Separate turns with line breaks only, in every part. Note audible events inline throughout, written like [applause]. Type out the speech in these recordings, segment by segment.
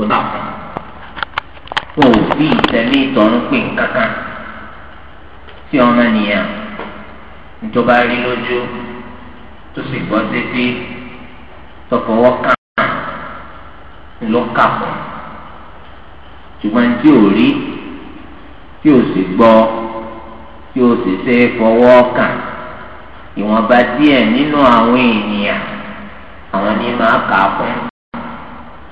kò náà kò bí ìtẹ̀lé ìtọ̀run pé kankan tí ọmọ nìyẹn nítorí rí lójú tó sì gbọ́ sétí tọkọwọ́ kàn ló kà fún ṣùgbọ́n tí ò rí tí ò sì gbọ́ tí ò sì ṣe fọwọ́ kàn ìwọ̀nba díẹ̀ nínú àwọn ènìyàn àwọn ní máa kà fún un.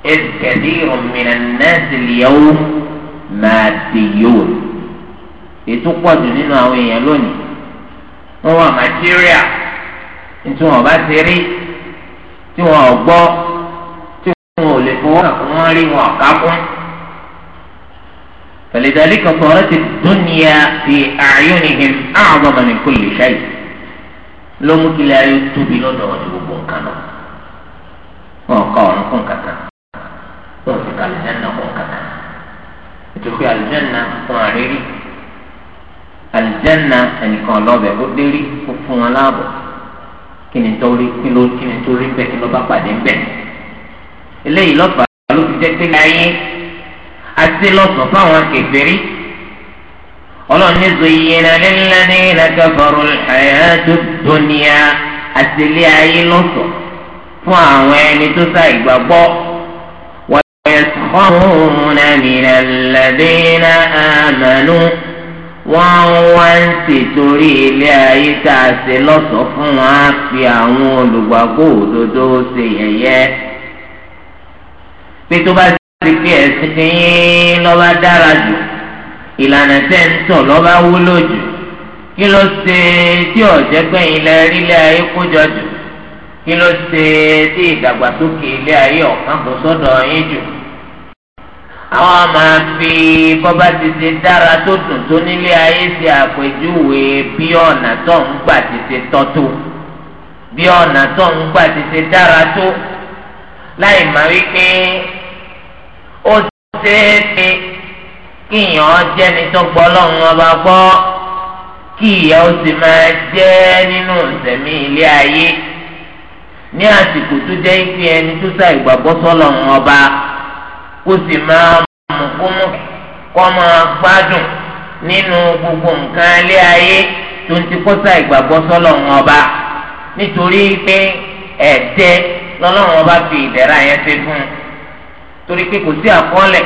إذ كثير من الناس اليوم ماديون ètò pọ̀jù nínú àwọn èèyàn lónìí wọ́n wà material tí wọ́n bá ti rí tí wọ́n ò gbọ́ tí wọ́n ò lè fowó kà wọn rí wọn ọ̀ká kún. فلذلك صارت الدنيا في أعينهم أعظم من كل شيء ló mú kí ilé ayé tóbi lọ́dọ̀ wọn ju gbogbo nǹkan lọ wọn kọ ọ̀run fún kankan tó ń sọ̀rọ̀ àlùjánnà kọ̀ kàkà ètò pé àlùjánnà fún àrírí àlùjánnà ẹnìkan ọlọ́bẹ̀ ó dérí ó fún wọn láàbọ̀ kí ni tó rí kí ló kí ni tó rí bẹ́ẹ̀ kí ló bá pàdé ń bẹ̀ eléyìí lọ́fàá ló fi jẹ́ pé láyé àti lọ́sàn fáwọn kèfèrí ọlọ́run ní zoyina lilladhina kafaru al-hayatu ad-dunya ayé lọ́sàn fún àwọn ẹni tó sá ìgbàgbọ́. يسخرون من الذين آمنوا wọ́n wá ń ṣètòrí ilé ayé tá a ṣe lọ́sọ̀ọ́ fún wa fi àwọn olùgbàgbọ́ òdodo ṣe yẹ̀yẹ́. pé tó bá ti fi ẹ̀sìn ti lọ́ba dára jù ìlànà tẹ́ ń tọ̀ lọ́ba wúlò jù kí ló ṣe tí ọ̀jẹ̀gbẹ́yìn lẹ ilé ayé kó jọ jù kí ló ṣe tí ìdàgbàsókè ilé ayé ọ̀kan kò sọ́dọ̀ yín jù àwọn máa fi bọ́bá ti ṣe dára tó dùn tó nílé ayé ṣe àpèjúwe bí ọ̀nà tó ń gbà ti ṣe tọ́ tó bí ọ̀nà tó ń gbà ti ṣe dára tó láì má wípé ó ṣeé ṣe kíyàn jẹ́ni tó gbọ́ lọ́run ọba gbọ́ kíyà ó sì máa jẹ́ nínú ìsẹ̀mí ilé ayé ní àsìkò tó jẹ́ pé ẹni tó sá ìgbàgbọ́ sọ́lọ̀ ń ọba kó sì máa mú kó mú kó máa gbádùn nínú gbogbo nǹkan ilé ayé tó ń ti kó sá ìgbàgbọ́ sọ́lọ̀ ń ọba nítorí pé ẹ̀tẹ́ lọ́lọ́run ọba fi ìdẹ̀ra yẹn ṣe fún un torí pé kò sí àkọọ́lẹ̀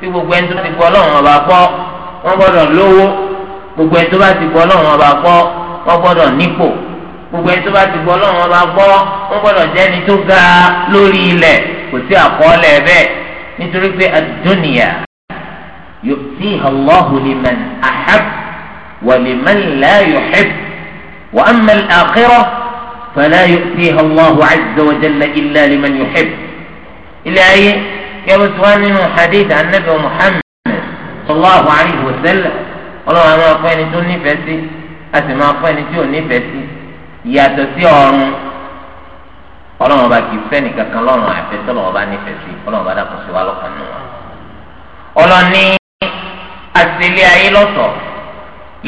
tí gbogbo ẹni tó ti gbọ́ ọlọ́run ọba gbọ́ wọ́n gbọ́dọ̀ lówó gbogbo ẹni tó bá ti gbọ́ ọlọ́run ọba gbọ́ wọ́n gbọ́dọ̀ nípò gbogbo ẹni tó bá ti gbọ́ ọlọ́run ọba gbọ́ wọ́n gbọ́dọ̀ jẹ́ ẹni tó ga lórí ilẹ̀ kò sí àkọọ́lẹ̀ bẹ́ẹ̀ nítorí pé àdúnìyà yu'tiha Allahu liman ahab wa liman la yuhib wa amma al-akhirah fala yu'tiha Allahu azza wa jalla illa liman yuhib. ilé ayé kẹ́wọ́n tí wọ́n nínú hadith anabi muhammed sallallahu alayhi wa sallam ọlọ́run àwọn afọ ẹni tó nífẹ̀ẹ́ sí àti máa fọ ẹni tí nífẹ̀ẹ́ sí ìyàtọ̀ sí ọ̀run ọlọ́run ọba kì í fẹ́ nìkankan lọ́rùn àfẹsọ́lọ́run ọba nífẹ̀ẹ́ sí ọlọ́run ọba dàkún sí wa lọ́kàn nù wọn. ọlọ́ni àtìlẹ́ ayé lọ́sọ̀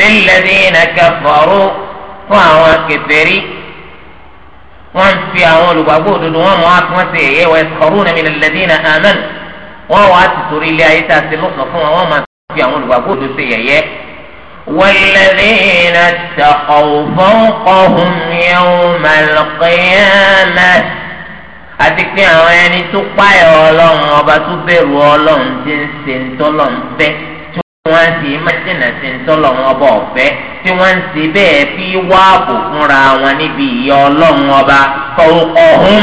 lilladhina kafaru fún àwọn kèfèrí wọ́n fi àwọn olùgbàgbọ́ òdodo wọn mọ́ àti wọ́n ti ẹ̀yẹ wọ́n yaskhuruna min alladhina amanu wọ́n wà á ti torí ilé ayé tá a ti lọ́sọ̀ fún wọn wọ́n máa fi والذين اتقوا فوقهم يوم القيامة àti pé àwọn ẹni tó páyà ọlọ́run ọba tó bẹ̀rù ọlọ́run ti ń ṣe ń tọ́lọ̀ ń fẹ́ tí wọ́n ń ṣe májìnà ṣe ń tọ́lọ̀ wọn ọba ọ̀fẹ́ tí wọ́n ń fi wá ààbò fúnra wọn níbi ìyà ọlọ́run ọba fawqahum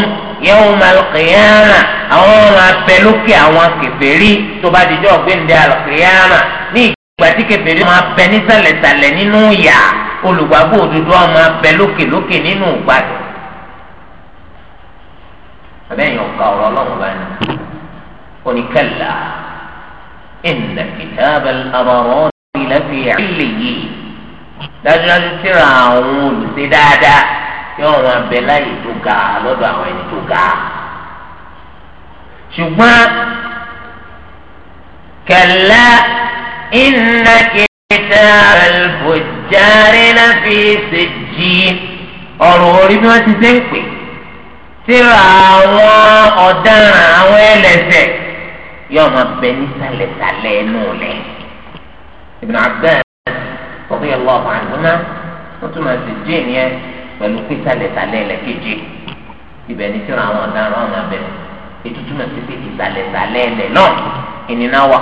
yawm al-qiyamah àwọn ọmọ abẹ lókè àwọn kèfèrí tó bá dijọ́ gbẹ̀ǹdẹ̀ al ní gbàtí kẹfẹẹrẹ máa bẹ nísàlẹ̀sàlẹ̀ nínú yà olùgbàgbọ́ òdodo àwọn máa bẹ lókèlókè nínú gbàdùn. abẹ́yẹn ọ̀ka ọ̀rọ̀ ọlọ́run bá ní oníkẹ́là ìnà kìtàbà àbọ̀rọ̀ ìlàfi àìlè yìí dájúdájú síra àwọn olùṣe dáadáa yóò wọn abẹ láyè tó ga lọ́dọ̀ àwọn ẹni tó ga ṣùgbọ́n kẹlẹ́. إن كتاب الفجار لفي سجين ọ̀rọ̀ orí bí wọ́n ti ṣe ń pè síra àwọn ọ̀daràn àwọn ẹlẹ́sẹ̀ yóò máa bẹ nísàlẹ̀sàlẹ̀ ẹnu rẹ̀ Ibn Abbas radiyallahu anhuma wọ́n tún máa ṣe jẹ́ ìyẹn pẹ̀lú písàlẹ̀sàlẹ̀ ẹlẹ́kejì ibẹ̀ ní síra àwọn ọ̀daràn àwọn abẹ ètùtù máa ṣe pé ìsàlẹ̀sàlẹ̀ ẹlẹ́ náà ìnìnà wà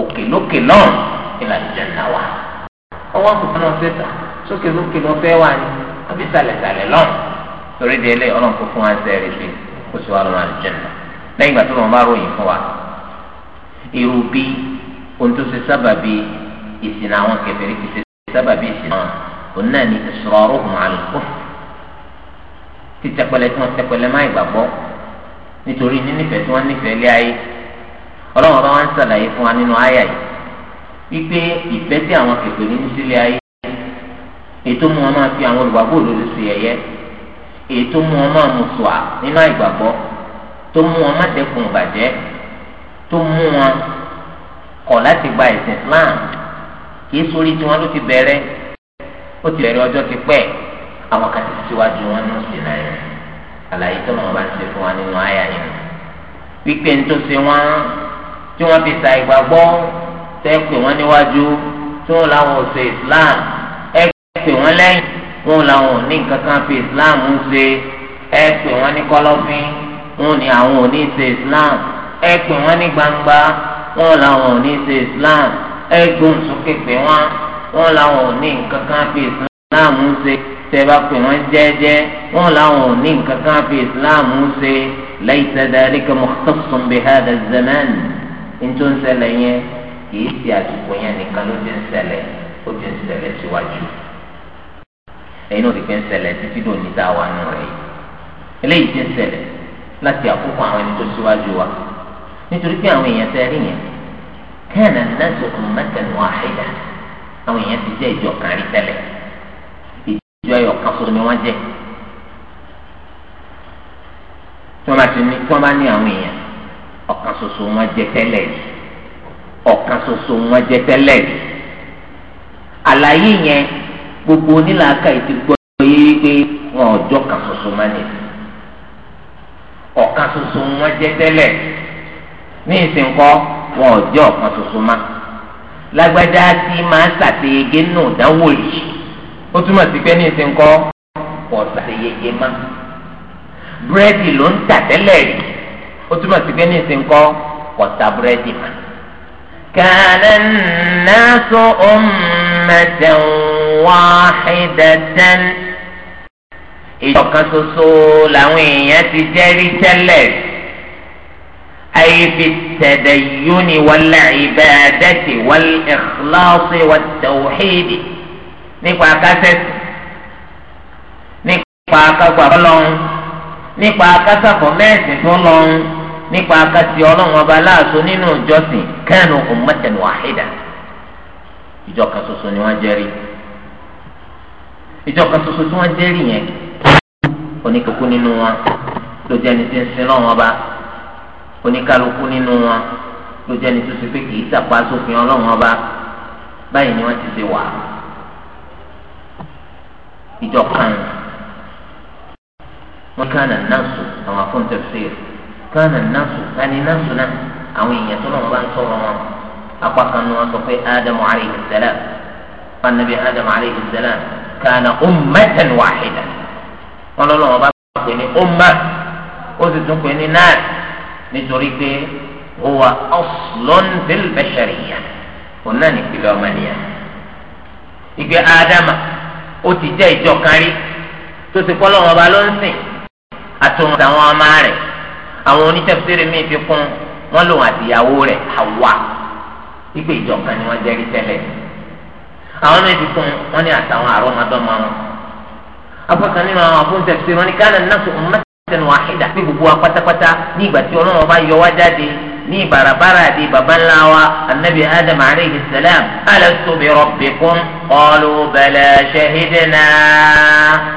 òkè lókè náà ìlànà ìjẹ̀nà wa ọwọ́ àkùkọ náà fẹ́ tà sókè lókè lọ fẹ́ wà ní àbí sàlẹ̀sàlẹ̀ lọ́n torí di ẹlẹ́yìn ọlọ́run kó fún wa ń sẹ́ẹ̀rì sí kó sì wà lọ́wọ́ àlùjẹ̀nà lẹ́yìn ìgbà tó lọ́n bá ròyìn fún wa irú bí ohun tó ṣe sábàbí ìsìn àwọn kèfèrí kìí ṣe sábàbí ìsìn àwọn òun náà ni israruhum ala al-kufr tí tẹpẹlẹ tí ọlọ́run ọba wọn ṣàlàyé fún wa nínú àyà yìí wípé ìfẹ́ tí àwọn kẹfẹ́ ní sílé ayé ètò mu wọn máa fi àwọn olùgbàgbọ́ òdodo sí ẹ̀yẹ ètò mu wọn máa mùsùà nínú àìgbàgbọ́ tó mú wọn má dẹ́kun ìbàjẹ́ tó mú wọn kọ̀ láti gba ẹ̀sìn Islam kì í sórí tí wọn ló ti bẹ̀rẹ̀ ó ti bẹ̀rẹ̀ ọjọ́ ti pẹ́ àwọn kan ti síwájú wọn ní òsì náà yẹn àlàyé tó máa bá ń ṣe fún wa nínú àyà yẹn wípé ń tó ṣe wọn tí wọ́n fi ta ìgbàgbọ́ tẹ́ pè wọ́n níwájú tí wọ́n làwọn ò ṣe islam ẹ pè wọ́n lẹ́yìn wọ́n làwọn ò ní nǹkan kan fi islam ń ṣe ẹ pè wọ́n ní kọ́lọ́fín wọ́n ní àwọn ò ní ṣe islam ẹ pè wọ́n ní gbangba wọ́n làwọn ò ní ṣe islam ẹ gbóhùn sókè pè wọ́n wọ́n làwọn ò ní nǹkan fi islam ń ṣe tẹ́ bá pè wọ́n jẹ́jẹ́ wọ́n làwọn ò ní nǹkan fi islam ń ṣe laysa dhalika mukhtassan bihadha az-zaman nítorí ń ṣẹlẹ̀ yẹn kìí ṣe àsìkò yẹn nìkan ló ti ń ṣẹlẹ̀ ó ti ń ṣẹlẹ̀ síwájú ẹ̀yin náà ti fi ń ṣẹlẹ̀ títí dòní tá a wà nù rẹ̀ eléyìí ti ń ṣẹlẹ̀ láti àkókò àwọn ẹni tó síwájú wa nítorí pé àwọn èèyàn tẹ́ rí yẹn kana nasu ummatan wahida àwọn èèyàn ti jẹ́ ìjọ kan rí tẹ́lẹ̀ ìjọ ẹ̀yọ̀ kan sọ ni wọ́n jẹ́ tí wọ́n bá ti ní tí wọ́n bá ní àwọn èèyàn ọ̀kan ṣoṣo wọn jẹ tẹ́lẹ̀ yìí ọ̀kan ṣoṣo wọn jẹ tẹ́lẹ̀ yìí àlàyé yẹn gbogbo onílàákà yìí ti gbọ́ yé wípé wọn ọjọ́ kan ṣoṣo máa ní ọ̀kan ṣoṣo wọn jẹ tẹ́lẹ̀ ní ìsìnkọ́ wọn ọjọ́ ọ̀kan ṣoṣo máa lágbádá tí máa ṣàtẹ̀yẹgẹ náà dánwò yìí ó túmọ̀ sí pé ní ìsìnkọ́ wọn ṣàtẹ̀yẹgẹ máa búrẹ́dì ló ń tà tẹ́lẹ̀ yìí ó túmọ̀ sí pé ní ìsìnkọ́ kọ̀tà búrẹ́dì mà. kana nnasu ummatan wahidatan ìjọkan ṣoṣo làwọn èèyàn ti jẹ́rí tẹ́lẹ̀ ayébi tẹ̀dẹ̀yúni wal ibadati wal ikhlasi wat tawhidi nípa akásẹ́sì nípa akágbà fọlọ́run nípa akásàfọ̀ mẹ́sìn tó lọ́run nípa akásì ọlọ́run ọba láàṣọ nínú ìjọsìn kanu ummatan wahida ìjọ kan ni wọ́n jẹ́rìí ìjọ kan ṣoṣo tí wọ́n jẹ́rìí yẹn oníkókó nínú wọn ló jẹ́ ẹni tí ń sin lọ́wọ́n ọba oníkálukú nínú wọn ló jẹ́ ẹni tó ṣe pé kì í tàpá sófin ọlọ́wọ́n ọba báyìí ni wọ́n ti ṣe wà ìjọ kan wọn kánà náàsù àwọn afọ́ntẹ̀sẹ̀ kánà náàsù kánì náàsù náà àwọn èèyàn tó náà bá ń sọ̀rọ̀ wọn apá kan ní wọn sọ pé ádámù alayhi salam fanabi ádámù alayhi salam kánà ummatan wahida wọn lọ́nà wọn bá pè ní umma ó sì tún pè ní náà nítorí pé ó wà aslun fil bashariyya òun náà nìpìlẹ̀ ọmọnìyàn ìgbé ádámà ó ti jẹ́ ìjọ kan tó ti kọ́ lọ́wọ́ ọba ló ń sìn àtòun àtàwọn ọmọ rẹ̀ àwọn onítẹ̀fẹ́sẹ̀rẹ̀ míì fi kún wọn lòun àtìyàwó rẹ̀ Hawa ìgbé ìjọkan ni wọ́n jẹ́rìí tẹ́lẹ̀ àwọn míì fi kún wọn ní àtàwọn àrọ́mọdọ́mọ wọn. afọkàn nínú àwọn afúntẹ̀fẹ́sẹ̀rẹ̀ wọn ni kánà náà sọ ọmọ mẹ́tẹ̀ẹ̀tẹ̀ wàhídà bí gbogbo wa pátápátá ní ìgbà tí ọlọ́run ọba yọ wá jáde ní ìbarabara àti baba ńlá wa anabi adam aleyhi salam alastu bi rabbikum qalu bala shahidna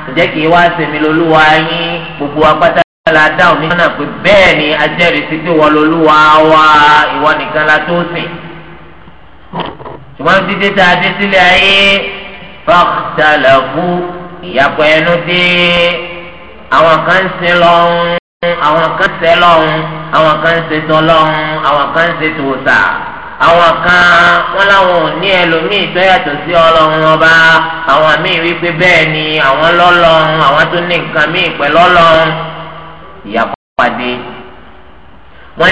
ǹjẹ́ kí wá sèmi lolúwa yín gbogbo apáta la dáhùn nínú náà pé bẹ́ẹ̀ ni ajẹ́rìí sí pé wọ́n lolúwa wa ìwọ nìkan la tó sìn ṣùgbọ́n dídé tá a dé sílẹ̀ ayé fàkìtàlàfù ìyàpọ̀ ẹnu dé àwọn kan ń sin lọ́hùn. àwọn kan ṣe lọ́hùn àwọn kan ṣe tán lọ́hùn àwọn kan àwọn kan wọn láwọn ò ní ẹlòmíì tó sí ọba àwọn míì wípé bẹ́ẹ̀ ni àwọn lọ́lọ́run àwọn tó ní nǹkan míì pẹ̀lú ọlọ́run pàdé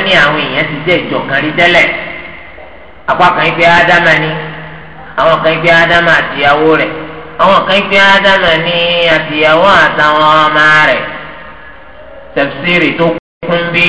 ní àwọn èèyàn ti ìjọ kan rí apá kan ìpè ádámà ni àwọn kan ìpè ádámà àtìyàwó rẹ̀ àwọn kan ìpè ádámà ni àtìyàwó àtàwọn ọmọ rẹ. tafsiri tó kún bí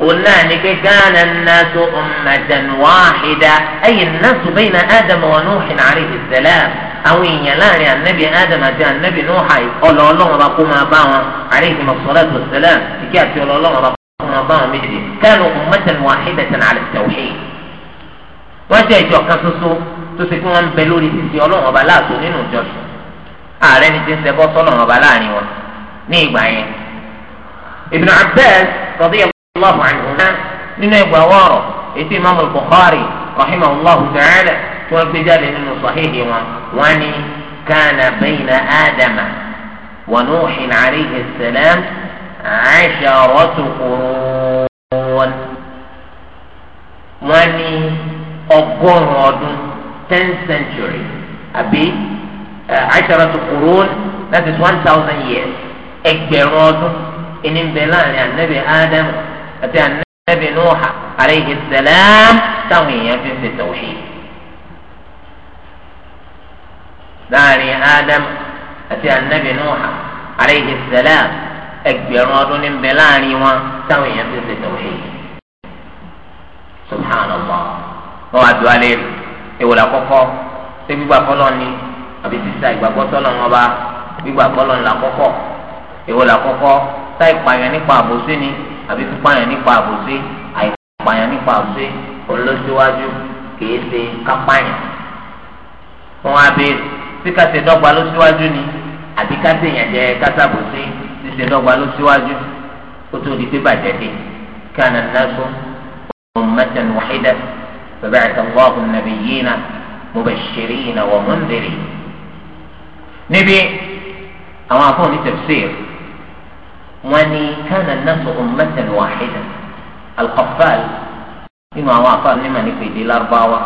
ona ni ke gana nasu ummatan wahida ayi nasu bayna adam wa nuhin alayhi salam àwọn èèyàn láàrin anabi adam àti anabi nuhai ọlọlọrun ọba kó máa bá wọn alayhi masalatu wasalam ike àti ọlọlọrun ọba kó máa bá wọn méjì kanu ummatan wahidatan ala tawhid wọn jẹ ìjọ kan ṣoṣo tó ṣe kí wọn ń bẹ lórí títí Ọlọ́run ọba láàtó nínú ìjọsìn ààrẹ ni ti ń ṣẹbọ sọ́lọ́run ọba láàrin wọn ní ìgbà yẹn ابن عباس رضي الله عنهما من يبوار في إمام البخاري رحمه الله تعالى وابتدال من صحيح وان كان بين آدم ونوح عليه السلام عشرة قرون وان أقرد ten century أبي آه، عشرة قرون that is one thousand years أقرد ìní ń bẹ láàrin ànábì ádámù àti ànábì nùhà alayhi salam táwọn èèyàn fi ń ṣe tawhid láàrin ádámù àti ànábì nùhà alayhi salam ẹgbẹ̀rún ọdún ní ń bẹ láàrin wọn táwọn èèyàn fi ń ṣe tawhid subhanallah wọn wá dùn alẹ́ ìwòlá kọ́kọ́ gbígbà fọlọ́ ni àbí sísá ìgbàgbọ́ sọ́nà wọn gbígbà fọlọ́ ni làkọ́kọ́ ìwòlá kọ́kọ́ táì pààyàn nípa àbòsí ni àbí pípààyàn nípa àbòsí àìpààyàn nípa àbòsí olóṣèwájú kìí ṣe kápáyàn. wọn á béèrè tí ká ṣe dọ́gba ló síwájú ni àbí ká ṣe ìyànjẹ kásàbòsí ti ṣe dọ́gba ló síwájú ó tó di pé bàjẹ́ dé kí àná nàṣọ ummatan wahidatan faba'atha Allahu an-nabiyyina mubashshirina wa mundhirina. níbi àwọn afọ́ ní tafsir وني كان الناس أمة واحدة القفال إنه أوافر لما نكفي دي الأرباوة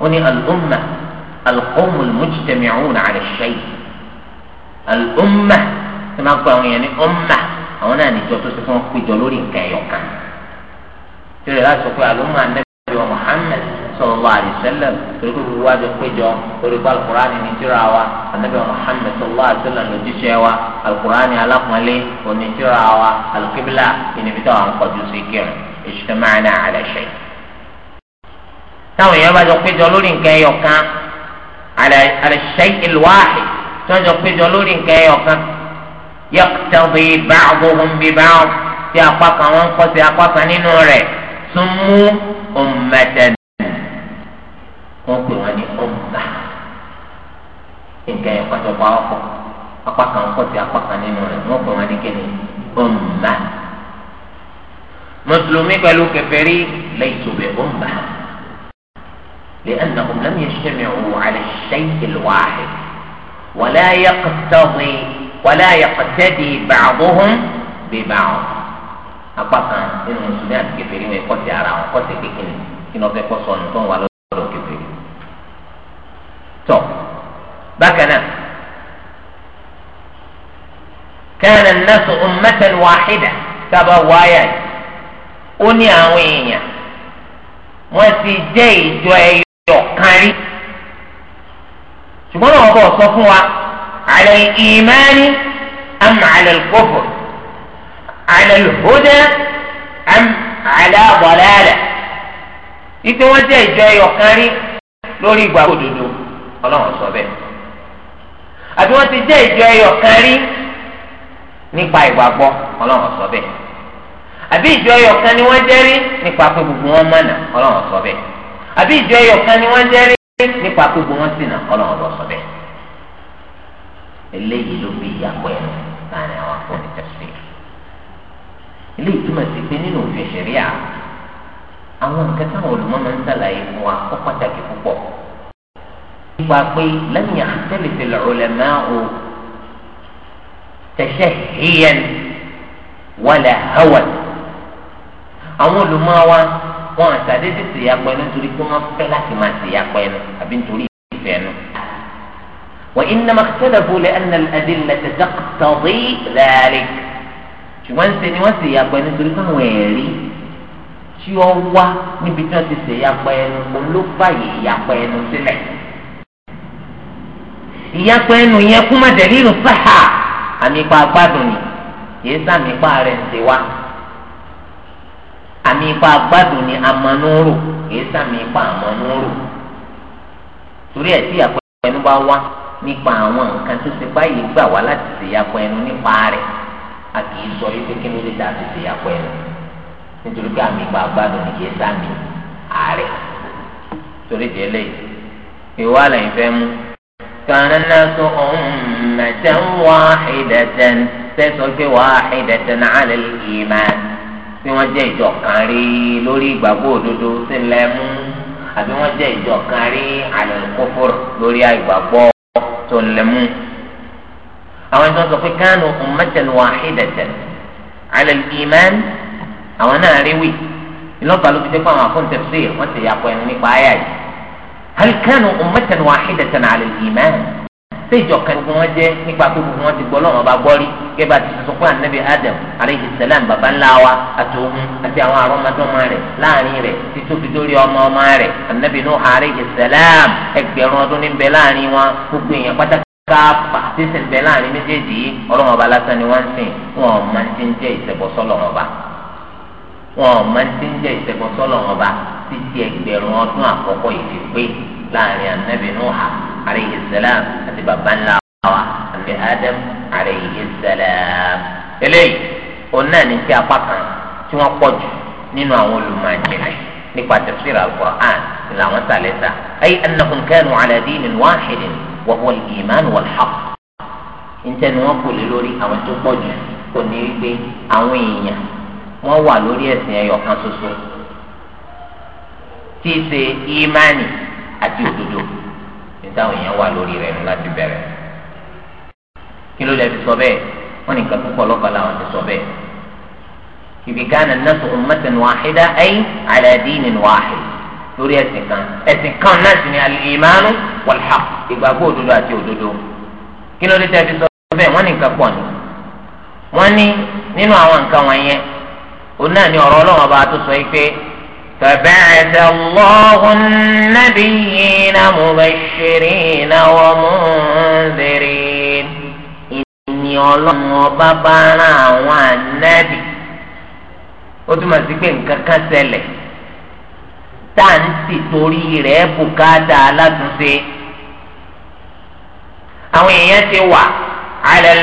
وني الأمة القوم المجتمعون على الشيء الأمة كما قالوا يعني أمة أو ناني جوتو سكون في جلورين كايوكا ترى لا سكوا الأمة النبي محمد sallallahu alaihi wasallam torí kó gbogbo wa jọ péjọ orí kó alukur'ani ní tírà wa anabi muhammed sallallahu alaihi wasallam ló jíṣẹ́ wa alukur'ani alakumale òní tírà wa alukibla ìnibitọ́ àwọn kọjú sí kírun ijtama'na ala shay. táwọn èèyàn bá jọ péjọ lórí nǹkan ẹyọ kan ala shay'il wahid tó jọ péjọ lórí nǹkan ẹyọ kan yaqtadi ba'duhum bi ba'd tí apá kan wọn kọ́ sí apá kan nínú rẹ̀ summu ummatan wọ́n pè wọ́n ní ọ̀gbà nǹkan yẹn pàtó pàápọ̀ apá kan pọ̀ sí apá kan nínú rẹ̀ wọ́n pè wọ́n ní kíni ọ̀gbà mùsùlùmí pẹ̀lú kèfèrí lẹ́yìn tó bẹ̀ ọ̀gbà لأنهم لم يجتمعوا على الشيء الواحد ولا يقتضي ولا يقتدي بعضهم ببعض apá kan nínú mùsùlùmí àti kèfèrí wọn kọ́ sí ara wọn kọ́ sí kékeré kí ni wọ́n fẹ́ kọ́ sọ̀nù tó ń wà lọ. tọ̀ bákan náà kana an-nasu ummatan wahida sábà wáyà yìí ó ní àwọn èèyàn wọ́n ti jẹ́ ìjọ ẹyọ kan rí ṣùgbọ́n náà wọ́n bọ̀ sọ fún wa ala al-imani am ala al-kufr ala al-huda am ala dalala ìpè wọ́n jẹ́ ìjọ ẹyọ kan rí lórí ìgbà òdodo. ọlọ́run sọ bẹ́ẹ̀ àti wọ́n ti jẹ́ ìjọ ẹyọ kan rí nípa ìgbàgbọ́ ọlọ́run sọ bẹ́ẹ̀ àbí ìjọ ẹyọ kan ni wọ́n jẹ́ rí nípa pé gbogbo wọn mọ̀nà ọlọ́run sọ bẹ́ẹ̀ àbí ìjọ ẹyọ kan ni wọ́n jẹ́ rí nípa pé gbogbo wọn ṣìnà ọlọ́run sọ bẹ́ẹ̀ eléyìí ló bí ìyàpọ̀ ẹ̀ láàrin àwọn akọni tẹ̀sí eléyìí túmọ̀ sí pé nínú òfin ṣẹ̀ríà àwọn nǹkan táwọn olùmọ̀ nípa pé lẹ́yìn àtẹ́lẹ̀fẹ̀ lọ́lẹ́mà o tẹ̀sẹ̀ hìyẹn wa hàwàl àwọn olùmọ̀wá wọn ya ṣèyà ni tori ko wọ́n fẹ́ láti máa ṣèyà ni àbí nítorí ìfẹ́ nu. وإنما اختلفوا لأن الأدلة تقتضي ذلك ṣùgbọ́n ṣe ni wọ́n ṣe ìyàpọ̀ ya ẹni torí ni tí ó ko wá níbi tí wọ́n ti won wa ìyàpọ̀ ẹnu òun ló fààyè ìyàpọ̀ ẹnu sílẹ̀. ìyapẹ́ ẹnu yẹn kú má dẹ̀lílù sáà àmì ipa gbádùn ni kìí sàmì ipa rẹ̀ ń ṣe wá àmì ipa gbádùn ni amanúrò kìí sàmì ipa amanúrò torí ẹ̀ tí ìyapẹ́ ẹnu bá wá nípa àwọn nǹkan tó ṣe báyìí gbà wá láti ṣe ìyapẹ́ ẹnu nípa rẹ̀ a kìí sọ yìí pé kí ló dé ta ti ṣe ìyapẹ́ ẹnu nítorí pé àmì ipa gbádùn ni kìí sàmì àárẹ̀ torí jẹ́ lẹ́yìn ìwà lẹ́yìn fẹ́ mú. كان الناس أمة واحدة تسلك واحدة على الإيمان bí wọ́n jẹ́ ìjọ kan rí lórí ìgbàgbọ́ òdodo sí lẹ́mú àbí wọ́n jẹ́ ìjọ kan rí àlẹ́kọ́fọ́ lórí àìgbàgbọ́ tó lẹ́mú. àwọn ìjọ sọ pé kánú ummatan wahidatan ala al-iman àwọn náà rí wì ìlọ́pàá ló fi dé fún àwọn àfọ̀ǹtẹ̀sí wọ́n ti yàpọ̀ ẹ̀mí nípa ayé àyè hal kanu ummatan wahidatan ala al-iman séjọ kan kí wọn jẹ nípa pé gbogbo wọn ti gbọ́ lọ́wọ́ bá gbọ́ rí gẹ́gbà tí sọ fún anabi adam aleyhi salam baba ńlá wa àtòhun àti àwọn àrọ́mọdọ́mọ rẹ̀ láàrin rẹ̀ títóbi dórí ọmọ ọmọ rẹ̀ anabi nuh aleyhi salam ẹgbẹ̀rún ọdún ní bẹ láàrin wọn gbogbo èèyàn pátákì káàpà sísìn bẹ láàrin méjèèjì ọlọ́wọ́n ọba lásán ni wọ́n ń sìn wọn ò máa ń ti ń jẹ́ ìṣẹ̀bọ̀sọ́ lọ́wọ́n ọba wọn ò máa ti ń jẹ ìṣẹ́gun sọ́lọ̀ wọn bá títí ẹgbẹ̀rún ọdún àkọ́kọ́ ìfi pé láàrin anabi nuha aleyhi salam àti baba ńlá wa àti adam aleyhi salam. eléyìí òun náà ní kí apá kan tí wọ́n pọ̀ jù nínú àwọn olùmọ̀jìnlẹ̀ nípa tafsir al-Qur'an làwọn sàlẹ̀sà ay annahum kanu ala dinin wahidin wa huwa al-iman wal-haqq. ìjẹni wọn kò lè lórí àwọn tó pọ̀ jù kò ní í gbé àwọn èèyàn wọ́n wà lórí ẹ̀sìn ẹyọ kan ṣoṣo tí í ṣe ìmánì àti òdodo ní táwọn èèyàn wà lórí rẹ̀ láti bẹ̀rẹ̀ kí ló lẹ́ fi sọ bẹ́ẹ̀ wọ́n ní nǹkan púpọ̀ lọ́kọ̀ làwọn ti sọ bẹ́ẹ̀ ibi gánà nasu ummatan wàhídá ay ala dinin wahid lórí ẹ̀sìn kan ẹ̀sìn kan náà sì ni al-imanu wal òdodo àti òdodo kí ló dé fi sọ bẹ́ẹ̀ wọ́n ní nǹkan ni wọ́n ní nínú àwọn nǹkan wọ̀nyẹn òun náà ni ọ̀rọ̀ ọlọ́run ọba tó sọ yìí pé فبعث الله النبيين مبشرين ومنذرين ìyìn ọlọ́run ọba bá ara àwọn ànábì ó túmọ̀ sí pé nǹkan kan ṣẹlẹ̀ tá à ń sì torí rẹ̀ bùkátà alátúnṣe àwọn èèyàn ti wà alẹ́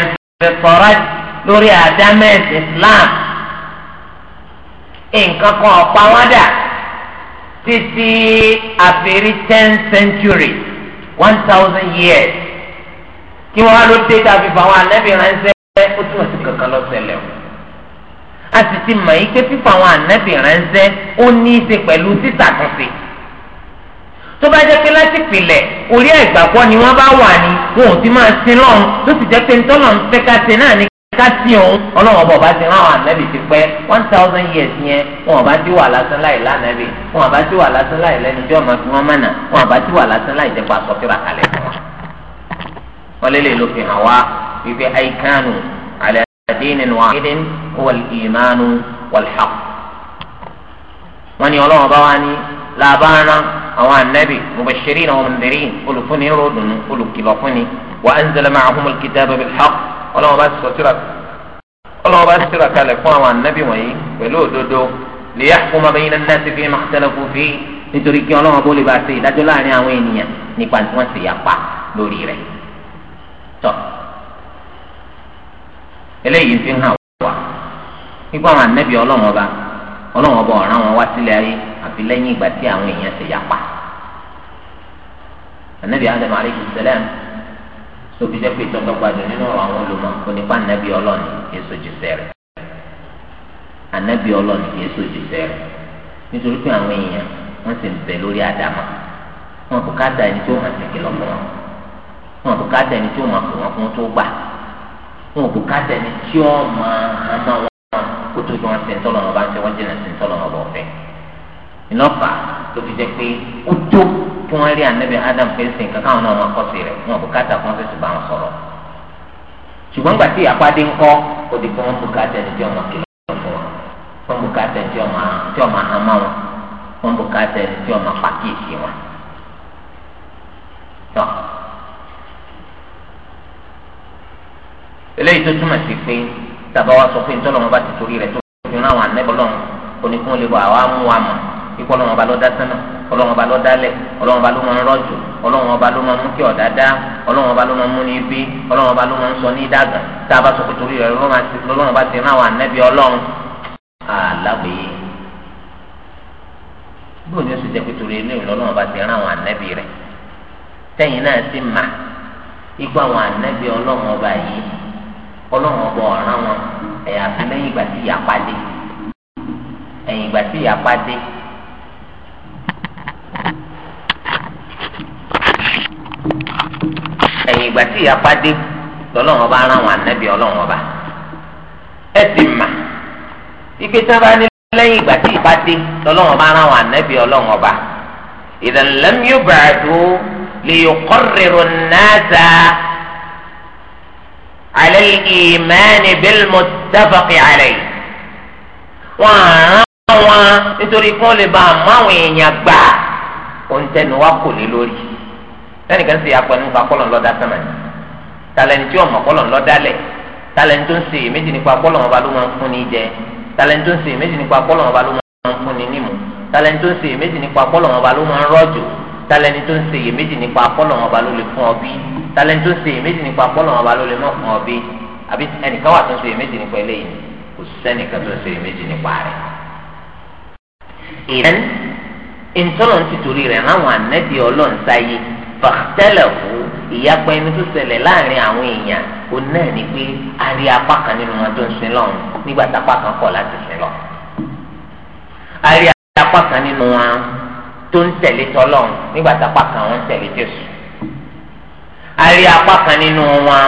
lórí àdámẹ́sì Islam nǹkan kan ọ̀pá wọn dà títí àfẹ́rí ten century one thousand years kí wọ́n á ló dé tàbí fáwọn ànábì ránṣẹ́ ó túmọ̀ sí kankan lọ́sẹ̀lẹ̀ o a sì ti mọ̀ yí pé fífa àwọn ànábì ránṣẹ́ ó ní í ṣe pẹ̀lú títàtúnṣe tó bá jẹ́ pé láti pilẹ̀ orí ẹ̀gbàgbọ́ ni wọ́n bá wà ní wọn ò ti máa sin lọ́run tó sì jẹ́ pé ntọ́lọ̀ ń fẹ́ ká ṣe náà ní kásìn òun ọlọ́wọ́n bọ̀ bá ti rán àwọn ànábì ti pẹ́ one thousand years yẹn wọn bá ti wà lásán láì lánàbì wọn bá ti wà lásán láì lẹ́nudí ọmọ tí wọ́n mọ̀nà wọn bá ti wà lásán láì jẹ́pọ̀ àsọ̀tìrà kalẹ̀ fún wọn. wọ́n lé lè lo fi hàn wá wípé àìkánu alẹ́ àdéhìn wà ìdín wọ́n ìmánu wọ́n xaq. wọ́n ní ọlọ́wọ́n bá wá ní labaana àwọn ànábì mubashirin àwọn olùfúnni ròdùnú olùkìlọ̀ wà á ń zẹlẹ̀ máa ọlọ́wọ́n bá sọ tíra ọlọ́wọ́n bá tíra kalẹ̀ fún àwọn ànábì wọ̀nyí pẹ̀lú òdodo lè yá fún ọmọbìnrin náà náà ti fi máa tẹ́lẹ̀ fún fi nítorí kí ọlọ́wọ́n bó lè bá ṣe ìdájọ́ láàrin àwọn ènìyàn nípa tí wọ́n ṣe yapa lórí rẹ̀ tọ́ eléyìí fi hàn wá nípa àwọn ànábì ọlọ́wọ́n bá ọlọ́wọ́n bá ọ̀ràn wọn wá sílẹ̀ ayé àfi lẹ́yìn ìgbà tí àwọn èèyàn ṣe yapa ànábì Adam alayhi salam tóbi jẹ́ pé ìtọ́tọ́ gbajù nínú ọ̀rọ̀ àwọn olùmọ̀ onípa ànábì ọlọ́ọ̀ni èso jìṣẹ́ rẹ̀ ànábì ọlọ́ọ̀ni èso jìṣẹ́ rẹ̀ nítorí pé àwọn èèyàn wọ́n sì ń bẹ lórí àdámà wọn kò ká da ẹni tó hàn sí kìlọ̀ fún wọn wọn kò ká da ẹni tó máa fún wọn fún tó gbà wọn kò ká da ẹni tí ó máa hàn máa wọn kó tó bí wọn ti ń tọ́lọ̀ wọn bá ń tẹ wọ́n jìnnà ìnọ́fà tó fi jẹ́ pé ó tó kí wọ́n rí ànábì Adam fẹ́sìn kankan àwọn náà wọn kọ́ sí rẹ̀ wọn bùkátà fún fẹ́sìn bá wọn sọ̀rọ̀ ṣùgbọ́n gbàtí àpàdé ńkọ́ ó di pé wọ́n bùkátà ẹni tí ọmọ kìlọ̀ fún wọn wọ́n bùkátà ẹni tí ọmọ tí ọmọ àmọ́ wọn wọ́n bùkátà ẹni tí ọmọ pàkíyèsí wọn. eléyìí tó túmọ̀ sí pé tàbá wa sọ pé ntọ́lọ́mọba ti torí rẹ̀ tó fi rán àwọn ànẹ́bọ́lọ́mù oníkun lè bọ̀ àwa mú wa mọ̀ ikú ọlọ́run ọba ló dá sánà ọlọ́run ọba ló dálẹ̀ ọlọ́run ọba ló máa ń rọ̀jò ọlọ́run ọba ló máa ń mú kí ọ̀dá dá ọlọ́run ọba ló máa ń mú ní ibi ọlọ́run ọba ló máa ń sọ ní ìdàgbà tá a bá sọ pé torí rẹ̀ lọ́lọ́run ọba ti rán àwọn ànábì ọlọ́run àlágbèyé bó ni ó sì jẹ́ pé torí eléyìí lọ́lọ́run ọba ti rán àwọn ànábì rẹ̀ tẹ́yìn náà sì mà ikú àwọn ànábì ọlọ́run ọba yìí ọlọ́run ọba ẹ̀yìn ìgbà tí ìyapa dé lọ́lọ́run ọba ara wọn ànábì ọlọ́run ọba ẹ sì mà ìgbé tí wọ́n bá ní lẹ́yìn ìgbà tí ìyapa dé lọ́lọ́run ọba ara wọn ànábì ọlọ́run ọba idhan lam yub'athu liyuqarriru an-nasa 'ala al-iman bil-muttafaqi 'alayh wọ́n á nítorí kí wọ́n lè bá àmọ́ àwọn èèyàn gbà oúnjẹnu wa kò lé lórí lẹ́nìkan sì apẹnu nípa kọ́lọ̀ ńlọ́dá sẹ́mẹ̀ni talẹ̀ntì ọmọ kọ́lọ̀ ńlọ́dá lẹ̀ talẹ̀ntì ń sè é méjì nípa kọ́lọ̀ ọba ló máa ń fún ní jẹ talẹ̀ntì ń sè é méjì nípa kọ́lọ̀ ọba ló máa ń fún ní nímú talẹ̀ntì ń sè é méjì nípa kọ́lọ̀ ọba ló máa ń rọ̀jò talẹ̀ntì ń sè é méjì nípa kọ́lọ̀ ọba ló lè fún ọbí talẹ̀ntì ń sè é méjì nípa kọ́lọ̀ ọba ló lè mọ̀ fún ọbí àbí ẹnìkan wà tó ń sè é méjì nípa eléyìí kò sẹ́nìkan tó ń sè é méjì nípa rẹ̀. ìrẹ́ni ntọ́lọ̀ ń tìtorí rẹ̀ láwọn ànẹ́bí ọlọ́run sáyé fàtẹ́lẹ̀ kú ìyapa ẹni tó ṣẹlẹ̀ láàrin àwọn èèyàn ó náà ní pé a rí apá kan nínú wọn tó ń sin lọ́run nígbà tápá kan kọ̀ láti sin lọ. a rí apá kan nínú wọn tó ń tẹ̀lé tọ́lọ́run nígbà tápá kan wọn ń tẹ̀lé Jésù. a rí apá kan nínú wọn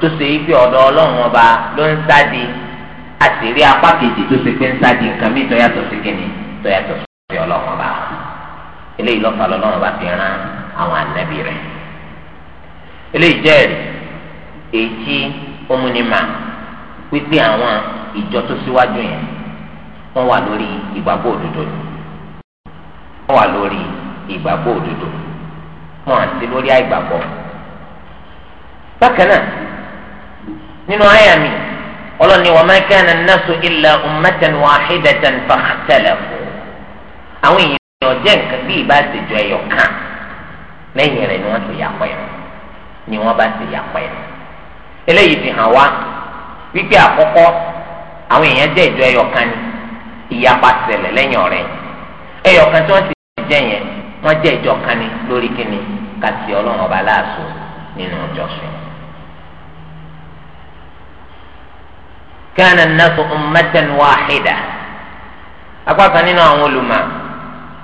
tó ṣe é ọ̀dọ̀ ọlọ́run ọba ló ń sáde a rí apá kejì tó ṣe pé ń sáde nǹkan mìíràn tó sí kíni tó sí ọlọ́run eléyìí lọ́fà lọ́lọ́run bá fi rán àwọn ànábì rẹ̀ eléyìí jẹ́rìí èyí tí ó múni mà wípé àwọn ìjọ tó síwájú yẹn wọ́n wà lórí ìgbàgbọ́ òdodo wọ́n wà lórí ìgbàgbọ́ òdodo wọ́n àti lórí àìgbàgbọ́ bákan náà nínú àyà mi ọlọ́ni wa ma kana an-nasu illa ummatan wahidatan fakhtalafu àwọn èèyàn ọjọ́ nǹkan bí ìbá ṣèjọ ẹyọ kan lẹ́yìn rẹ̀ ni wọ́n ti yàpọ̀ ẹ̀rọ ni wọ́n bá ti yàpọ̀ ẹ̀rọ eléyìí fi hàn wá wípé àkọ́kọ́ àwọn èèyàn jẹ́ ìjọ ẹyọ kan ni ìyapa ṣẹlẹ̀ lẹ́yìn ọ̀rẹ́ ẹyọ kan tí wọ́n ti jẹ́ yẹn wọ́n jẹ́ ìjọ kan ni lórí kíni kàti ọlọ́run ọba láàṣọ nínú ìjọsìn. kana an-nasu ummatan wahida apá kan nínú àwọn olùmọ̀ọ́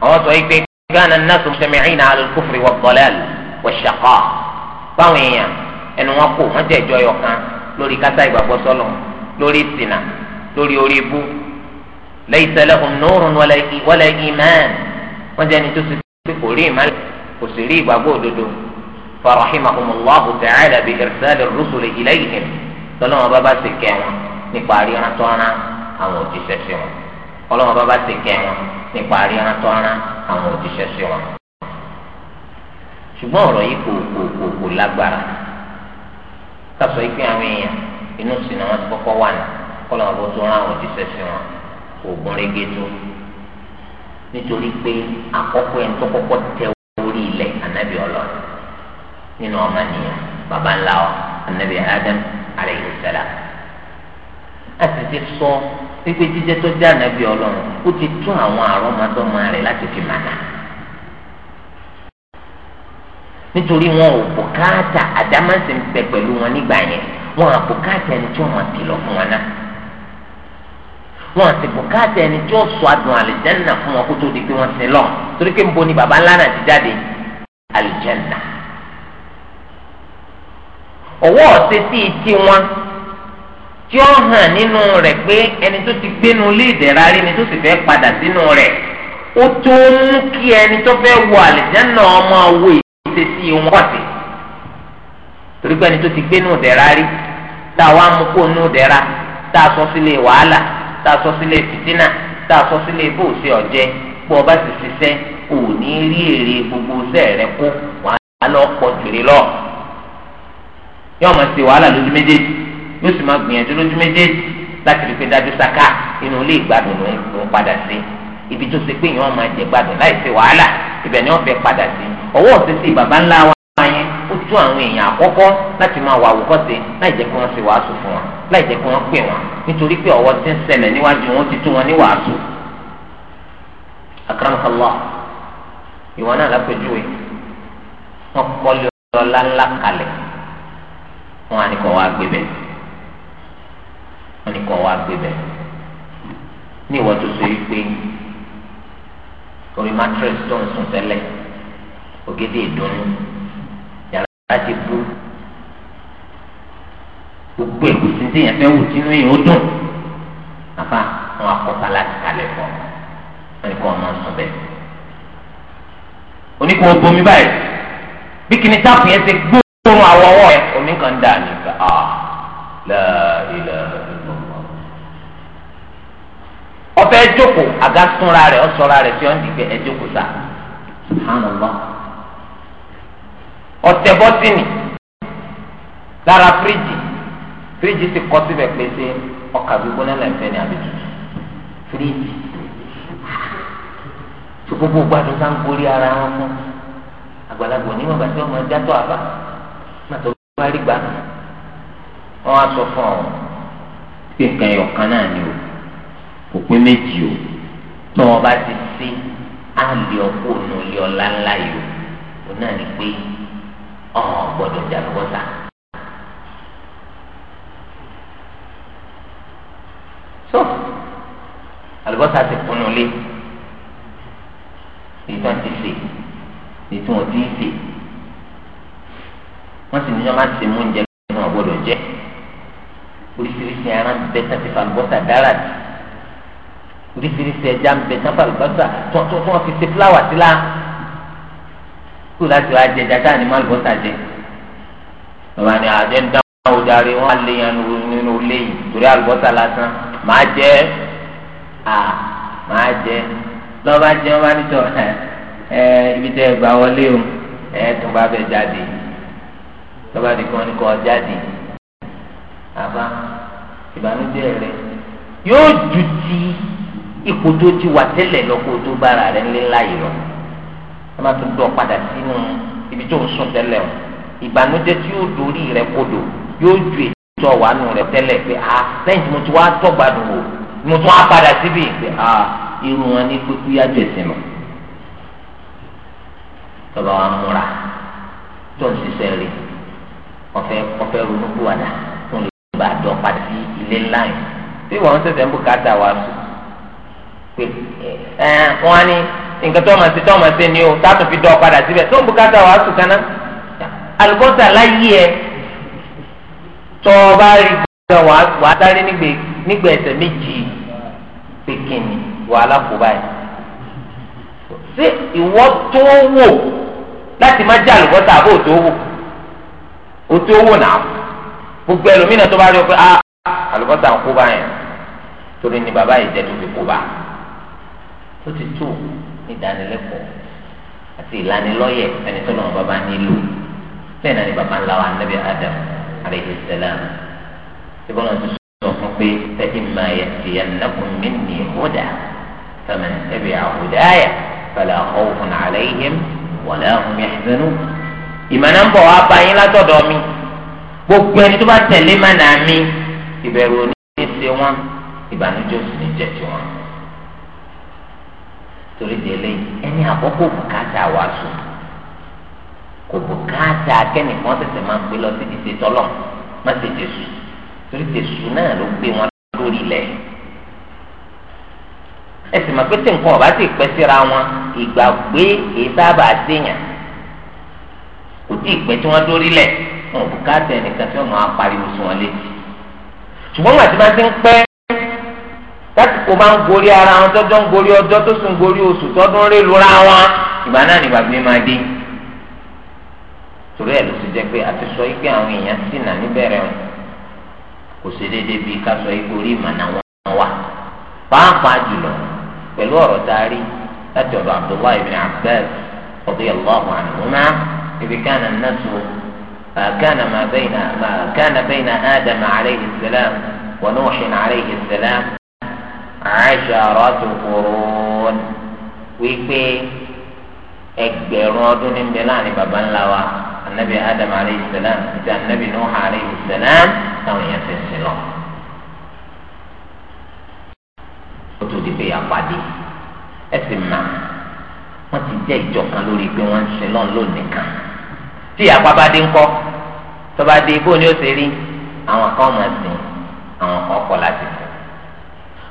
àwọn sọ yìí pé gánà nàásù mùsùlùmí náà alùpùpù wà bọ̀lẹ́l wà ṣàkọ́ báwọn èèyàn ẹnu wọn kò wọn jẹ́ ìjọyọ̀ kan lórí kásá ìgbàgbọ́ sọ́lọ̀ lórí ìsìnà lórí orí ibú lẹ́yìn sẹ́lẹ̀ ọ̀nùrùn wọlé ìmán wọ́n jẹ́ ẹni tó ti kò rí ìmán kò sì rí ìgbàgbọ́ òdodo farahimahumullahu ta'ala bi irsali rusuli ilayhim tọ́lọ́wọ́n bá bá ti kẹ́ wọn nípa ríran tọ́ran àwọn òjíṣẹ́ nípa ríran ara àwọn òjíṣẹ́ sí wọn. ṣùgbọ́n ọ̀rọ̀ yìí kò kò kò kò lágbára kásọ̀ yìí àwọn èèyàn inú sí ni wọ́n ti kọ́kọ́ wà ní kọ́lá wọn bó tó rán àwọn òjíṣẹ́ sí wọn kò gún régé tó nítorí pé àkọ́kọ́ ẹni tó kọ́kọ́ tẹ orí ilẹ̀ ànábì ọlọ́run nínú ọmọ nìyẹn baba ńlá ọ ànábì Adam alayhi salam àti ti sọ. So, pípé jíjẹ́ tó jẹ́ ànábì ọlọ́run ó ti tún àwọn àrọ́mọdọ́mọ rẹ̀ láti fi mànà nítorí wọn ò bùkátà àdámásì ń bẹ pẹ̀lú wọn nígbà yẹn wọn à bùkátà ẹni tí wọn ti lọ fún wọn náà wọn àti bùkátà ẹni tí ó sọ adùn àlìjẹ́nà fún wọn kó tó di pé wọ́n sin lọ torí pé nbo ni baba ńlá ti jáde àlìjẹ́nà ọwọ́ ọ̀sẹ̀ tí ì tí wọn tí ó hàn nínú rẹ̀ pé ẹni tó ti gbénu lé ìdẹ̀ra rí ni tó sì fẹ́ padà sínú rẹ̀ ó tó mú kí ẹni tó fẹ́ wọ àlìjáná ọmọ owó ìṣesí wọn pọ̀sí torí pé ẹni tó ti gbénu ìdẹ̀ra rí tá a wá mú kó nú ìdẹ̀ra tá a sọ sílé wàhálà tá a sọ sílé fìtínà tá a sọ sílé bó ṣe ọ̀jẹ́ pọ̀ bá sì ṣiṣẹ́ kò ní rí èrè gbogbo iṣẹ́ rẹ̀ kó wàhálà lọ́pọ̀ jùlọ yọ̀ọ́ mọ̀ sí wàhálà lójú méjèèjì yóò sì máa gbìyànjú lójú méjèèjì láti rí pé dájú saka inú ilé ìgbádùn ló ń padà sí ibi tó ṣe pé ìyẹn wọn máa jẹ gbádùn láì ṣe wàhálà ibẹ̀ ni wọn fẹ́ padà sí ọwọ́ òṣèṣì bàbá ńlá wa yẹn ó tú àwọn èèyàn àkọ́kọ́ láti máa wà àwòkọ́ṣe láì jẹ́ kí wọ́n ṣe wàásù fún wọn láì jẹ́ kí wọ́n pè wọn nítorí pé ọwọ́ ti ń ṣẹlẹ̀ níwájú wọn ti tú wọn ní wàásù. akramakallah ìwọ náà lápẹjúwe wọn kọ́lé ọlọ́lá ńlá kalẹ̀ wọn á ní kọ́ wá gbé bẹ́ẹ̀ wọn ni kọ́ wa gbé bẹ̀ ní ìwọ tó so yìí pé orí mattress tó ń sùn tẹ́lẹ̀ ògèdè ìdùnnú yàrá ti bú gbogbo ẹ̀gúsí tí yẹn fẹ́ wù sínú yìí ó dùn àfa wọn akọ́ta láti kalẹ̀ fún ọ wọn sùn bẹ́ẹ̀ oníkun obomi báyìí
bí kìíní táàpù yẹn ti
gbóòórùn àwọ̀ ọwọ́ rẹ̀ omi kan dà nígbà ah láàrin ọfẹ joko aga súnra rẹ ọsọra rẹ tí wọn ti gbé ẹjoko sa subhanallah ọtẹ bọtìnì lára fíríjì fíríjì ti kọ síbẹ̀ pé ṣé ọkà gbígbóná lẹ́fẹ̀ẹ́ ni àbí tutù fíríjì tó gbogbo gbádùn ká ń gorí ara wọn fún àgbàlagbà onímọ̀ bàtí ọmọ játọ̀ àbá màtọ́ bá wọn á sọ fún ọ pé nǹkan ẹ̀yọ̀ kan náà ni o kò pé méjì o tó wọn bá ti sí àlè ọkọ ònà ilé ọlá ńlá yìí o òun náà ní pé ọ̀hún gbọ́dọ̀ jàlúbọ́sà. so àlùbọ́sà ti kunu lé èyí tó ń ti sè èyí tó ń ti sè wọ́n sì ní wọ́n máa ti mú oúnjẹ náà gbọ́dọ̀ jẹ́ oríṣiríṣi ara ń bẹ́ tàbí àlùbọ́sà dára jù oríṣiríṣi ẹja ń bẹ sábà lùbọ́sà tó tó tó wọn fi ṣe fúláwà sí la kú láti wá jẹ ẹja táà ní má lùbọ́sà jẹ bàbá ni àjẹ ń dáhùn àwọn ojàre wọn á lé yan nínú ilé yìí torí àlùbọ́sà lásán màá jẹ à màá jẹ lọ́ba jẹ wọn bá nítọ́ ẹ ibi tẹ ẹ gbà wọlé o ẹ tún bá bẹ jáde lọ́ba nìkan ni kò jáde àbá ìbànújẹ́ rẹ yóò jù tí ipò tó ti wà tẹ́lẹ̀ lọ kó o tó bára rẹ̀ ńlẹ́ ńlá yìí lọ ẹ má tún dọ̀ padà sínú ibi tó ń sùn tẹ́lẹ̀ o ìbànújẹ́ tí yóò dorí rẹ̀ kodò yóò ju ètò ọ̀wánu rẹ̀ tẹ́lẹ̀ pé a ah, lẹ́yìn tí mo ti wá tọ́gbàdùn wò mo tún á padà síbi pé a ah, irun wọn ní pípé yájú ẹ̀sìn lọ tọ́ba wa múra tó ń ṣiṣẹ́ rí ọ̀fẹ́ ọ̀fẹ́ ronú kúwàdà tó ń lè bá a dọ̀ padà sí ilé ńlá yìí wọ́n ń ṣẹ̀ṣẹ̀ ń bùkátà wa sùn ẹ eh, wọn á ní nǹkan tó máa ṣe tó máa ṣe ni o tá a tún fi dọ́ padà síbẹ̀ tó ń bùkátà wàá sùn kaná alùbọ́sà láyé ẹ tó o bá rí gbọ́dọ̀ wàá wàá sáré nígbà ẹsẹ̀ méjì pé kìnnì wàhálà kò báyìí ṣé ìwọ tó wò láti má jẹ àlùbọ́sà àbò tó wò o tó wò náà gbogbo ẹlòmíràn tó bá rí o pé a ah, àlùbọ́sà ń kó báyìí torí ni bàbá yìí jẹ́ tó fi kó báyìí ó ti tó ìdánilẹ́kọ̀ọ́ àti ìlanilọ́yẹ̀ ẹni tó lọ́wọ́ bàbá nílò bẹ́ẹ̀ náà ni bàbá ńlá wa Nabi Adam alayhi salam tí bọ́lá ti sọ fún pé tẹ́tí máa yẹ ti yẹn nàkùn mí ní huda faman tabi'a hudaya fala khawfun alayhim wala hum yahzanun. ìmọ̀nà ń bọ̀ wá bá yín látọ̀dọ̀ mi gbogbo ẹni tó bá tẹ̀lé mánà torí délé ẹni àkókò bùkátà wà sùn kò bùkátà akẹ́nìkan tẹ̀sẹ̀ máa ń gbé lọ síbi ṣe tọ́lọ̀ má ṣe jésù torí jésù náà ló gbé wọn lórí ilẹ̀ ẹsìn máa pété nǹkan ọ̀bá ti pẹ́ síra wọn ìgbàgbé ìsábà séèyàn kò tí ì pẹ́ tí wọ́n dórí lẹ̀ wọn bùkátà ẹnìkan tí wọ́n máa pariwo sí wọn létí ṣùgbọ́n wàá ti máa ti ń pẹ́ tásìkò bá ń gorí ara wọn tọ́jọ́ ń gorí ọjọ́ tó sùn gorí oṣù tọ́dún ń rí lura wọn ìgbà náà ni bàbá mi máa dé torí ẹ̀ ló ti jẹ́ pé àti sọ pé àwọn èèyàn sì nà níbẹ̀rẹ̀ wọn kò ṣe déédéé bíi ká sọ yìí gorí ìmọ̀nà wọn wà pàápàá jùlọ pẹ̀lú ọ̀rọ̀ tá a rí láti ọ̀dọ̀ Abdullahi ibn Abbas radiyallahu anhuma ibi kánà nasu kánà ma bayna Adam alayhi salam wa Nuh alayhi salam asharatu qurun wípé ẹgbẹ̀rún ọdún ní bẹ láàrin baba ńlá wa anabi adam aleyhi salam àti anabi nuh aleyhi salam táwọn èèyàn ti sìn lọ. ó tún di pé àpàdé ẹ sì mà wọ́n ti jẹ́ ìjọkan lórí pé wọ́n ń sìn lọ lónìí kan tí àpàbádé ń kọ́ tọ́badé bó ni ó ti rí àwọn kan máa sìn àwọn kan láti sìn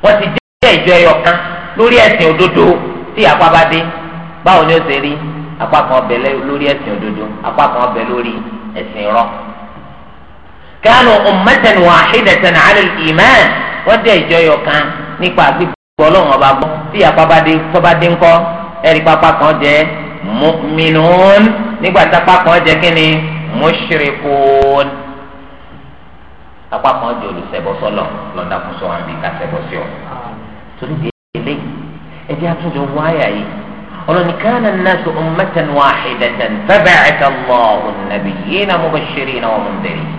wọ́n ti tẹ́ ìjọ ẹyọ kan lórí ẹ̀sìn òdodo tí apá bá dé báwo ni ó ṣe rí apá kan ọbẹ̀ lórí ẹ̀sìn òdodo apá kan ọbẹ̀ lórí ẹ̀sìn irọ́. kánú ummatan wahidatan ala al-iman wọ́n dẹ́ ìjọ ẹyọ kan nípa gbígbọ́ ọlọ́run ọba gbọ́ tí apá bá dé tó bá dé ńkọ́ ẹ̀rí pápá kan jẹ́ mu'minun nígbà tápá kan jẹ́ kíni mushrikun apá kan jẹ́ olùṣẹbọ sọ́lọ̀ lọ́dà fún sọ́wọ́n bí ká torí di èlé ẹjẹ àtúnjọ wáyà yìí ọlọ́ni káàna nàásù ummatan wahidatan faba'atha Allahu an-nabiyyina mubashshirina wa mundhirin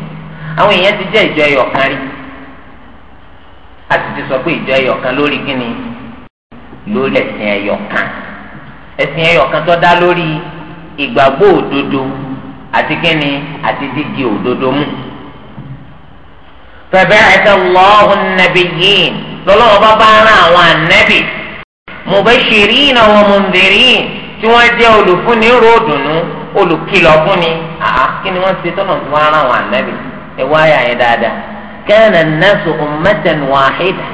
àwọn èèyàn ti jẹ́ ìjọ ẹyọ kan rí a sì ti sọ pé ìjọ ẹyọ kan lórí kíni lórí ẹ̀sìn ẹyọ kan ẹ̀sìn ẹyọ kan tó dá lórí ìgbàgbọ́ òdodo àti kíni àti dídì òdodo mú faba'atha Allahu an-nabiyyin. lọ́lọ́wọ́ bá bá rán àwọn ànábì mubashirina wa mundhirin tí wọ́n jẹ́ olùfúnni ròdùnú olùkìlọ̀ fúnni àá kí ni wọ́n ṣe tọ́nà tí wọ́n rán àwọn ànábì ẹ wá yà yẹn dáadáa nasu ummatan wahida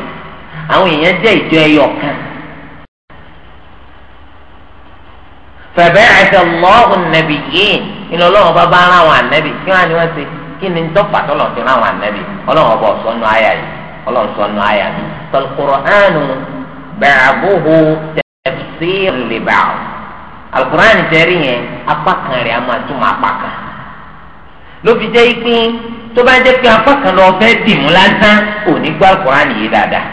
àwọn èèyàn jẹ́ ìjọ ẹyọ kan. faba'atha Allahu an-nabiyyin inú bá bá àwọn kí wọ́n ọba yìí فالقرآن بعضه تفسير لبعض القرآن تاريه أبقى رياما ثم أبقى ló fi jẹ́ ipin tó bá jẹ́ pé apá kan lọ fẹ́ dìmú lásán ò ní gbọ́ alukur'an yìí dáadáa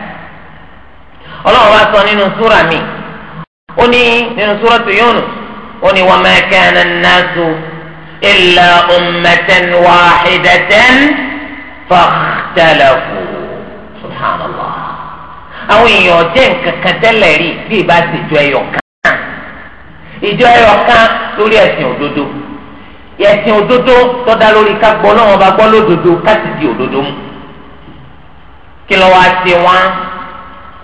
ọlọ́run wá sọ nínú súra mi ó ní nínú súratu Yunus ó ní wa ma kana an-nasu illa ummatan wahidatan fakhtalafu subhanallah àwọn èèyàn jẹ́ nǹkan kan tẹ́lẹ̀ rí bí ìbá ti jọ ẹyọ kan ìjọ ẹyọ kan lórí ẹ̀sìn òdodo ẹ̀sìn òdodo tó dá lórí ká gbọ́ lọ́wọ́ bá gbọ́ lódodo ká sì di òdodo mú kí lọ́ wá sí wọn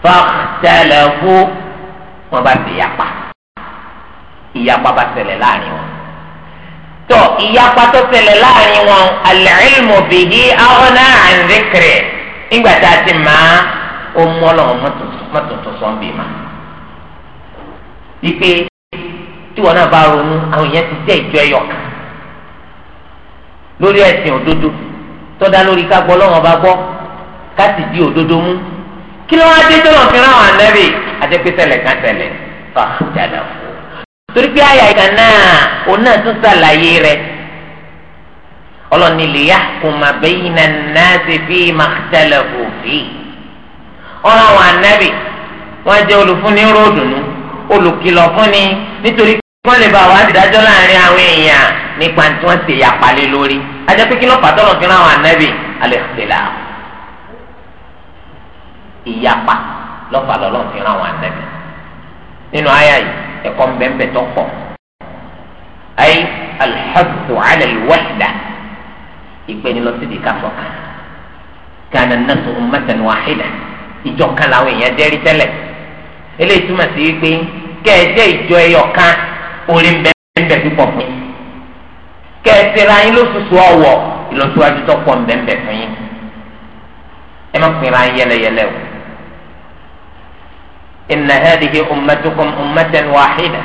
fàtẹ́lẹ̀fó wọn bá ti yapa ìyapa bá ṣẹlẹ̀ láàrin wọn tọ ìyapa tó ṣẹlẹ̀ láàrin wọn al-ilmu bihi aghna an dhikri ìgbà tá a ti máa ó mú ọlọ́run mọ́tòtò sọ́ńbì mà. wípé tíwọ náà bá ronú àwọn èèyàn ti jẹ́ ìjọ ẹyọ kan lórí ẹ̀sìn òdodo tó lórí ká lọ́wọ́n bá gbọ́ ká sì di òdodo mú kí ló wá dé tó lọ́n fi rán àwọn ànábì àtẹ́pẹ́sẹ̀lẹ̀ kan tẹ̀lé fà jàdà fún torí pé àyà ìgbà náà òun náà tún ṣàlàyé rẹ̀ ọlọ́ni lè yá kùmà bẹ́yìn náà náà ṣe fi máa tẹ̀lé òfin ọ̀ràn àwọn ànábì wọ́n jẹ́ olùfúnni ròdùnú olùkìlọ̀ fúnni nítorí wọ́n lè bá àwọn àdìdájọ́ láàrin àwọn èèyàn nípa tí wọ́n ṣe yàpalẹ̀ lórí ajẹ́ pé kí ló fà tọ́lọ̀ fi ràn àwọn ànábì alẹ́ ṣẹlẹ̀ àwọn ìyapa lọ́fà lọ́lọ́ fi ràn àwọn ànábì nínú àyà yìí ẹ̀kọ́ mbẹ́mbẹ́ tó pọ̀ ayé alḥadu alẹ́ wàhídà ìpè lọ sí di ká sọ̀kan kànáà nàṣọ ummatan wàhídà ìjọ kan làwọn èèyàn jẹ́ rí tẹ́lẹ̀ eléyìí túmọ̀ sí wípé kẹ́ ẹ jẹ́ ìjọ ẹyọ kan orí ń bẹ ń bẹ púpọ̀ fún yín kẹ́ ẹ yín lóṣooṣù ọ̀wọ̀ ìlọsíwájú tó pọ̀ ń bẹ ń bẹ fún yín ẹ má pinra yín yẹlẹyẹlẹ o inna hadhihi ummatukum ummatan wahida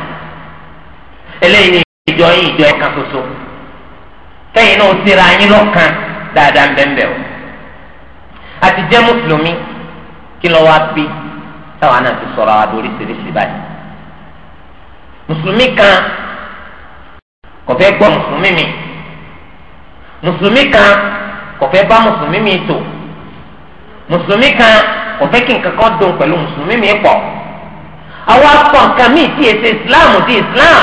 eléyìí ni ìjọ yín ìjọ ẹ̀ka ṣoṣo kẹ́yìn náà tẹ́ra yín lọ́kan dáadáa ń bẹ ń bẹ o àti mùsùlùmí kí ló wá bí táwọn náà ti sọ̀rọ̀ àwọn oríṣiríṣi báyìí mùsùlùmí kan kò fẹ́ gbọ́ mùsùlùmí mi mùsùlùmí kan kò fẹ́ bá mùsùlùmí mi tò mùsùlùmí kan kò fẹ́ kí nǹkan kan dùn pẹ̀lú mùsùlùmí mi pọ̀ àwa pọ̀ nǹkan míì tí èsì islam di islam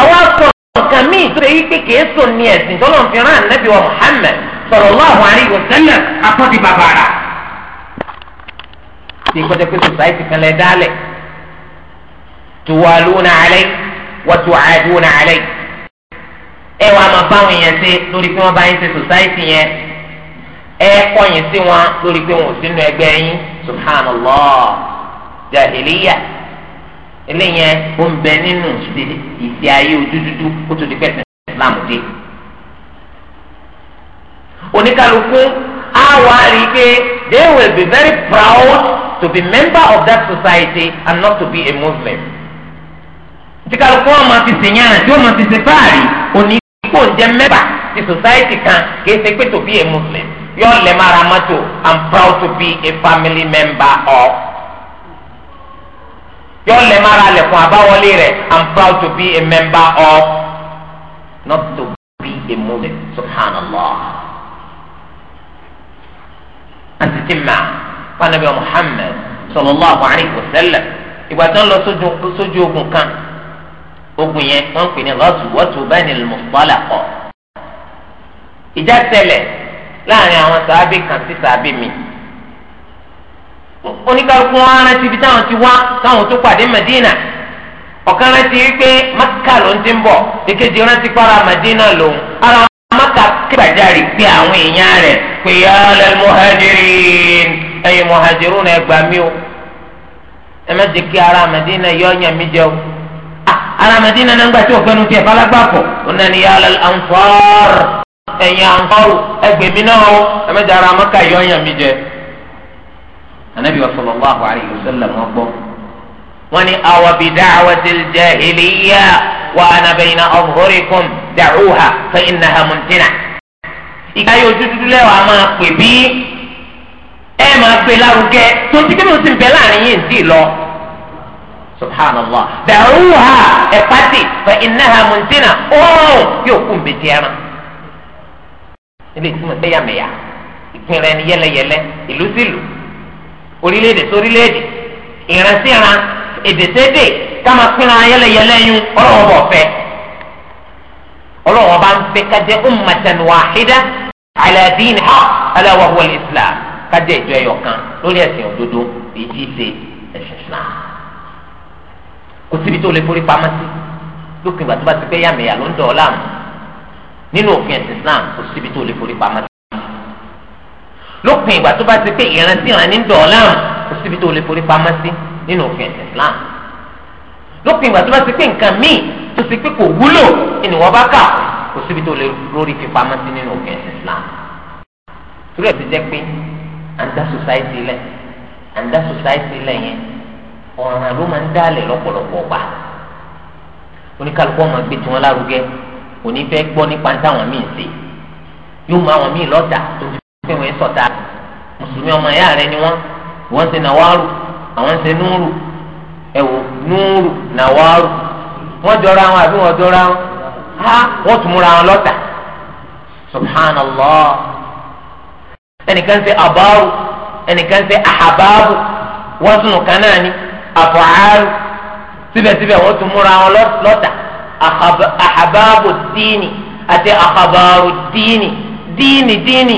àwa pọ̀ nǹkan míì tó ṣe yí pé kìí sùn ní ẹ̀sìn tó lọ́n fi rán ànábì wa muhammed sallallahu alaihi wasallam akọ́dí bàbàrà ti kọjá pé sòsáìtì kan lẹ dálẹ̀ tuwaluna alẹ́ wàtúwàdúnà alẹ́ ẹ wàá máa bá àwọn èèyàn ṣe lórí pé wọ́n bá yín ṣe sòsáìtì yẹn ẹ kọ̀yìn sí wọn lórí pé wọn ò sínú ẹgbẹ́ yín subhanallah jahiliya eléyẹn ó ń bẹ nínú ìdí ayé ojú dúdú ó tó di pẹ́sẹ̀ islam dé oníkàlùkù á wá they will be very proud to be member of that society and not to be a muslim. tí kálukú wọn máa fi sèyàn tí wọn máa fi ṣe fáàrí òní kò ń jẹ mẹ́bà ti society kan kì í ṣe pé to be a muslim yóò lè máa ra mọ́tò i'm proud to be a family member of yóò lè máa ra lẹ̀kùn àbáwọlé rẹ̀ i'm proud to be a member of not to be a muslim subhanallah àti ti mà pànàbí Muhammad sallallahu alaihi wasallam ìgbà tó ń lọ sójú ogun kan ogun yẹn wọ́n pè ní ghazwatu Banil Mustaliqa ìjà tẹlẹ láàrin àwọn sàábì kan sí sàábì mi oníkàlùkù wọn rántí ibi táwọn ti wá táwọn tó pàdé Madina ọ̀kan rántí wípé Makka ń ti ń èkejì rántí para Madina lòun kàkàbàjáre pé àwọn èèyàn rẹ̀ pé yà á lẹ muhajirin ẹ̀yin muhajirun ẹ gbà mí o ẹ má jẹ́ kí ara Madina yọ ọyàn mi jẹ o ara Madina náà ń gbà tí o fẹnu tiẹ̀ falágbàfọ̀ ó náà ní yà á lẹ ansar ẹ̀yin ansar ẹgbẹ̀mí náà o ẹ ansar eyin ansar mi naa jẹ́ ara Maka yọ ọyàn mi jẹ anabi wa sallallahu alayhi wa sallam wa gbọ́ wọ́n ní awa bi da'watil jahiliya wa ana bayna azhurikum. da'uha fa innaha mumtina. ìgbà yóò dúdú lẹ́wọ̀ a máa pè bí ẹ máa gbé lárugẹ tó ti kébé òsì bẹ́ẹ̀ láàrin yìí ǹdí lọ. subhanallah da'uha ẹ̀ pàtì fa innaha mumtina ọ̀hún yóò kú mbẹ́tì ẹ̀ràn. ilé ìtumọ̀ sẹ́yàmẹ̀yà ìpínlẹ̀ ni yẹlẹyẹlẹ ìlú sí ìlú orílẹ̀-èdè sórílẹ̀-èdè ìran sí ìran èdè sédè ká máa pínra yẹlẹyẹlẹ yún ọlọ́wọ́ bọ̀ fẹ́ ọlọ́run bá ń fẹ́ kájẹ́ ummatan wahida ala din haq ala wa huwa islam kájẹ́ ìjọ ẹ̀yọ̀ kan lórí ẹ̀sìn òdodo èyí ṣe ẹ̀sìn islam. kò síbi tó lè forí pamọ́ sí lópin ìgbà tó bá ti pẹ́ yàmẹ̀yà ló ń dọ̀ ọ́ láàmú nínú òfin ẹ̀sìn islam kò síbi tó lè forí pamọ́ sí lópin ìgbà tó bá ti pé ìrántí ìrántí ń dọ̀ láàmú kò síbi tó lè forí pamọ́ sí nínú òfin ẹ̀sìn Islam lópin ìgbà tó bá ti pé nǹkan míì tó ti pé kò wúlò ẹni wọ́n bá kà kò síbi tó lè lórí fipamọ́ sí nínú òkè Islam torí ẹ̀ ti jẹ́ pé à ń dá society lẹ̀ à ń dá society lẹ̀ yẹn ọ̀ràn ló máa ń dálẹ̀ lọ́pọ̀lọpọ̀ gbà oníkàlùkù ọmọ gbé tiwọn lárugẹ òní fẹ́ gbọ́ nípa táwọn míì ṣe yóò mú àwọn míì lọ́tà tó ti pé wọ́n sọ̀tà mùsùlùmí ọmọ ẹ̀yà rẹ ni wọ́n wọ́n ń ṣe nàwárù àwọn ń ṣe núùrù ẹ̀wò núùrù nàwárù wọ́n jọra wọn àbí wọ́n jọra wọn ha wọ́n tún múra wọn lọ́tà subhanallah ẹnìkan ṣe abaru ẹnìkan ṣe ahabaru wọ́n tún nìkan náà ni afaaru síbẹ̀síbẹ̀ wọ́n tún múra wọn lọ́tà ahabaru díìnì àti ahabaru díìnì díìnì díìnì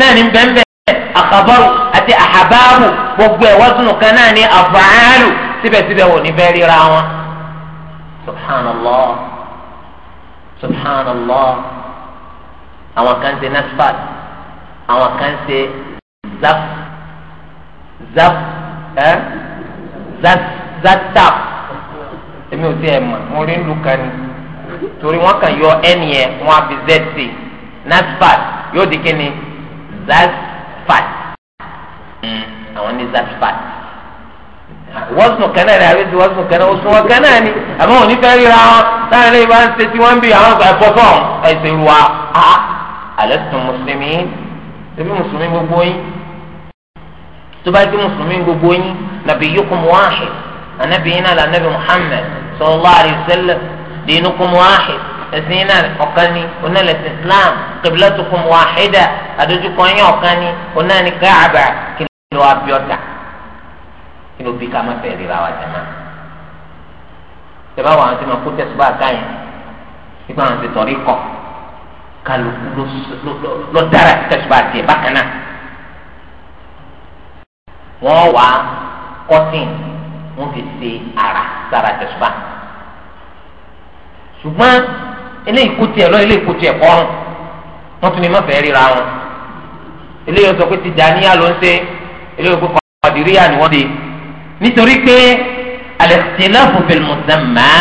náà ní bẹ́ẹ̀nbẹ́ẹ̀ akabaru àti ahabaru gbogbo ẹ̀ wọ́n tún nìkan náà ni afaaru síbẹ̀síbẹ̀ ní bẹ́ẹ̀ ríra wọn subhanallah subhanallah àwọn kan ṣe nasfat àwọn kan ṣe zaf zaf ẹ eh? zat zatap èmi ò tiẹ̀ mọ̀ mo rí lu kan ni torí wọn kàn yọ ẹni yẹn wọn á fi z sí nasfat yóò di kí ni zasfat hmm, àwọn ní zasfat wọ́n sùn kẹ́nà ni àbí tí wọ́n sùn kẹ́nà ó sùn wọn kẹ́nà ni àbí wọn ò ní fẹ́ ríra wọn láàrin lè bá ń ṣe tí wọ́n ń bi àwọn ọ̀gá ẹ̀fọ́ fún ọ̀hún ẹ̀sẹ̀ ìwà á alẹ́ sùn mùsùlùmí ebi mùsùlùmí gbogbo yín tó bá ti mùsùlùmí gbogbo yín nabiyyukum wahid anabi yín náà la anabi Muhammad sallallahu alayhi wa sallam dinukum wahid ẹ̀sìn yín náà ọ̀kan ni onílẹ̀sìn Islam qiblatukum wahida àdójúkọ kí ló bí ká má fẹ́ ríra wa jàmá tẹ̀bá wàá ti máa kó tẹ̀síwá káyìn nípa àwọn ti tọ̀rí kọ̀ kálukú ló dára tẹ̀síwá tiẹ̀ bákan náà wọ́n wá kọ́tìn wọ́n fi ṣe ara sára tẹ̀síwá ṣùgbọ́n eléyìí kú tiẹ̀ lọ eléyìí kú tiẹ̀ kọ́rùn wọ́n tún ní má fẹ́ ríra wọn eléyìí sọ pé Tìjàníyà ló ń ṣe eléyìí kó kọ́ ọ̀dìríyà ni نتركه الاختلاف في المسمى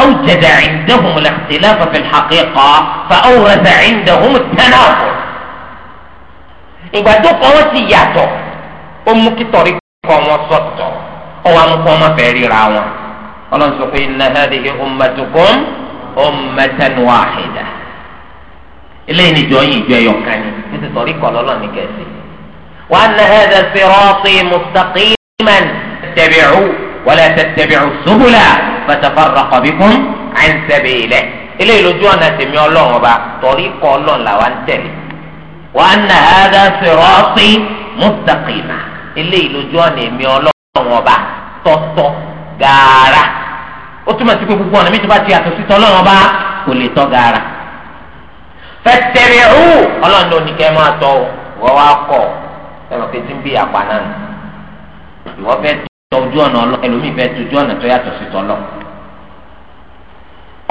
أوجد عندهم الاختلاف في الحقيقة فأورث عندهم التناقض إبادو قواتياتو أمك طريق قوم وسطو قوم قوم فيري الله ونسق إن هذه أمتكم أمة واحدة إلي نجوي جاي وكاني مثل الله نكاسي وأن هذا صراطي مستقيما tẹ̀tẹ̀bìrù wala tẹ̀tẹ̀bìrù subula fatafarraqa bikum an sabilihi eléyìí lójú ọ̀nà tèmi ọlọ́run ọba torí kọ́ ọlọ́run làwa ń tẹ̀lé wa anna hadha sirati mustaqima eléyìí lójú ọ̀nà èmi ọlọ́run ọba tọ́tọ́ gaara ó túmọ̀ sí pé gbogbo ọ̀nà méjì bá ti yàtọ̀ sí tọ́lọ́run ọba kò lè tọ́ gaara fẹtẹrẹ o ọlọ́run ló ní kẹ máa tọ o wọ wá kọ ẹnì kejì ń bí apá náà ìwọ fẹ́ tọ ojú ọ̀nà ọlọ ẹlòmíì fẹ́ tọ́jú ọ̀nà tó yàtọ̀ sí tọ́lọ.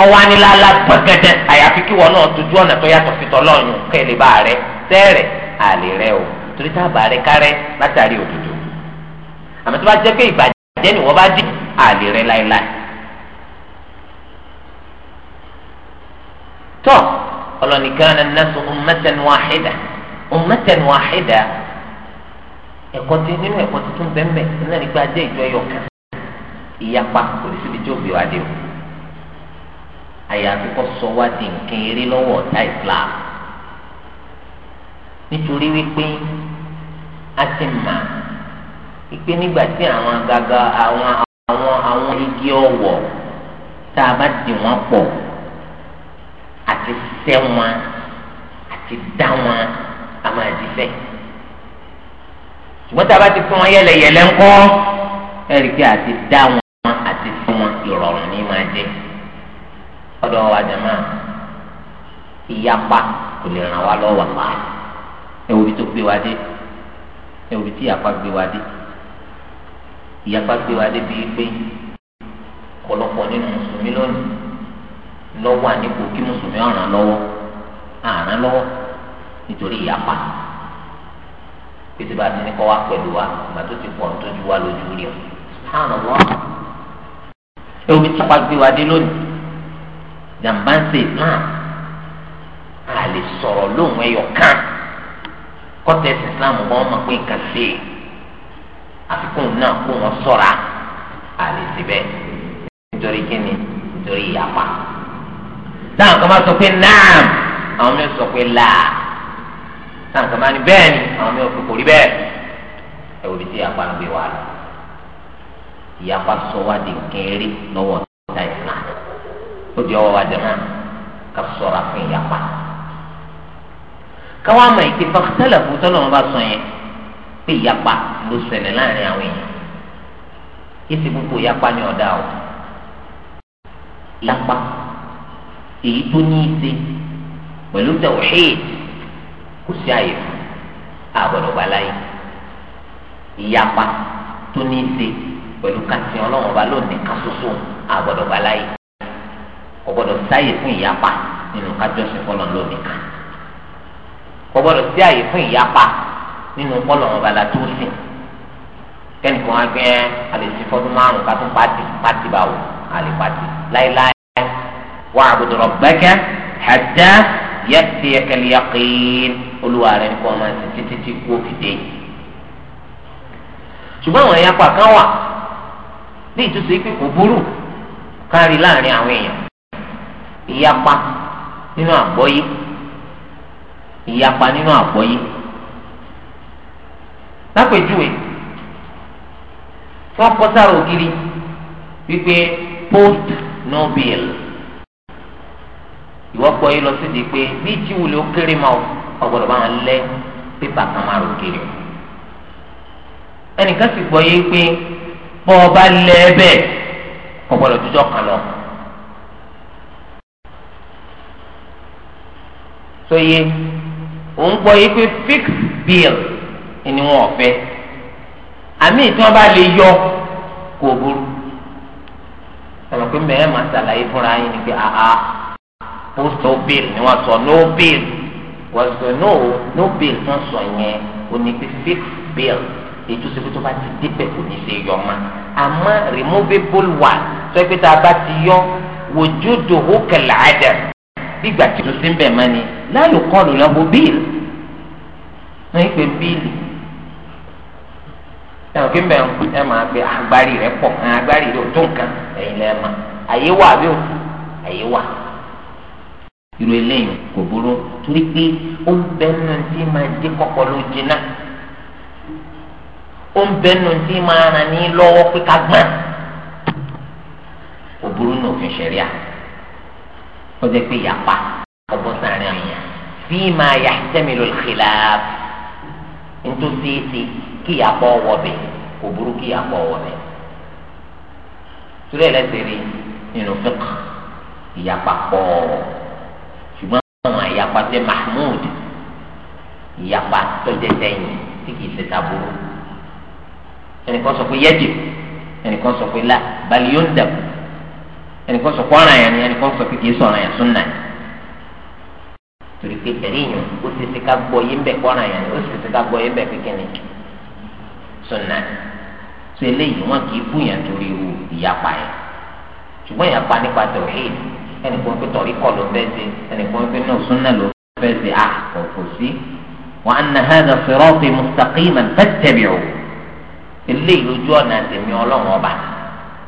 ọwọ́ anilala gbọ̀gẹ́dẹ́ àyàfi kí wọn náà tọ́jú ọ̀nà tó yàtọ̀ sí tọ́lọ yìí kẹ́lẹ́ bá rẹ sẹ́rẹ̀ àlè rẹ o torí tá a bá rẹ kárẹ́ látàrí òdodo. àmọ́ tó bá jẹ́ pé ìbàjẹ́ ni wọ́n bá dín àlè rẹ láéláé. tọ́ ọlọ́nìkan náà nẹ́sùn ummatan wahida ummatan wahida ẹ̀kọ́ tí nínú ẹ̀kọ́ tuntun bẹ́ẹ̀mẹ̀ náà ní gba jẹ́ ìjọ yọkan ìyapa kò ní síbi tí ó fi wá dé o àyàfi kọ́ sọ wá di nǹkan eré lọ́wọ́ ọ̀tá Islam nítorí wípé a ti mà wípé nígbà tí àwọn agaga àwọn àwọn àwọn igi ọ̀wọ̀ tá a bá dì wọ́n pọ̀ àti sẹ́ wọn àti dá wọn a máa di fẹ́ẹ́ ṣùgbọ́n tá a bá ti fún wọn yẹlẹyẹlẹ ńkọ́ ẹ̀rí pé àti dá wọn àti fún wọn ìrọ̀rùn ní máa jẹ́ ọ̀dọ̀ wa jàmá ìyapa kò lè ràn wá lọ́wọ́ pa ẹ wo ibi tó gbé wa dé ẹ wo ibi tí ìyapa gbé wa dé ìyapa gbé wa dé bíi pé ọ̀pọ̀lọpọ̀ nínú mùsùlùmí lónìí lọ́wọ́ àníkù kí mùsùlùmí ọ̀ràn lọ́wọ́ àràn lọ́wọ́ nítorí ìyapa pété bá ti ní kọ́ wá pẹ̀lú wa ìgbà tó ti pọ̀ ń tójú wa lójú rí o hàn wá. ewu tí wàá gbé wa dé lónìí jàǹbá ń ṣe islam a lè sọ̀rọ̀ lóhùn ẹyọ kan kọ́tẹ́sì islam wọn mọ̀ pé nǹkan ṣe àfikún náà kó wọn sọ̀ra a lè ṣe bẹ́ẹ̀ nítorí kíni nítorí ìyapa. táwọn kan bá sọ pé naam àwọn mi sọ pé láà sàǹkà máa ní bẹ́ẹ̀ ni àwọn mi ò fi kò rí bẹ́ẹ̀ ẹ wò bí tí ìyapa ń gbé wa lọ ìyapa sọ wá di kẹrí lọ́wọ́ ọ̀tá ìsìlá ó di ọwọ́ wa jẹ mọ́ ká sọ̀rọ̀ fún ìyapa káwá mọ̀ ìpè fàkítẹ́lẹ̀ fún tọ́lọ̀ wọn bá sọ yẹn pé ìyapa ló ṣẹlẹ̀ láàrin àwọn èèyàn yìí gbogbo ìyapa ní ọ̀dà o ìyapa èyí tó ní í ṣe pẹ̀lú tẹ̀wọ̀ ṣéèdì kò sí àyè fún àgbọ̀dọ̀ gbà láyé ìyapa tó ní í ṣe pẹ̀lú kásì ọlọ́run ọba lónìí ká soso àgbọ̀dọ̀ gbà láyé ọgbọ̀dọ̀ sáyè fún ìyapa nínú kájọsìn fọlọ́ lónìí ká ọgbọ̀dọ̀ sí àyè fún ìyapa nínú kọlọ̀run ọba la tó sìn kẹ́nìkan á gbẹ́ àlèsí fọdún márùn ká tún pàtì pàtì báwo àlè pàtì láéláé wà àbùdọ̀rọ̀ gbẹ́kẹ́ hatta ya'tiyakal yaqin olúwa rẹ̀ kọ́ ọmọ ẹ̀sìn títí tí kú òfìdé yìí. ṣùgbọ́n àwọn ẹ̀yà pàkan wà ní ìtúsí pé kò burú kárí láàrin àwọn èèyàn ìyapa nínú àgbọ́yé ìyapa nínú àgbọ́yé lápèjúwe wọ́n kọ́ sára ògiri wípé post no bill ìwọ́pọ̀ yìí lọ sí di pé bí ìtìwúlẹ̀ ó kéré máa wò ọgbọ́dọ̀ bá wọn lẹ́ pépà kan máa rògbè rẹ̀ ẹnìkan sì gbọ́ yé pé bọ́ ọ bá lẹ́ bẹ́ẹ̀ ọgbọ́dọ̀ jíjọ́ kan lọ. sọye òun gbọ́ yé pé fixed bill ni wọn ọ̀fẹ́ àmì tí wọ́n bá lè yọ kò burú sọ̀rọ̀ pé mẹ́ẹ̀ẹ́ máa ṣàlàyé fúnra yín ni pé àhà post no bill ni wọ́n sọ no bill wọ́n no no bill tó ń sọ yẹn o ní pé fixed bill ètò ìsìnkú tó bá ti débẹ̀ kò ní ṣe yọ ma àmọ́ removable one sọ pé tá a bá ti yọ wujuduhu kal-adam gbígbà tí o sì ń bẹ̀ mọ́ ni la yuqalu lahu bill wọ́n yìí pé bíìlì ẹ̀ kí mbẹ́ ẹ máa gbé agbárí rẹ̀ pọ̀ agbárí rẹ̀ tó nǹkan ẹ̀yin lẹ́ẹ̀ ma àyè wà bí o àyè wà irú eléyìí kò burú torí pé ó ń bẹ nínú tí máa dé kọ́kọ́ ló jiná ó ń bẹ nínú tí máa ràn ní lọ́wọ́ pé ká gbọ́n kò burú ní òfin ṣẹ̀ríà ó jẹ́ pé yàpá ọgbọ́n sáré àyàn tí máa yà sẹ́mìlò khilaf nítòsíìsì kí yàpá ọwọ́ bẹ̀ kò burú kí yàpá ọwọ́ bẹ̀ torí lẹ́sẹ̀ rí nínú fẹ́kàn ìyàpá pọ̀ àwọn ìyapa tẹ Mahmood ìyapa tó jẹ sẹ́yìn tí kìí ṣe taburú ẹnìkan sọ pé yẹjì ẹnìkan sọ pé la bali yóò dàbò ẹnìkan sọ pé ọ̀ràn yẹn ni ẹnìkan sọ pé kìí sọ̀ràn yẹn súnà torí pé ẹ̀rí yẹn ó ti ṣe ká gbọ́ yé mbẹ́ ọ̀ràn yẹn ó sì ṣe ká gbọ́ yé mbẹ́ kékeré súnà tó eléyìí wọn kìí bú yẹn torí ìyapa yẹn ṣùgbọ́n ìyapa nípa tòhíì. ẹnì kan pé tọ̀rí kọ́ ló fẹ́ ṣe ẹnì kan pé náà súnà ló fẹ́ ṣe à kò kò sí. wa anna hadha sirati mustaqiman fattabi'u eléyìí lójú ọ̀nà tèmi ọlọ́run ọba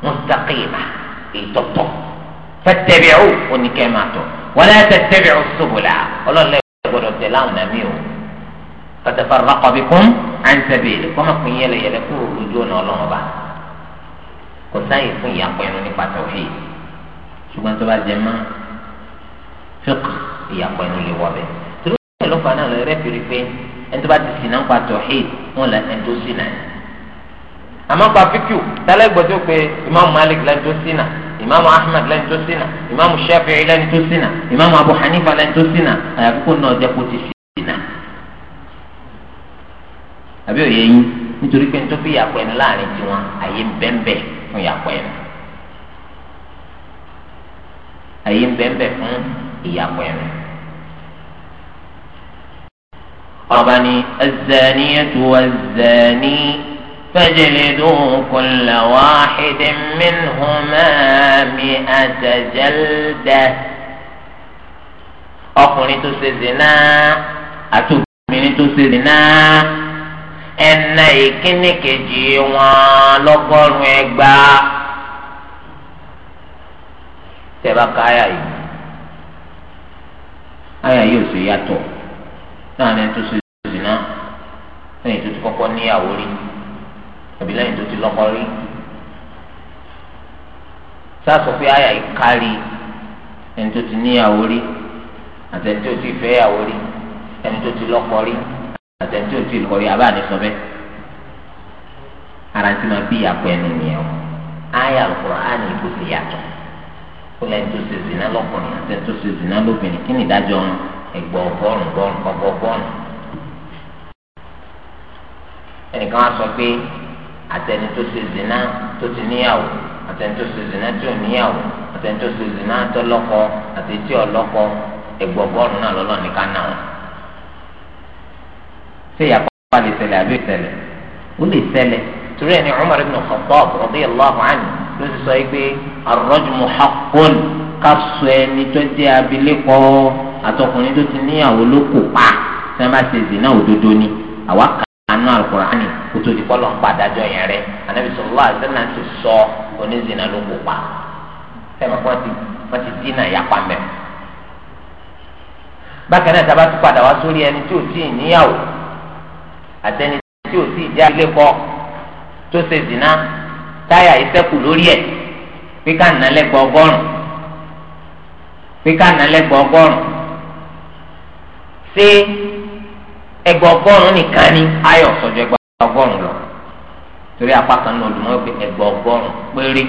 mustaqima ìtọ̀tọ̀ fattabi'u oníkẹ́ máa tọ̀ wala tattabi'u subula ọlọ́lẹ̀ gbọdọ̀ tẹ̀lé àwọn nàmí o fatafarraqa bikum an sabili kọ́mọ̀ pín yẹlẹyẹlẹ kúrò lójú ọ̀nà ọlọ́run ọba kò sáyè fún ìyàpọ̀ ẹnu ṣùgbọ́n tó bá jẹ mọ́ fíkì ìyàpọ̀ ẹnu lè wọ bẹ́ẹ̀ torí wọn lọ́ọ́ fàánà lọ rẹ́ fìrí pé ẹni tó bá ti sìn náà pa tọ̀hìd wọn là ẹni tó sìn náà àmọ́ pa fíkì tálẹ́ gbọ́dọ̀ pé ìmáàmù Malik lẹ́ni tó sìn náà ìmáàmù Ahmad lẹ́ni tó sìn náà ìmáàmù Shafi'i lẹ́ni tó sìn náà ìmáàmù Abu Hanifa lẹ́ni tó sìn náà àyàfi kó náà jẹ́ kó ti sìn náà àbí òye yín nítorí pé nítorí yàpọ̀ ẹnu láàrin tiwọn àyè ń bẹ́ẹ̀ ìyàpọ̀ ẹ̀rọ. ọba ni az-zaniyatu waz-zani fajlidu kulla wahidin minhuma mi'ata jaldah ọkùnrin tó ṣe zina àti obìnrin tó ṣe zina ẹnà ìkíní kejì wọn lọ́gọ́rùn ẹgbàá tẹ bá káyà yìí àyà yóò ṣe yàtọ̀ láàrin ẹni tó ṣe zina lẹ́yìn tó ti kọ́kọ́ níyàwó rí àbí lẹ́yìn tó ti lọ́kọ rí sáàsọ pé àyà yìí kárí ẹni tó ti níyàwó rí àtẹni tó ti fẹ́yàwó rí ẹni tó ti lọ́kọ rí àtẹni tó ti lọ́kọ rí àbá ni sọ bẹ́ẹ̀ ara ti máa bí ìyàpọ̀ ẹnu nìyẹn o àyà Al-Qur'ani kò ṣe yàtọ̀ kó lẹ́yìn tó ṣe zina lọ́kùnrin àti tó ṣe zina lóbìnrin kí ni ìdájọ́ wọn ẹgbẹ́ ọgọ́rùn-ún bọ́ọ̀nù ọgbọ́ bọ́ọ̀nù. ẹnìkan á sọ pé àtẹni tó ṣe zina tó ti níyàwó àtẹni tó ṣe zina tí ò níyàwó àtẹni tó ṣe zina tó lọ́kọ àti tí ò lọ́kọ ẹgbẹ́ ọgọ́rùn-ún náà lọ́lọ́ ní ká náà. ṣé ìyàpá wa lè ṣẹlẹ̀ àbí ìṣẹ̀lẹ̀ ó lè ṣẹlẹ̀ torí ẹni Umar ibn Khattab radiyallahu anhu ló ti sọ yìí pé arrajmu haqqun kásọ ẹni tó jẹ́ abilékọ àtọkùnrin tó ti níyàwó ló kó pa sẹ́ni bá ṣe zina òdodo ni àwa kàánú alukurani kótó ti kọ́ ló ń padàjọ yẹn rẹ anabi sallallahu alaihi wasallam ti sọ onízina ló kó pa sẹ́ni wọ́n ti wọ́n ti dínà yapa mẹ́. bákan náà sábà tún padà wá sórí ẹni tí ò tí ì níyàwó àtẹni tí ò tí ì jẹ́ abilékọ tó ṣe zina táyà ìṣẹ́kù lórí ẹ̀ pé ká nà lẹ́gbọ̀ ọgọ́rùn pé ká nà lẹ́gbọ̀ ọgọ́rùn ṣé ẹgbọ̀ ọgọ́rùn nìkan ni ayọ̀ sọ̀jọ̀ ẹgbọ̀ ọgọ́rùn lọ torí apá kan náà lùmọ́ pé ẹgbọ̀ ọgọ́rùn péré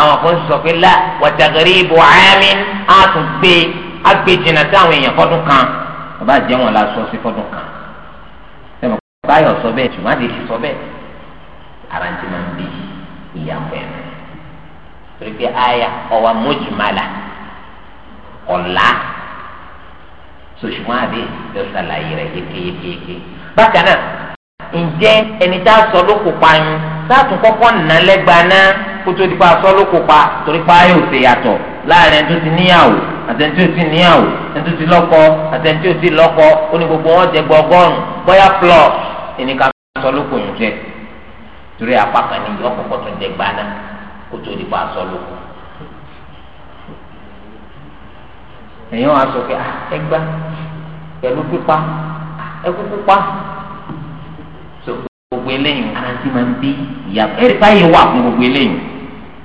àwọn kan sọ pé lá wàtàgẹ́rì ibò ayámi á tún gbé agbèjìnà táwọn èèyàn fọdún kan bàbá àjẹwọn la sọ sí fọdún kan sẹ́wọ̀n báyọ̀ sọ bẹ́ẹ̀ tùmádìí sọ bẹ́ẹ̀ ara máa ń bí yìí ìyàpẹ̀ torí pé àyà ọ̀wà mọ́jùmọ́lá ọ̀la sòṣùmọ́ àbí ló ṣàlàyé rẹ̀ yékéyékéyéké. bákan náà ǹjẹ́ ẹni tá a sọ ló kópa yín sáàtún kọ́kọ́ nà lẹ́gbàá náà kó tó di pa sọ ló kópa torí pa ayé òsè yàtọ̀ láàrin ẹni tó ti níyàwó àtẹni tó ti níyàwó ẹni tó ti lọ́kọ àtẹni tó ti lọ́kọ ó ní gbogbo wọn jẹ gbọgọ́rùn bóyá plus ẹni ká sọ ló kò yín jẹ torí apá kan ní ọkọ̀ọ̀kọ̀ tó ń jẹ gbaná kó tó di pa aṣọ lóko. èèyàn á sọ pé ah, ẹ gbá pẹ̀lú pípa ah, ẹ kúkú pa so gbogbo eléyìí ara ti máa ń bí ìyá ẹ̀rí báyìí wà fún gbogbo eléyìí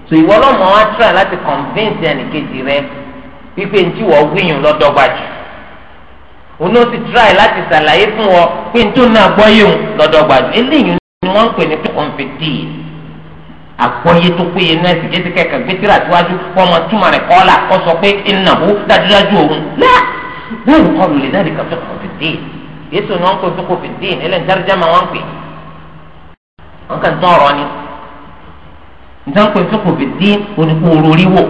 so ìwọ ọlọ́mọ wa try láti convince ẹnìkejì rẹ wípé ntí wọ́n gbìyànjú lọ́dọ́gba jù òun ó sì try láti ṣàlàyé fún ọ pé ntó náà gbọ́ yìí lọ́dọ́gba jù eléyìí ni wọ́n ń pè ní kọ́ńfìtìs àgbọ́yé tó péye náà sì kéde kẹ́kẹ́ gbé tíra síwájú wọ́n mọ túmọ̀ rẹ̀ kọ́ la kọ́ sọ pé ìnáwó dájúdájú òun náà náà ló kọ́ lulẹ̀ náà lè kọ́ kọ́ńfìtìs yéésù ni wọ́n ń pè fún kọ́ńfìtìs ẹlẹ́ni dáríjà máa wọ́n pè wọ́n kàn tán ọ̀rọ̀ ni nítorí pé fún kọ́ńfìtìs oníkóoró rí wò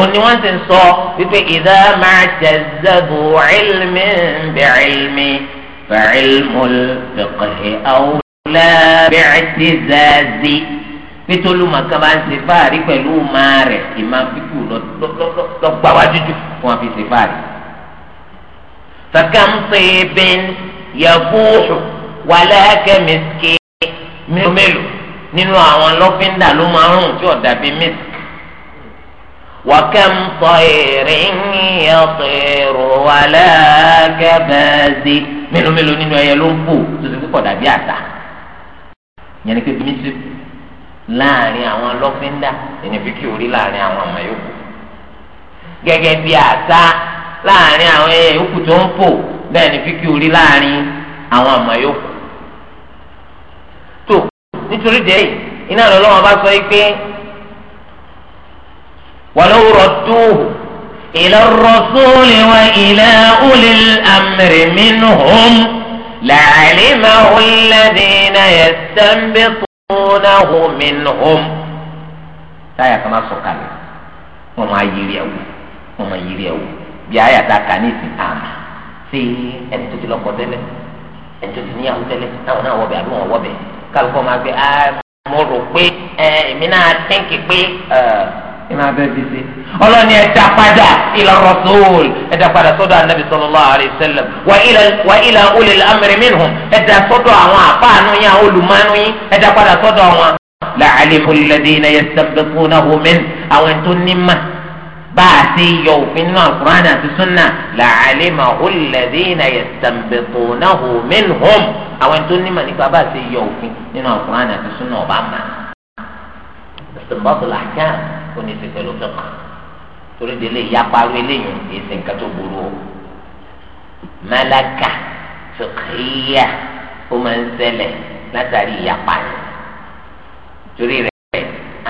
òní wọ́n ti sọ wípé ìdá máa فعلم الفقه أولى باعتزاز nítorí ma kan bá ń ṣe fáàrí pẹ̀lú máa rẹ̀ ìmá fíkù lọ́gbàwá jújù fún àfi ṣe fáàrí. فكم طيب يفوح ولك مسك mélòó mélòó nínú àwọn lọ́fíńdà ló máa ń rùn tí ọ̀dà bíi mẹ́sì وكم طير يطير ولا كبازي mélòó mélòó nínú ẹyẹ ló ń fò tó ti kúkọ̀ dàbí àtà yẹn ni pé mísí láàrin àwọn lọ́fíńdà ẹni fi kí orí láàrin àwọn ọmọ yòókù gẹ́gẹ́ bí àtà láàrin àwọn ẹyẹ yòókù tó ń fò bẹ́ẹ̀ ni fi kí orí láàrin àwọn ọmọ yòókù tó nítorí dẹ́yì iná lọ́lọ́wọ́ bá sọ yìí pé. ولو ردوه إلى الرسول وإلى أولي الأمر منهم لعلمه الذين يستنبطونه منهم táyà kan bá sọ kalẹ̀ wọn máa yiri ẹwù wọn máa yiri ẹwù bí àyà tá a kà ní ìsìn àmà sí ẹni tó ti lọ́kọ tẹ́lẹ̀ ẹni tó ti níyàwó tẹ́lẹ̀ táwọn náà wọbẹ àbí wọn wọbẹ kálukọ máa gbé ẹ ah, mo rò pé ẹ eh, èmi náà tẹ́ǹkì pé ẹ. Eh, ìmọ̀ abẹ́ fi ṣe. ọlọ́ni ẹ̀dá padà ila rasul ẹ̀dá padà sọ́dọ̀ anabi sallallahu alayhi wa sallam wa ila ulil amri minhum ẹ̀dá sọ́dọ̀ àwọn àfáànú yín àwọn olùmọ́nú yín ẹ̀dá padà sọ́dọ̀ wọn. la'alimu alladhina yastanbitunahu min àwọn tó ní mà bá a ti yọ òfin náà kúránà àti súnà la'alimahu alladhina yastanbitunahu minhum àwọn tó ní mà nípa bá a ti yọ òfin nínú àkúránà àti استنباط الأحكام ó ní ti pẹ̀lú fẹ́ẹ̀kì torí délé ìyáparu eléyìí kìí ṣe nǹkan tó burú o mẹlẹka fìkìyà ó máa ń ṣẹlẹ̀ látàrí ìyapa rẹ̀ torí rẹ̀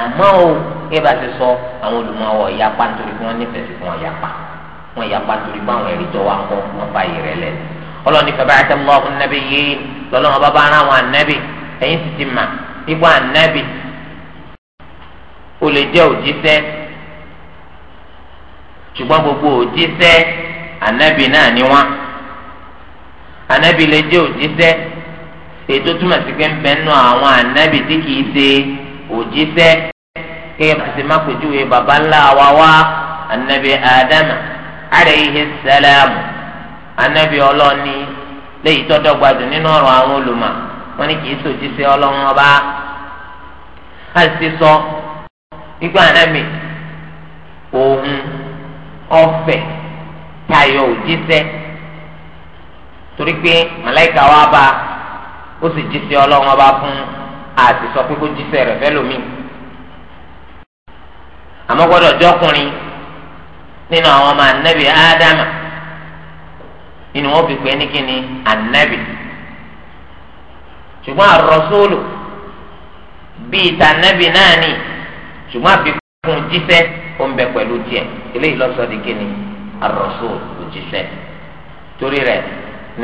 àmọ́ o kí bá ti sọ àwọn olùmọ̀wọ̀ ìyapa nítorí kí wọ́n nífẹ̀ẹ́ sí fún ọ̀yapa wọn ìyapa torí pé àwọn ẹ̀rí tó wà kọ́ wọn bá yìí rẹ̀ lẹ́nu ọlọ́ni fẹ́ bá yà tẹ́ mọ́ ọkùnrin nábì yìí lọ́lọ́wọ́n bá bá ara àwọn ànábì ẹ̀yìn ti ti mà ipò ànábì o lè je òjíṣẹ́ ṣùgbọ́n gbogbo òjíṣẹ́ anabi náà ni wọ́n ànábì lè jẹ́ òjíṣẹ́ ètò túmọ̀ sí pé ń bẹ nù àwọn ànábì tí kìí ṣe òjíṣẹ́ kéèyàn ti má pèjúwe baba ńlá wa wá anabi adama alayhi salam ànábì ọlọ́ni léyìí tọ́jọ́ gbadùn nínú ọ̀rọ̀ àwọn olùmọ̀ wọ́n ní kìí ṣòjíṣẹ́ ọlọ́run ọba a So, nígbà anábì òun ọfẹ, tayọ òjíṣẹ́ torí pé malaika wa bá ó sì jíṣẹ́ ọba fún àti sọ pé kó jíṣẹ́ rẹ̀ fẹ́ lómi àmọ́ jọkùnrin nínú àwọn ọmọ anabi adama nínú wọn fi pé anabi ṣùgbọ́n bíi náà ni. ṣùgbọ́n àfikún jíṣẹ́ ó ń bẹ pẹ̀lú díẹ̀ eléyìí lọ́sọ̀ di kíni ar-rasul òjíṣẹ́ torí rẹ̀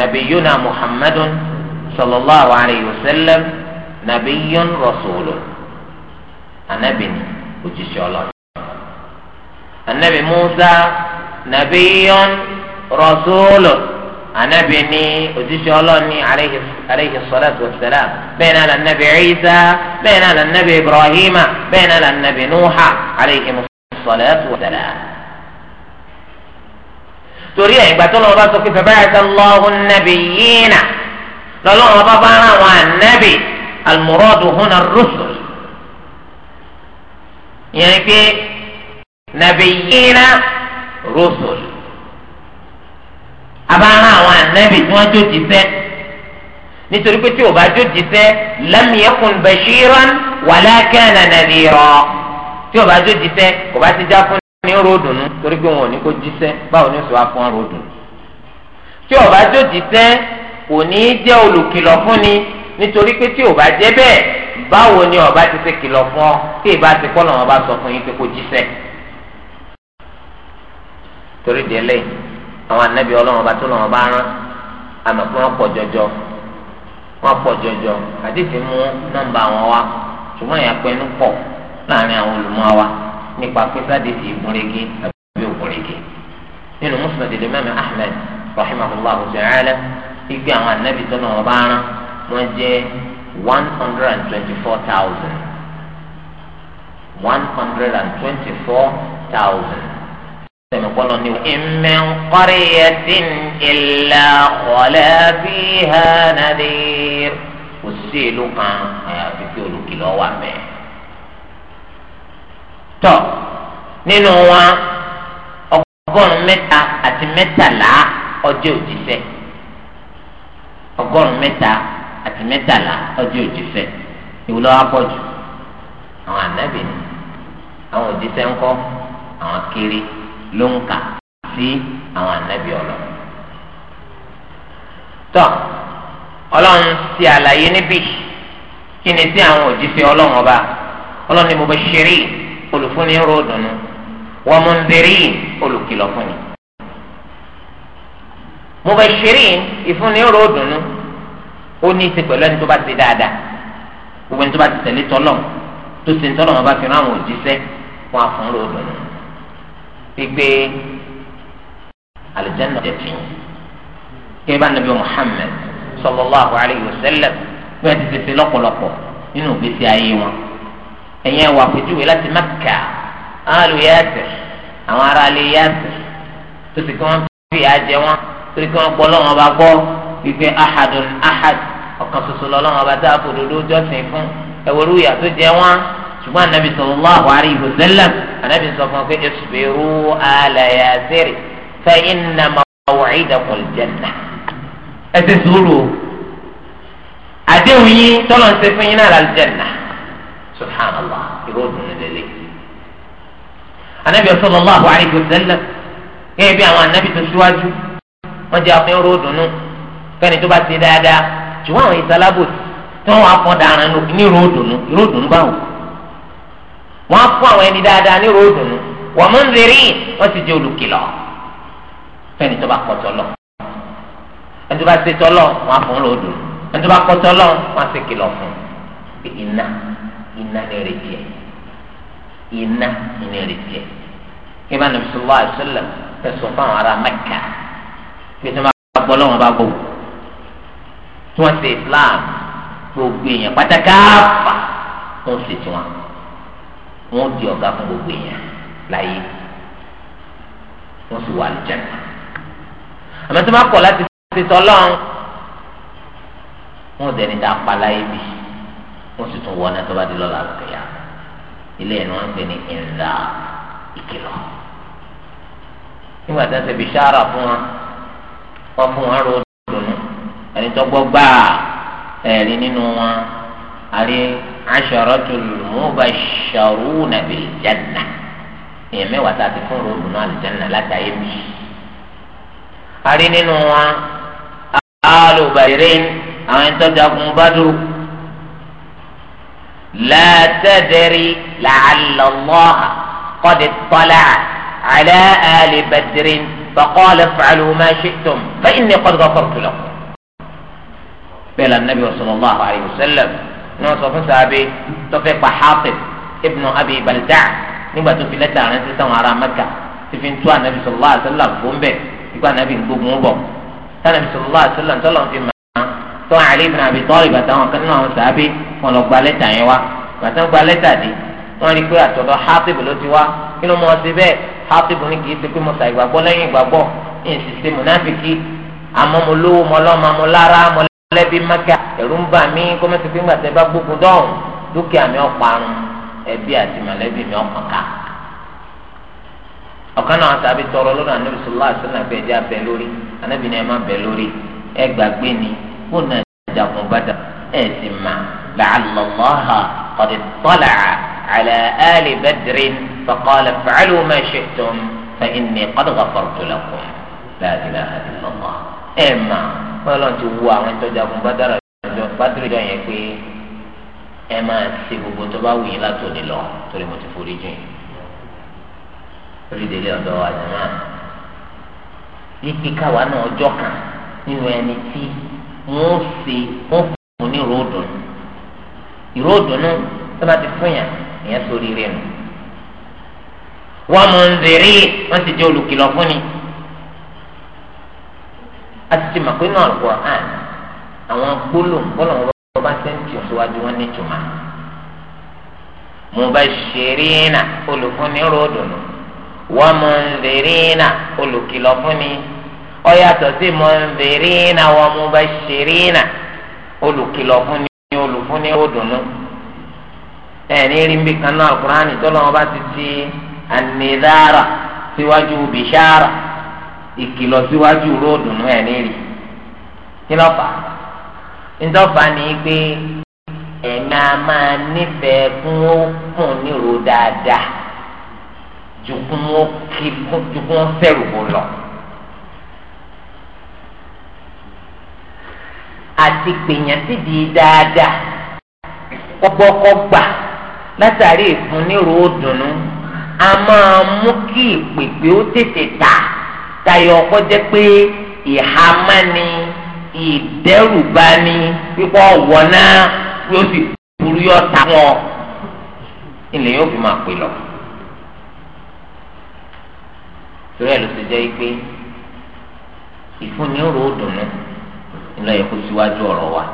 nabiyuna muhammadun sallallahu alayhi wa sallam nabiyun rasulun anabini òjíṣẹ́ ọlọ́run anabi musa nabiyun rasulun. anabi ni òjíṣẹ́ ọlọ́run ní aleyhi salatu wasalam bẹ́ẹ̀ náà lànàbì Isa bẹ́ẹ̀ náà lànàbì Ibrahima bẹ́ẹ̀ náà lànàbì Nuha aleyhi salatu wasalam. torí ẹ̀ ìgbà tó lọ́wọ́ bá sọ pé faba'atha Allahu an-nabiyyina lọ́lọ́wọ́ bá bá ara wọn ànábì al-muradu huna ar-rusul. ìyẹn pé nabiyyina rusul. abáhà àwọn ànábì tí wọ́n jòjì sẹ́ nítorí pé tí o bá jòjì sẹ́ lam yakun bashiran wala kana nadhira tí o bá jòjì sẹ́ kò bá ti já fún ní ròdùnú torí pé wọn ò ní kó jíṣẹ́ báwo ni sọ afọ́n ròdùnú tí o bá jòjì sẹ́ kò ní í jẹ́ olùkìlọ̀ fún ni nítorí pé tí o bá jẹ́ bẹ́ẹ̀ báwo ni ọba ti ṣe kìlọ̀ fún ọ tí ìbá ti kọ́ lọ́wọ́ bá sọ fún yín pé kó jíṣẹ́ torí délé yìí àwọn anabi ọlọ́run bá tó lọ́wọ́ bá rán àmọ́ pé wọ́n pọ̀ jọjọ wọ́n pọ̀ jọjọ àdìsí mú nọ́mbà wọn wá ṣùgbọ́n ìyá pẹ́ẹ́nu pọ̀ láàrin àwọn olùmọ̀ wa nípa pé sádìsí ìgúnrégé àbí ògúnrégé nínú Musnad al-Imam Ahmad rahimahullahu ta'ala igbe àwọn anabi tó lọ́wọ́ bá rán wọ́n jẹ́ one hundred and twenty-four thousand one hundred and twenty-four thousand sẹ̀mí kọ́lọ́ ni ìmẹ̀ ń kọ́rí ẹ̀dín ìlà ọ̀lẹ́ bí hànàdé kò sí ìlú kan àyàfi pé olùkìlọ̀ wà mẹ́. tọ́ nínú wọn ọgọ́rùn-ún mẹ́ta àti mẹ́tàlá ọjọ́ òjíṣẹ́ ọgọ́rùn-ún mẹ́ta àti mẹ́tàlá ọjọ́ òjíṣẹ́ ìwúlọ apọ̀jù àwọn ànábì àwọn òjíṣẹ́ ńkọ́ àwọn kéré ló ń kà sí àwọn ànábì ọlọ. tọ́ ọlọ́run ti àlàyé níbí kí ni sí àwọn òjíṣẹ́ ọlọ́run ọba ọlọ́run ni mubashirin olùfúnni ròdùnú wa mundhirin olùkìlọ̀ fúnni. mubashirin ìfúnni ròdùnú ó ní í ṣe pẹ̀lú ẹni tó bá ti dáadáa gbogbo ẹni tó bá ti tẹ̀lé tọ́lọ̀ tó ti ń tọ́lọ̀ wọn bá fi rán àwọn òjíṣẹ́ wọn àfọ̀nròdùnú gbígbé alìjẹ́nà jẹ tìyìn kí bá nàbí Muhammad sallallahu alayhi wa sallam bẹ́ẹ̀ ti fèsì lọ́pọ̀lọpọ̀ nínú ìgbésí ayé wọn ẹ̀yẹn wà fìjúwe láti Mẹ́kà áàlù Yasir àwọn ará alẹ́ Yasir tó ti kí wọ́n fi àjẹ wọn torí kí wọ́n gbọ́ lọ́wọ́n bá gbọ́ gbígbé ahadun ahad ọ̀kan ṣoṣo lọ́wọ́n bá dáàbò dodo jọ́sìn fún ẹ̀wọ̀rú ìyà tó jẹ wọn ṣùgbọ́n anabi sallallahu alayhi wa sallam anabi sọ fún wa pé isbiru ala yasiri fa inna maw'idakum al-jannah ẹ ti sùúrù àdéhùn yín tọ́lọ̀ ń ṣe fún yín náà al-jannah subhanallah ìró dùnú lélẹ̀ anabi sallallahu alayhi wa sallam gẹ́gẹ́ bí àwọn anabi tó ṣíwájú wọ́n jẹ́ àwọn ìró dùnú fẹ́ni tó bá ti dáadáa ṣùgbọ́n àwọn ìsalábòsí wọ́n á fún àwọn ẹni dáadáa ní ròdùn nù wọ́n mú nzèrè wọ́n sì jẹ́ olùkìlọ̀ fẹ́ni tó bá kọ̀ tọ́lọ̀ ẹni tó bá ṣe tọ́lọ̀ wọ́n á fún ròdùn ẹni tó bá kọ̀ tọ́lọ̀ wọ́n sì kìlọ̀ fún iná iná ní ìrètí ẹ̀ iná ní ìrètí ẹ̀ kí bá nàbí sọlá àṣẹlẹ̀ fẹsọ̀ fáwọn ará Mẹ́kà bí tí bá gbọ́ lọ́wọ́ bá gbọ́ tí wọ́n ṣe Islam gbogbo èèyàn pátákáfà tó ń ṣe tiwọn wọn di ọ̀gá fún gbogbo èèyàn láyé wọn sì wà àlùjáde àmọ́ tí wọn kọ̀ láti ṣe tọlọ́run wọn dẹni tá a pa láyé bì wọn sì tún wọ náà tó bá di lọ́la àlùkẹyà ilé ẹni wọn ń pè ní ìlà ìkìlọ̀ nígbà tí wọn ṣe bí sára fún wọn wọn fún wọn ro dùnú ẹni tó gbọ́ gbáà ẹ̀rí nínú wọn àrí asharatul mubashsharuna bil janna èèyàn mẹ́wàá tá a ti fún ròlù náà àlùjánnà látàyè mi. a rí nínú wa alu Bahrain àwọn ẹni tó jagun Badru la tadri la'alla Allah qad ittala'a ala ali Badrin faqala if'alu ma shi'tum fa inni qad ghafartu lakum. bẹ́ẹ̀ la nabi wa sallallahu alayhi wa sallam ni wọ́n sọ fún sàbẹ̀ tọ́fẹ́ pa Hatib ibnu Abi Balda nígbà tó fi lẹ́tà rẹ̀ sí sáwọn ará Mẹ́kà tí fi ń tó ànábì sallallahu alaihi wasallam gbóńbẹ̀ nígbà ànábì gbógun bọ̀ sànábì sallallahu alaihi wasallam tọ́lọ̀ fi mọ̀ án tó Ali ibn Abi Talib àtàwọn kan náà sàbẹ̀ wọn lọ gba lẹ́tà yẹn wá gbàtà gba lẹ́tà dé wọ́n rí pé àtọ̀dọ̀ Hatib ló ti wá kí ló mọ̀ ọ́ sí bẹ́ẹ̀ Hatib ní kì í ṣe pé mo sà ìgbàgbọ́ lẹ́yìn ìgbàgbọ́ ẹ̀rù ń bà mí kó mẹ́tò pé ńgbà tẹ́ bá gbógun dọ́hùn dúkìá mi ọ̀parun ẹbí àti mọ̀lẹ́bí mi ọ̀pọ̀ká. ọ̀kan náà tàbí tọrọ lọ́dọ̀ anábì sọlá àṣìlá pé ẹja bẹ lórí anábì ni ẹ má bẹ lórí ẹ gbàgbé ni kó nà jagun bàdà ẹ sì má làálọ̀lọ́hà ọ̀dẹ̀ tọ́là àlẹ́ àlẹ́ bẹ́dìrín fọkànlẹ̀ fàálù má ṣe wọ́n lọ́n ti wú àwọn ìtọ́jagun bàdàrà bátìrì jọ yẹn pé ẹ máa ṣe gbogbo tó bá wù yín láti òní lọ torí mo ti forí jìn orí délé ọ̀dọ́ àjùmọ̀ ipi káwa náà ọjọ́ kan nínú ẹni tí wọ́n ṣe wọ́n fún ní ròdùnú ìròdùnú tó bá ti fún yàn ìyẹn sórí rẹ̀ nù wọ́n mú un zèrè wọ́n ti jẹ́ olùkìlọ̀ fún ni a ti ti mọ̀ pé náà lọ́wọ́ àná àwọn gbólóhùn bọ́lọ̀ wọn bá sẹ́ńtì síwájú wọn ní tùmọ̀ mubashirina olùfúnni ròdùnú wa munzirina olùkìlọ̀ fúnni ó yàtọ̀ sí munzirina wa mubashirina olùkìlọ̀ fúnni olùfúnni ròdùnú ẹni rí bí kan náà alukurani tó lọ́wọ́ bá ti ti anidara síwájú bishara ìkìlọ̀ síwájú ròdùnú ẹni rí kí ló fà á. ntọ́fà ni pé ẹ̀mí a máa nífẹ̀ẹ́ kún ó kùn nírò dáadáa ju kún fẹ́rù lọ. àti pèèyàn sì di dáadáa látàrí òdùnnú a máa mú kí ìpèpè ó tètè ta tayọ ọkọ jẹ pé ni. ìdẹ́rùbani pípọ̀ wọ̀nà yóò sì burú yọ ta wọn ilẹ̀ yóò fi máa pè lọ. torí ló ti jẹ́ pé ìfúnni rò dùnú ńlọ yẹ kó síwájú ọ̀rọ̀ wa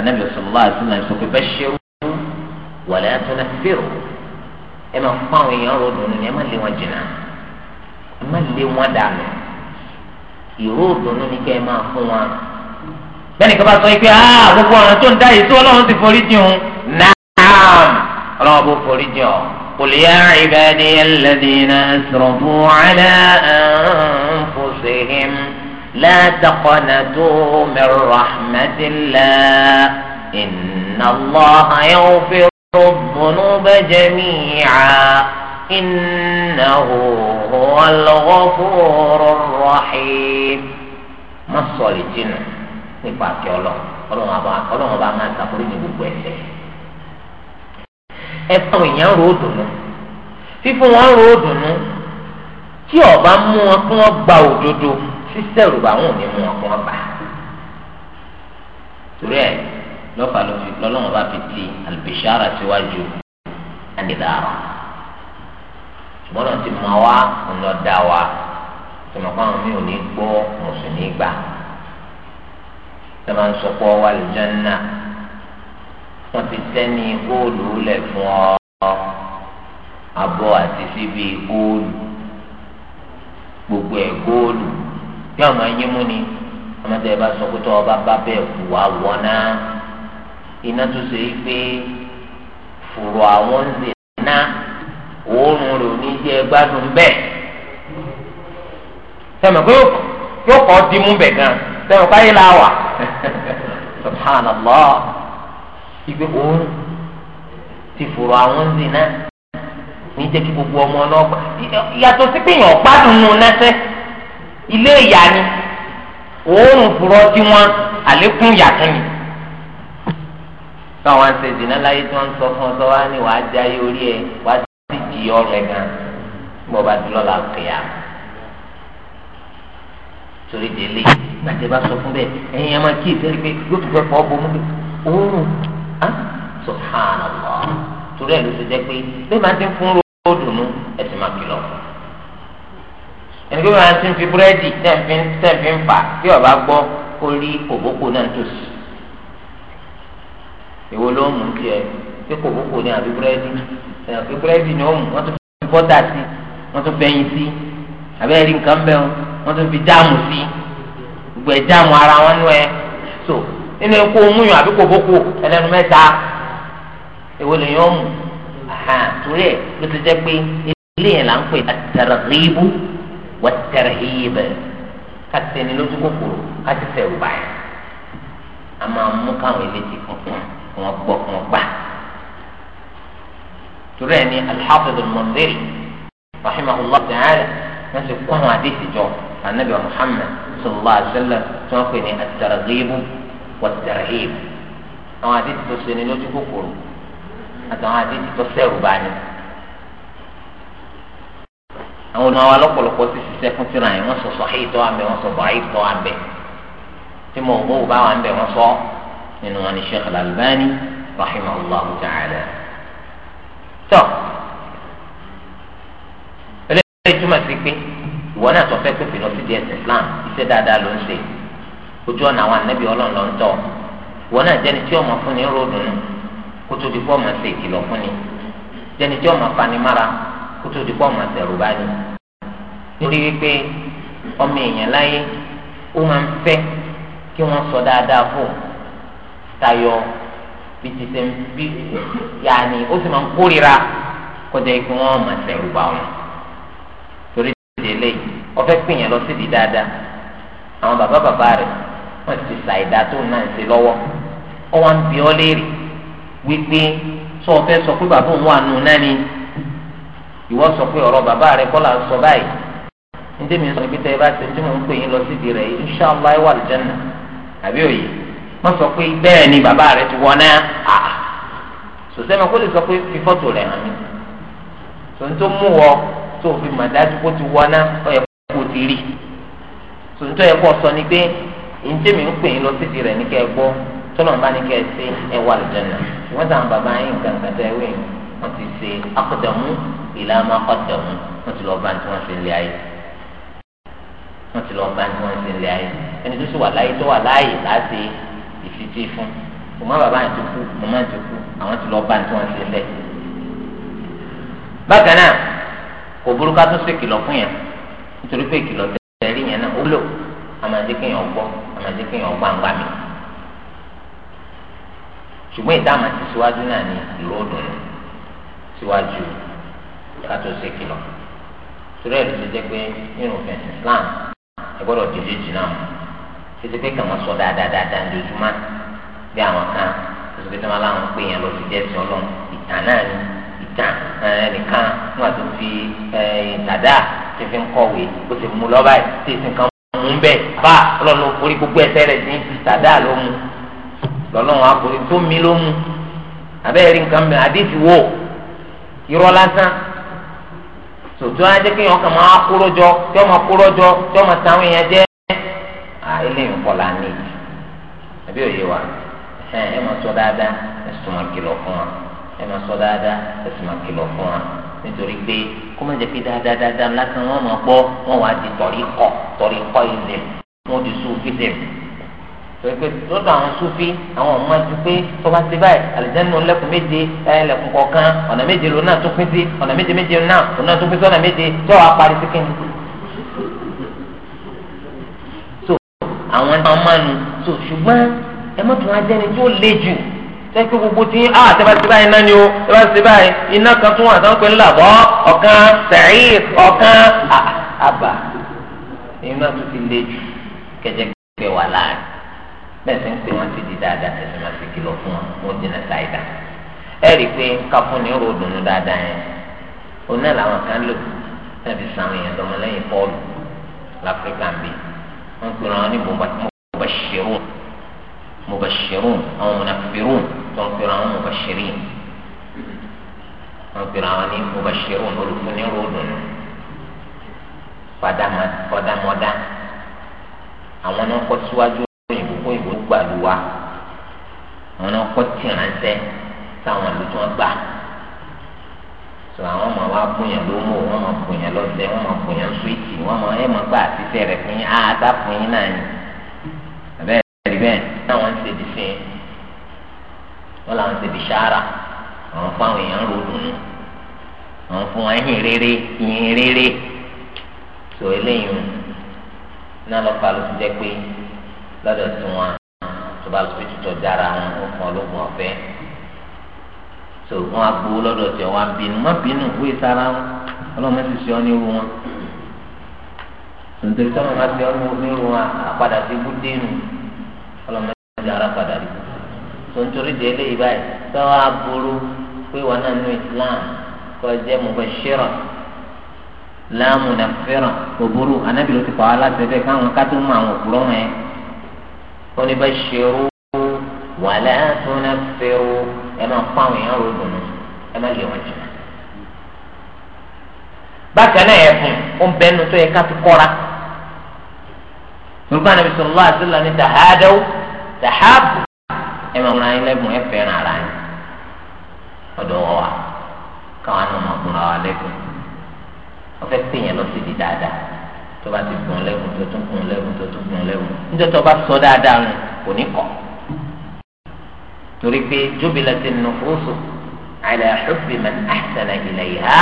na sallallahu alaihi wasallam sọ pé bashiru wala tunfiru ẹ máa fún àwọn èèyàn dùnú ni ẹ má lé wọn jìnnà ẹ lé wọn dànù. ìró òdòdó ní kẹ́ ẹ máa fún wa. bẹ́ẹ̀ni kí wọ́n bá sọ pé ah gbogbo ọ̀ràn tó ń dá yìí tí ọlọ́run ti forí jìn òun náàm ọlọ́run bó forí jìn ọ́. قل يا عبادي الذين أسرفوا على أنفسهم لا تقنطوا من رحمة الله إن الله يغفر الذنوب جميعا إنه هو الغفور الرحيم ما sọ̀rọ̀ jìnnà nípa àti ọlọ́run ọlọ́run àbá ọlọ́run àbá máa ń sàkórí ní gbogbo ẹsẹ̀. ẹ̀fọn èèyàn ro òdùnnú fífún wọn ro òdùnnú tí ọba mú wọn kí wọn gba òdodo sísẹ̀rù bá wọn ò ní mú wọn kí wọn bá. torí ẹ lọ́fà lọ́lọ́run bá fi ti àlùbíṣára síwájú àdìdára mọ́nà ti mọ wa ńlọ dá wa tọmọ fún àwọn mi ò ní gbọ́ mùsùlùmí gbà tọmọ nsọpọ wà lùjánná wọn ti tẹ́ni góòlù lẹ̀ fún ọ abọ́ àti síbi góòlù gbogbo ẹ̀ góòlù bí àwọn ẹyin mú ni ọmọdé bá sọ pé tó ọba bá bẹ́ẹ̀ kú wa wọ̀ náà iná tó ṣe é pé fòrò àwọn ń zè náà òórùn rẹ̀ ò ní jẹ́ gbádùn bẹ́ẹ̀ sẹ́mi pé yóò kọ́ dimú bẹ̀ gan sẹ́mi pé ayé la wà [laughs] subhanallah ìgbé òórùn ti fòrò àwọn ń zina ní jẹ́ kí gbogbo ọmọ ọlọ́pàá yàtọ̀ sí pé èèyàn gbádùn nù nẹ́sẹ̀ ilé ìyá ni òórùn fòrò tiwọn àlékún yàtọ̀ ni káwọn ṣe dènà láyé tí wọn sọ fún ọ sọ wá ní wàá jẹ ayé orí ẹ wàá ti yọ ọ̀rọ̀ ẹ gan bó bá dúró la kẹyà torí délé gbàtẹ bá sọ fún bẹ́ẹ̀ ẹ̀yin ẹ máa kí ìfẹ́ rí pé yóò tún fẹ́ fọ ọgbọ mú mi òórùn á sọ hàn lọ torí ẹ ló ti jẹ pé bẹ́ẹ̀ máa ti ń fún ròdùnú ẹ sì máa kìlọ̀ fún ẹni pé máa ti ń fi búrẹ́dì tẹ̀fín fà bí ọba gbọ́ kó rí kòbókò náà tó sí ló ń mú tiẹ̀ pé kòbókò ní àbí búrẹ́dì ẹ̀yàn pé búrẹ́dì ni ó mú wọ́n tún fi bọ́tà sí wọ́n tún bẹ̀yìn sí àbẹ́rẹ́ rí nǹkan bẹ́ẹ̀ wọ́n tún fi jáàmù sí gbogbo ẹ̀ jáàmù ara wọn nú ẹ so nínú ikú múyàn àbí kòbókò ẹlẹ́nu mẹ́ta èwo lèyàn ó mú torí ẹ̀ ló ti jẹ́ pé ilé yẹn là ń pè àtẹ̀rẹ̀hìbù wà tẹ̀rẹ̀hìbẹ̀ kàtẹ́ni lójú kòkòrò káti fẹ́ rúbáyà a máa mú káwọn ilé ti kún fún wọn gbọ́ fún wọn gbà torí ẹni al-Hafiz al-Mundhiri rahimahullah ta'ala wọn ti kó àwọn àdéhìí jọ anabi Muhammad sallallahu alayhi wa sallam tí wọn pè ní at-targhib wat-tarhib àwọn àdéhìí tó ṣe ni lójú kòkòrò àtàwọn àdéhìí tó sẹ́rù bá ní àwọn ọmọ wa lọ́pọ̀lọpọ̀ ti ṣiṣẹ́ fún tíra yẹn wọ́n sọ sọ̀hí tọ́ àmbẹ̀ wọ́n sọ bọ̀hí tọ́ àmbẹ̀ tí mo mú bá wà ń bẹ̀ wọ́n sọ nínú wọn ni Sheikh Al-Albani rahimahullahu ta'ala tọ́ eléyìí túmọ̀ sí pé ìwọ náà tó fẹ́ pèpè lọ sí díẹ̀ Islam iṣẹ́ dáadáa ló ń ṣe ojú ọ̀nà àwọn ànábì ọlọ́run ló ń tọ̀ ìwọ náà jẹ́ni tí ọmọ fún ni ròdùn nù kó tó di pọ́ ọmọ ṣe ìkìlọ̀ fún ni jẹ́ni tí ọmọ fanimára kó tó di pọ́ ọmọ ṣẹ̀rù bá ní. nítorí wípé ọmọ èèyàn láyé ó máa ń fẹ́ kí wọ́n sọ dáadáa fún tayọ bí ti sẹ́ ń bí yàní ó sì máa ń kórira kọjá ikú wọn máa sẹ̀rù bá wọn torí ti lè ọfẹ́ pìyàn lọ síbi dáadáa àwọn bàbá bàbá rẹ̀ wọ́n ti ṣàìdá tó náà ṣe lọ́wọ́ ọwọ́n ń bi ọ́ léèrè wípé sọ ọ fẹ́ sọ pé bàbá òun wà nù náà ni ìwọ sọ pé ọ̀rọ̀ bàbá rẹ̀ kọ́ là ń sọ báyìí ní tèmi sọ ibi tẹ́ bá ṣe tí mò ń pè yín lọ síbi rẹ̀ inṣàlá ẹ wà lùjẹ́ nà àbí òye wọ́n sọ pé bẹ́ẹ̀ ni bàbá rẹ̀ ti wọ́n náà à sòsẹ́mi kó lè sọ pé fífọ́tò rẹ̀ hàn mí tòun tó mú wọ tó fi mà dájú kó ti wọ́n náà ó yẹ kó ti rí tòun tó yẹ kó sọ ni pé ìjẹ́mi ń pè yín lọ sídìí rẹ̀ ní kẹ́ ẹ gbọ́ tọ́lọ́n bá ní kẹ́ ẹ sí ẹ wà lùjọ́nà wọ́n sàn bàbá yín gàǹgà tẹ́ wẹ̀ wọ́n ti ṣe akọ̀dàmú ìlànà akọ̀dàmú wọ́n ti lọ bá tí wọ́n ṣe lé ayé wọ́n ti lọ bá tí wọ́n ṣe lé ayé ẹni tó sì wà láyé tó wà láyé láti ìfìdí fún mọ̀mọ́ bàbá yẹn ti kú mọ̀mọ́ ti kú àwọn ti lọ bá ní tí wọ́n ṣe lẹ̀. bákan náà kò burú ká tún ṣe kìlọ̀ fún yẹn nítorí pé kìlọ̀ tẹ̀lé yẹn náà ó lò àmàdé kéèyàn gbọ́ àmàdé kéèyàn gbàǹgbà mi. ṣùgbọ́n ìdáàmà ti síwájú náà ni ìró òdùn síwájú ká tó ṣe kìlọ̀ torí ẹ̀ ló ti jẹ́ pé nínú òfin Islam ẹ gbọ́dọ̀ dìde jì náà títí pé kàn wọn sọ dáadáa dáadáa lójúmọ́ bí àwọn kan títí pé tí wọn láwọn pè yẹn lọ sí jẹ́ sọ lọ́n ìtàn náà ni ìtàn ẹnìkan nígbà tó fi ìtàdá tí fi ń kọ̀wé ó ti mú lọ́ba ẹ̀ tí ìsìn kan mú bẹ́ẹ̀ bá ọlọ́run ló forí gbogbo ẹsẹ̀ rẹ̀ sí ìtàdá ló mú lọ́lọ́run àforí tó mi ló mú abẹ́rẹ́ rí nǹkan mẹ́rin àdéhì wò irọ́ lásán tòtò ajé kéèyàn kàn máa kúrò jọ tí wọ́n máa kúrò jọ tí wọ́n máa tàwọn èèyàn jẹ́ Ah, eléyìí ń kọ́ la ní ìdí àbí òye wa ẹ ẹ máa sọ dáadáa ẹ sì máa kìlọ̀ fún wa ẹ máa sọ dáadáa ẹ sì máa kìlọ̀ fún wa nítorí pé kó má jẹ́ pé dáadáa dáadáa lásán wọ́n máa gbọ́ wọ́n wá di tọ̀rí kọ̀ tọ̀rí kọ́ ilẹ̀ wọ́n di sùfí dẹ̀ torí pé lọ́dọ̀ àwọn sùfí àwọn ọmọ ti pé tó bá ti báyìí àlìjáde ló lẹ́kùn méje ẹlẹ́kùn kọ̀ọ̀kan ọ̀nà méje lónà tó pín sí ọ̀nà méje méje náà lónà tó pín sí ọ̀nà méje tó wàá parí sí àwọn ẹni máa mánu tó ṣùgbọ́n ẹ mọ̀ tó wá jẹ́ni tí ó le jù tẹ́kí gbogbo tí a ah, tẹ́bá ti báyìí náà ni o tẹ́bá ti báyìí iná kan tún wà tán pé ńlàbọ́ ọ̀kan sẹ̀yìn ọ̀kan ah, àbà iná tún ti le jù kẹjẹkẹ wà láàrin bẹ́ẹ̀ sì ń pè wọ́n ti di dáadáa tẹ̀sí máa ti kìlọ̀ fún wọn wọ́n dènà sáìdá ẹ rí i pé ká fún ní ròdò nù dáadáa yẹn oná làwọn kan lò tàbí sàwọn èèyàn lọ́mọlẹ́yìn pọ́ọ̀lù láfíríkà bíi wọn pe ara wọn ní mubashirun mubashirun àwọn munafirun tó ń pe ara wọn mubashirin wọn pe ara wọn ní mubashirun olùkúni ròdùn fọdámọdá àwọn náà kọ síwájú òyìnbó kó ìbò gbàlúwa àwọn náà kọ tìrànṣẹ táwọn àlùjọ gbà tó àwọn ọmọ wa bùnyàn ló mú wọn máa bùnyàn lọ́sẹ̀ wọn máa bùnyàn sùwìtì wọn máa ẹ máa gbà àtisẹ́ rẹ̀ fún yín àádá fún yín náà ni bẹ́ẹ̀ rí bẹ́ẹ̀ táwọn ń ṣe di sí wọn làwọn ṣe di sára àwọn fáwọn èèyàn rò dùnú àwọn fún wọn ẹ̀yìn rere ìyìn rere tó eléyìí náà lọ fà ló ti jẹ́ pé lọ́dọ̀ tí wọn tó bá lọ sí tuntun dára wọn fún ọlọ́gbọ́n ọ̀fẹ́ so wọn á gbowó lọ́dọ̀ tí wọn á bínú má bínú wíì sára wọn ọlọ́mọ ti sọ ní irú wọn nítorí sọ́nà má ti ọ́ ní irú wọn àpadà ti kú dénú ọlọ́mọ ti sọ ara padà rí so nítorí délé yìí báyìí sọ́wọ́ aburú pé wọn náà nu Islam kọ́ jẹ́ mubashira láàmù nà fẹ́ràn òbúrú anábì ló ti pa aláṣẹ bẹ́ẹ̀ káwọn ká tó mú àwọn òkúrọ́ wọn yẹn ó ní bashiru wala tunaffiru. ẹ máa fún àwọn èèyàn ro dùnú ẹ lè wọn jìnnà. bákan náà ẹ̀sìn ó ń bẹnu tó yẹ ká fi kọ́ra nǹkan àti ẹ máa ẹ ara yín ọ̀dọ̀ wọ́n wà káwọn àna máa múra wa lẹ́gùn wọ́n fẹ́ pè yẹn lọ torí pé jubilati nufusu ala hubbi man ahsana ilayha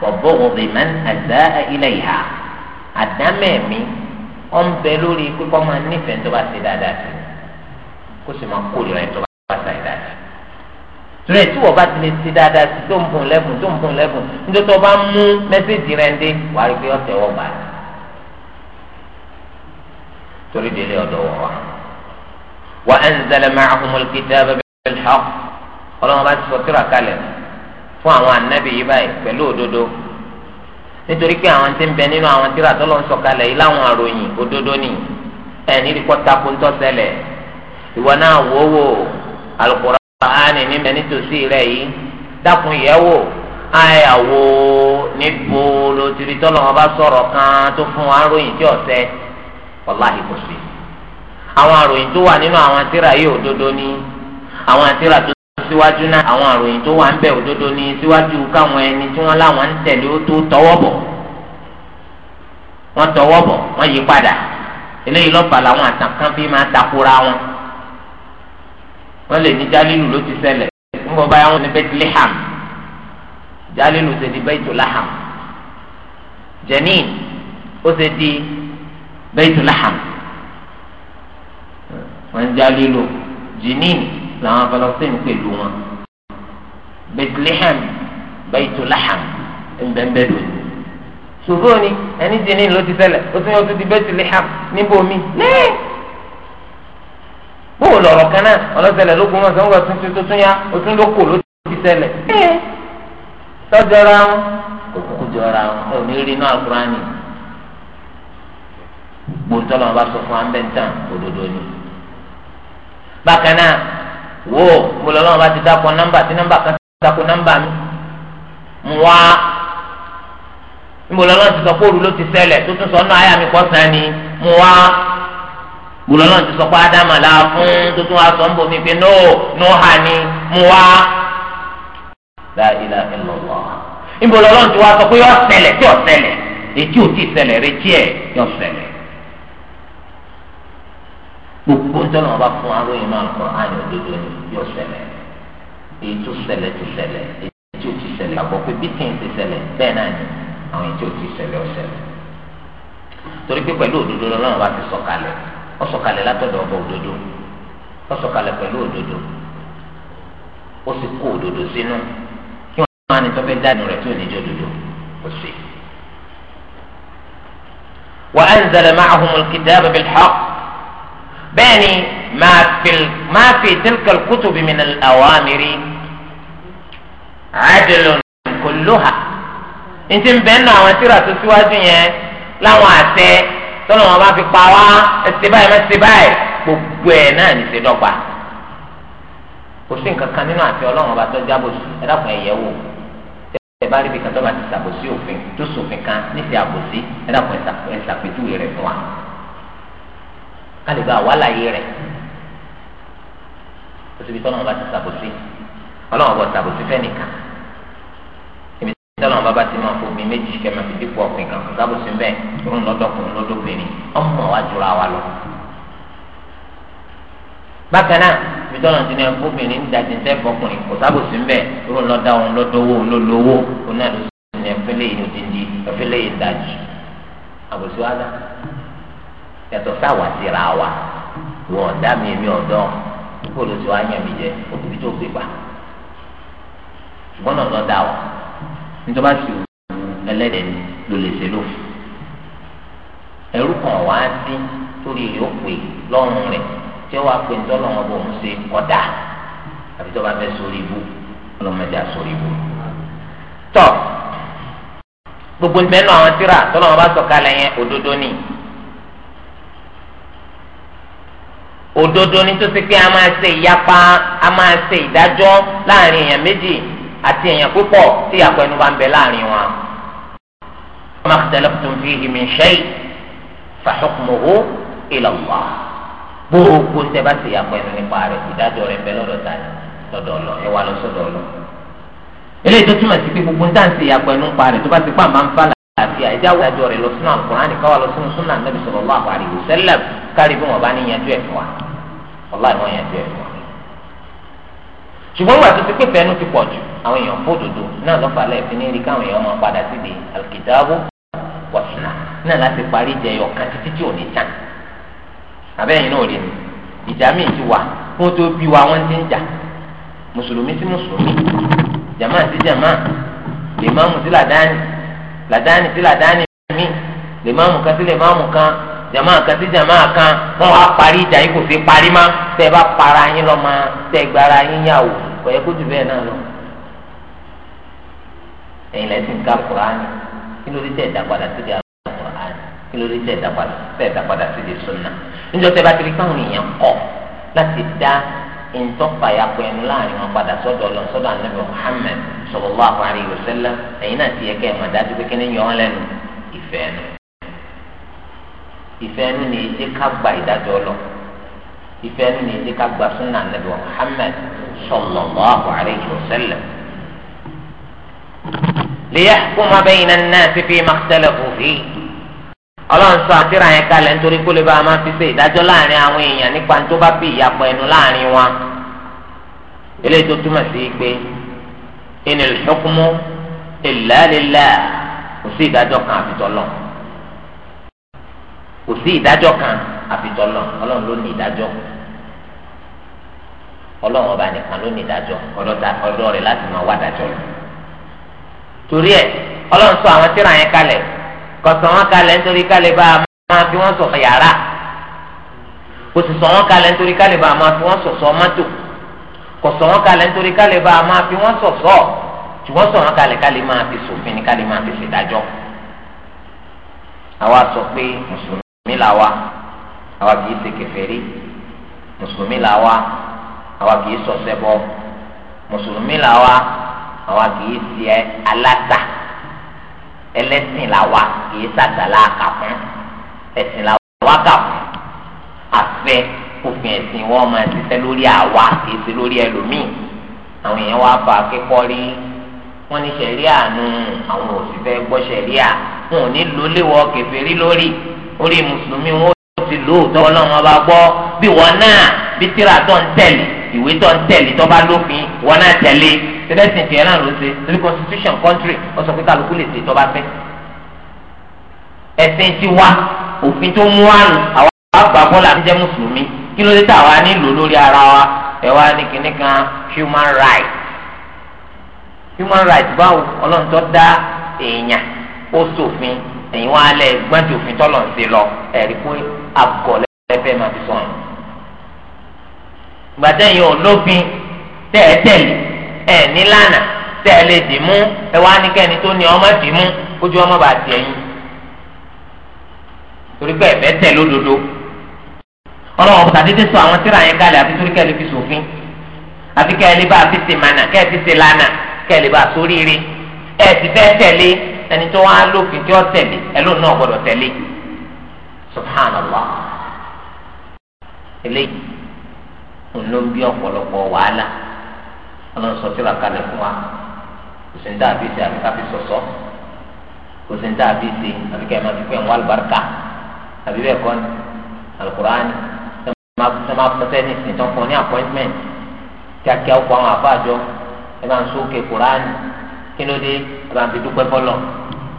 wa bughdi man asaa ilayha àdámẹ́ẹ̀mí ọ̀ ń bẹ lórí pípọ́ máa nífẹ̀ẹ́ tó bá ṣe dáadáa sí kó sì máa kórìíra ẹ̀ tó bá ṣe dáadáa sí torí ẹ̀ tí wọ́n bá ti lè ṣe dáadáa sí tó ń bùn lẹ́bùn tó ń bùn lẹ́bùn nítorí tó bá mú mẹ́sẹ̀jì rẹ̀ ń dé wà á rí pé ọ̀tẹ̀ wọ̀ gbà torí délé ọ̀dọ̀ wọ̀ wá. wa anzala ma'ahumul kitaba الحق ọlọ́run bá ti sọ tírà kalẹ̀ fún àwọn ànábì yìí báyìí pẹ̀lú òdodo nítorí pé àwọn tí ń bẹ nínú àwọn tírà tó lọ́n sọ kalẹ̀ yìí láwọn àròyìn òdodo ni ẹ̀ nídìí kọ́ takò ń tọ́sẹ̀lẹ̀ ìwọ náà wò wò Al-Qur'ani níbẹ̀ nítòsí rẹ̀ yìí dákun yẹ̀ wò àyà wò níbo ló ti rí tọ́lọ́wọ́n bá sọ̀rọ̀ kan tó fún wa àròyìn tí ọ̀sẹ̀ wàláhì kò sí àwọn àròyìn tó wà nínú àwọn tírà yìí òdodo ni àwọn àtìrà tó síwájú náà àwọn àròyìn tó wà ń bẹ òdodo ní síwájú káwọn ẹni tí wọ́n láwọn ń tẹ̀lé ó tó tọwọ́ bọ̀ wọ́n tọwọ́ bọ̀ wọ́n yí padà eléyìí lọ́pàá làwọn àtàkàn fi máa takora wọn wọ́n lè ní jálílù ló ti ṣẹlẹ̀ ńgbọ́ báyà wọn ní bethlehem jálílù ṣe di bẹ́ẹ̀tùláhàm jenin ó ṣe di bẹ́ẹ̀tùláhàm wọ́n ń jálílù jenin làwọn Palestine pẹ̀lú wọn Bethlehem Baitulaham ẹnbẹ́nbẹ́ lò ní. ṣùgbọ́n ni ẹni tí ní ló ti ṣẹlẹ̀ ó tún yọ tó di Bethlehem níbo mi ní. bóò lọ̀rọ̀ kan náà ọlọ́sẹ̀lẹ̀ ló gbọ́n wọn sọ́n wọ́n tuntun tó tún yá ó tún ló kò ló ti ṣẹlẹ̀. tọ́jọ́ra wọn kò kúkú jọra wọn ò ní rí inú àkúránì gbòǹtọ́ lọ́wọ́ bá sọ fún ambẹ́ntàn òdodo ni. bákan oh, náà ah, wo mo lọ lọ́wọ́ ti dákọ nọ́mbà tí nọ́mbà kan ti dákọ nọ́mbà mi mo wá mo lọ lọ́wọ́ ti sọ pé ló ti ṣẹlẹ̀ tó tún sọ ọ́nà mi kọ́ sàn ni mo wá mo lọ lọ́wọ́ ti sọ pé ádámà la fún tó tún wá sọ ń bò mí pé no no hà ni mo wá la ilaha illallah ìbò lọ lọ́wọ́ ti wá sọ pé yọ ṣẹlẹ̀ tí ò ṣẹlẹ̀ ètí ò ti ṣẹlẹ̀ retí ẹ̀ yọ ṣẹlẹ̀ gbogbo ń tọ́lọ̀ wọn bá fún aróyìn náà lọ́kọ̀ àyàn òdodo ni yóò ṣẹlẹ̀ èyí tó ṣẹlẹ̀ ti ṣẹlẹ̀ èyí tó ti ṣẹlẹ̀ àbọ̀ pé bí kìí ti ṣẹlẹ̀ bẹ́ẹ̀ náà ni àwọn èyí tó ti ṣẹlẹ̀ ó ṣẹlẹ̀ torí pé pẹ̀lú òdodo lọ́wọ́ bá ti sọ̀kalẹ̀ ó sọ̀kalẹ̀ látọ̀dọ̀ ọba òdodo ó sọ̀kalẹ̀ pẹ̀lú òdodo ó sì kó òdodo sínú kí wọ́n máa ní tọ́fẹ́ dánù rẹ̀ tí ò ní jẹ́ òdodo kò sí. وأنزل معهم الكتاب بالحق bẹ́ẹ̀ ni máa fi tilkal kutubi min al-awamiri adilun kulluha ntí ń bẹ́ẹ̀ nù àwọn tíra tó síwájú yẹn láwọn àtẹ tọ́lọ̀ wọn bá fi pa wá ẹsẹ̀ báyìí mẹ́sẹ̀ báyìí gbogbo ẹ̀ náà ní ṣe dọ́gba kò sí nǹkan kan nínú àti ọlọ́run ọba tó jábọ̀ sí ẹ dákun ẹ̀yẹ wò ẹ bá rí ibi kan bá ti ṣàbòsí òfin tó ṣòfin kan ní ti àbòsí ẹ dákun ẹ ṣàpèjúwe rẹ̀ fún wa ká lè gba àwa láàyè rẹ̀ o ti fi tọ́lọ́mọ bá ti sàbòsí ọlọ́mọ bá sàbòsí fẹ́nìkan ibi tọ́lọ́mọ bá bá ti máa fò mí méjì kẹ́ máa fi dípò ọ̀pìn kan sàbòsí bẹ́ẹ̀ òun lọ́dọ̀kùnrin lọ́dọ̀bìnrin ọmọ wa jura wa lọ. bákan náà ibi tọ́lọ́mọ ti ní ẹ̀fọ́bìnrin dàdí ń tẹ́ fọkùnrin kò sàbòsí bẹ́ẹ̀ òun lọ́dọ̀ òun olólówó òun náà ló sì yàtọ̀ sáwà síra wa wọ́n ọ̀dá mi èmi ọ̀dọ́ kó ló ti wá yàn mí jẹ òbí tó gbé pa ṣùgbọ́n náà lọ́dà o nítorí bá ti ẹlẹ́dẹ̀ ló lè ṣe lò ẹ̀rú kan wá sí torí rẹ̀ ó pè lọ́rùn rẹ̀ tí ó wá pè nítorí ọlọ́run bò ń ṣe kọ́dà àbí tó bá fẹ́ sórí ibú ọlọ́mọdé àsórí ibú. tọ́ gbogbo ìbẹ́nu àwọn tíra tọ́lọ́wọ́n bá yẹn òdodo ni. òdodo ni tó ṣe pé a máa ṣe ìyapa a máa ṣe ìdájọ́ láàrin èèyàn méjì àti èèyàn púpọ̀ tí ìyàpọ̀ ẹnu bá ń bẹ láàrin wọn. wa ma ikhtalaftum fihi min shay' fa hukmuhu ila Allah gbogbo ń tẹ́ bá ṣe ìyàpọ̀ ẹnu nípa rẹ̀ ìdájọ́ rẹ̀ ń bẹ lọ́dọ̀ tani lọ́dọ̀ lọ ẹ wà lọ́sọ̀dọ̀ lọ. eléyìí tó túmọ̀ sí pé gbogbo ń tàn ṣe ti pa ọlá ìwọ̀n yẹn ti ẹ̀ lọ. ṣùgbọ́n wà tó ti pé fẹ́ẹ́nu ti pọ̀ jù àwọn èèyàn fò dòdò náà lọ́fà lẹ́ẹ̀fi ní rí káwọn èèyàn máa padà sí di alkitabu wa sunna náà láti parí jẹyọ kan títí tí ò ní tán. àbẹ́yìn náà rí ni ìjà míì ti wà wọ́n tó bí wa wọ́n ti ń jà mùsùlùmí sí mùsùlùmí jàmáà sí jàmáà lèmáàmù sí làdáni làdáni sí làdáni mi lèmáàmù kan sí lèmáàmù kan jama kan sí jama kan wọn wá parí ìjà yìí kò sí parí má tẹ bá para yín lọ ma tẹ gbára yín yà wò kò yẹ kó jù bẹ́ẹ̀ náà lọ. ẹ̀yin lẹ́sìn ká kuraani kí ló dé tẹ̀ dá padà sí ìjà kuraani kí ló dé tẹ̀ dá padà tẹ̀ dá padà sí ìjà sunna. níjọ́ tẹ bá ti rí káwọn èèyàn kọ̀ láti dá ìtọ́pàyàpọ̀ ẹnu láàrin wọn padà sọ́dọ̀ lọ sọ́dọ̀ ànábì Muhammad sallallahu alaihi wasallam ẹ̀yin náà ti yẹ kẹ́ ẹ̀ mọ̀ dájú pé kí ni yọ wọn lẹ́nu ìfẹ́ ẹnu ìfẹ́ ẹnu ní èdè ká gba ìdájọ́ lọ ìfẹ́ ẹnu ní èdè ká gba súnà nàbẹ Muhammad sallallahu alayhi wa sallam. liyahkuma bayna an-nasi fima ikhtalafu fihi. ọlọ́run sọ àtìrà yẹn kalẹ̀ nítorí kó lè bá a máa fi ṣe ìdájọ́ láàrin àwọn èèyàn nípa tó bá bí ìyàpọ̀ ẹnu láàrin wọn. eléyìí tó túmọ̀ sí pé inil hukmu illa kò sí ìdájọ́ kan àfitọ́ lọ́wọ́ kò sí ìdájọ́ kan àfitọ́ lọ ọlọ́run ló ní ìdájọ́ ọlọ́run ọba nìkan ló ní ìdájọ́ ọ̀dọ̀ rẹ̀ láti máa wá dájọ́ lọ. torí ẹ ọlọ́run sọ àwọn tíra yẹn kalẹ̀ kọ̀sán wọn kalẹ̀ nítorí kalẹ̀ bá a máa fi wọ́n sọ̀sọ̀ yàrá kò sì sọ wọn kalẹ̀ nítorí kalẹ̀ bá a máa fi wọ́n sọ̀sọ̀ mọ́tò kọ̀sán wọn kalẹ̀ nítorí kalẹ̀ bá a máa fi wọ́n sọ̀sọ̀ ṣùgbọ́n sọ wọn kalẹ̀ kalẹ̀ máa fi ṣòfin ni kalẹ̀ máa fi ṣèdájọ́ àwa sọ pé mùsùlùmí mùsùlùmí là wa àwa kì í ṣe kèfèrí mùsùlùmí là wa àwa kì í ṣọṣẹ bọ mùsùlùmí là wa àwa kì í ṣe aláta ẹlẹ́sìn là wa kì í ṣàdàlà àkàfún ẹ̀sìn là wa kàfún àfẹ òfin ẹ̀sìn wọn máa ṣiṣẹ́ lórí àwa kì í ṣe lórí ẹlòmíì àwọn èèyàn wá fa akẹ́kọ̀ọ́ rí wọn ní sẹ̀ríà nu àwọn òṣìṣẹ́ gbọ́ sẹ̀ríà wọn ò ní lólé wọ kèfèrí lórí orí mùsùlùmí wọn ti lò ó tọ́wọ́ náà wọn bá gbọ́ bí wọn náà bí tíra tó ń tẹ̀lé ìwé tó ń tẹ̀lé tó bá lófin wọn náà tẹ̀lé tẹ́lẹ̀sìn tiẹ̀ náà ló ṣe torí constitution country ó sọ pé kálukú lè ṣe tó bá fẹ́. ẹ̀sìn ti wá òfin tó mú wá nù àwọn àgbà bọ́lá ń jẹ́ mùsùlùmí kí ló dé tá àwa nílò lórí ara wa ẹ̀ wá ní kinní kan human rights human rights báwo ọlọ́run tó dá èèyàn ó ṣòfin ẹ̀yin wọn alẹ́ gbọ́n ti òfin tọ́lọ̀ ń ṣe lọ ẹ̀rí pé àgọ́lẹ̀ ẹ̀fẹ́ máa fi sọ̀rọ̀ gbàtẹ́ yìí olóbin tẹ́ ẹ tẹ̀lé ẹ̀ nílànà tẹ́ ẹ lè dì mú ẹ wá ní kẹ́ni tó ní ọmọ dì mú kójú ọmọ bá tiẹ̀ yín torí pé ẹ̀fẹ́ tẹ̀ lódodo ọlọ́wọ́ bùtà dídí sọ àwọn tíra yẹn kalẹ̀ àfi torí kẹ́lẹ́ fi sòfin àfi kẹ́lẹ́ bá fi sèmánà kẹ́lẹ́ fi sèlánà kẹ́lẹ́ bá sóríire ẹ̀ ti fẹ́ tẹ̀lé ẹni tó wá lófin tí ó tẹ̀lé ẹlòmíràn náà gbọ́dọ̀ tẹ̀lé subhanallah eléyìí ló ń bí ọ̀pọ̀lọpọ̀ wàhálà ọlọ́sọ tí wàá kalẹ̀ fún wa kò sí ní dàbí ṣe àbíká fi sọ̀sọ́ kò sí ní dàbí ṣe àbíká ẹ̀ máa fi pẹ́ ń wá àlùbáríkà àbí bẹ́ẹ̀ kọ́ ni alukuraani ẹ máa fẹsẹ̀ ní ìsìn tán fún ní appointment kíákíá ó kọ àwọn àbájọ ẹ máa ń sókè kuraani kí ló dé ẹ̀bà ń fi dúpẹ́ fọlọ́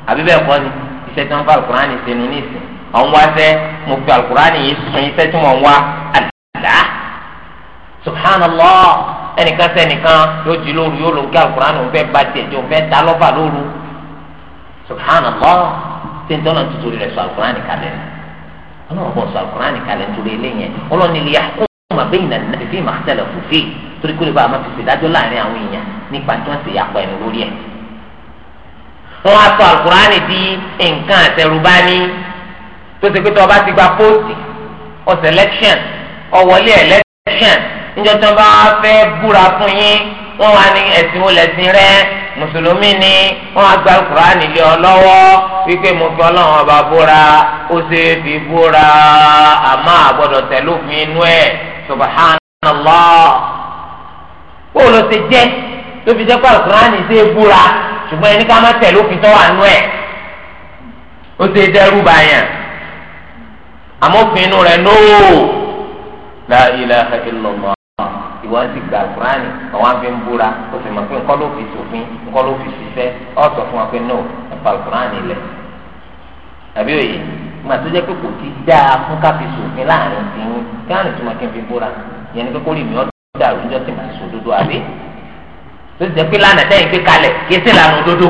àbí bẹ́ẹ̀ kọ́ ni iṣẹ́ tí wọ́n fa alukurani sínú nísìn ọ̀hún wá sẹ́ mo fi alukurani yìí sun iṣẹ́ tí wọ́n wá àdá subhanallah ẹnìkan sẹ́nìkan yóò jí lóru yóò lọ gé alukurani òun fẹ́ ba tiẹ̀ jẹ́ òun fẹ́ da lọ́fà lóru subhanallah ṣé ń tọ́nà tuntun rẹ̀ sọ alukurani kalẹ̀ ọlọ́run bọ̀ sọ alukurani kalẹ̀ torí eléyẹn ọlọ́run ni yà kó ma bẹ́yìn náà fi fi nípa tí wọ́n ti yàpọ̀ ẹnu lórí ẹ̀. wọ́n á sọ alukurani di nǹkan àtẹrùbání tó ti pé tó o bá ti gba póòtì ọ selection ọ wọlé election níjọ́ tí wọ́n bá fẹ́ búra fún yín wọ́n wá ní ẹ̀sìn wo lẹ̀sìn rẹ mùsùlùmí ni wọ́n á gba alukurani lé ọ lọ́wọ́ wípé mo fi ọlọ́run ọba búra ó ṣe fi búra àmọ́ àgbọ́dọ̀ tẹ̀lófin inú ẹ̀ subhanallah tó fi jẹ́ pé alukurani ṣe é búra ṣùgbọ́n ẹni ká má tẹ̀lé òfin tó wà nú ẹ̀ ó ṣe é dẹ́rù báyàn amófin inú rẹ̀ nóò la ilaha illallah ìwọ ti gba alukurani àwọn afi ń búra ó sì mọ̀ pé nǹkan ló fi sòfin nǹkan ló fi ṣiṣẹ́ ọ̀ sọ fún wa pé no ẹ̀fọ́ alukurani lẹ̀ àbí òye ìgbà tó jẹ́ pé kò ti dáa fún ká fi sòfin láàrin tìyín kí á lè túmọ̀ kí n fi búra yẹn ni pé kó lè mi ọ́ tó ti jẹ́ pé lánàá tẹ́yìn gbé kalẹ̀ kì í sì lànà òdodo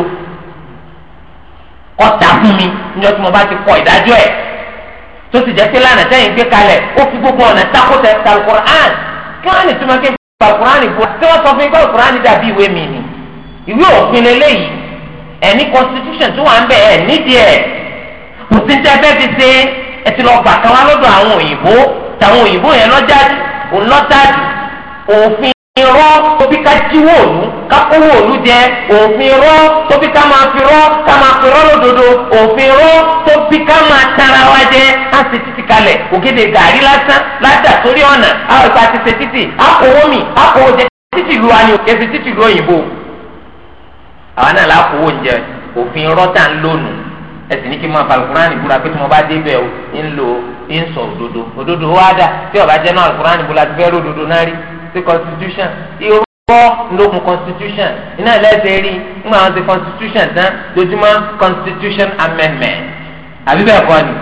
kọ́ta fún mi níjọ́ tí mo bá ti kọ ìdájọ́ ẹ̀ tó ti jẹ́ pé lánàá tẹ́yìn gbé kalẹ̀ ó fi gbogbo ọ̀nà takọ́tẹ̀ alukur'an kí wọ́n lè túmọ̀ bó tí wọ́n sọ fún mi pé alukur'an dàbí ìwé mi ni ìwé òfin eléyìí ẹni constitution tó wà ń bẹ̀ ẹ̀ nídìí ẹ̀ kò sí tẹ́ fẹ́ fi ṣe ẹ ti lọ gbà kan wá lọ́dọ̀ àwọn òyìnbó irọ́ tóbi ká jíwó òlu ká kówó òlu jẹ òfin irọ́ tóbi ká máa fi rọ́ ká máa fi rọ́ lódodo òfin irọ́ tóbi ká máa tara wa jẹ á ṣe títì kalẹ̀ ògèdè gàrí lásán ládà sórí ọ̀nà á ọ̀sà ti ṣe títì á kówó mi á kówó jẹ títì lu wa ni òkè fi títì lu òyìnbó. àwa náà la kówó oúnjẹ òfin irọ́ tá ń lónu ẹ sì ní kí n máa falùkùránì búra pé tí mo bá dé ń lo ń sọ òdodo òdodo wá dà tí ọ̀bá ṣe constitution irú kọ́ lókun constitution iná ẹlẹ́sẹ̀ rí ńgbà wọn ṣe constitution tán lójúmọ́ constitution amendment àbí bẹ́ẹ̀ kọ́ ni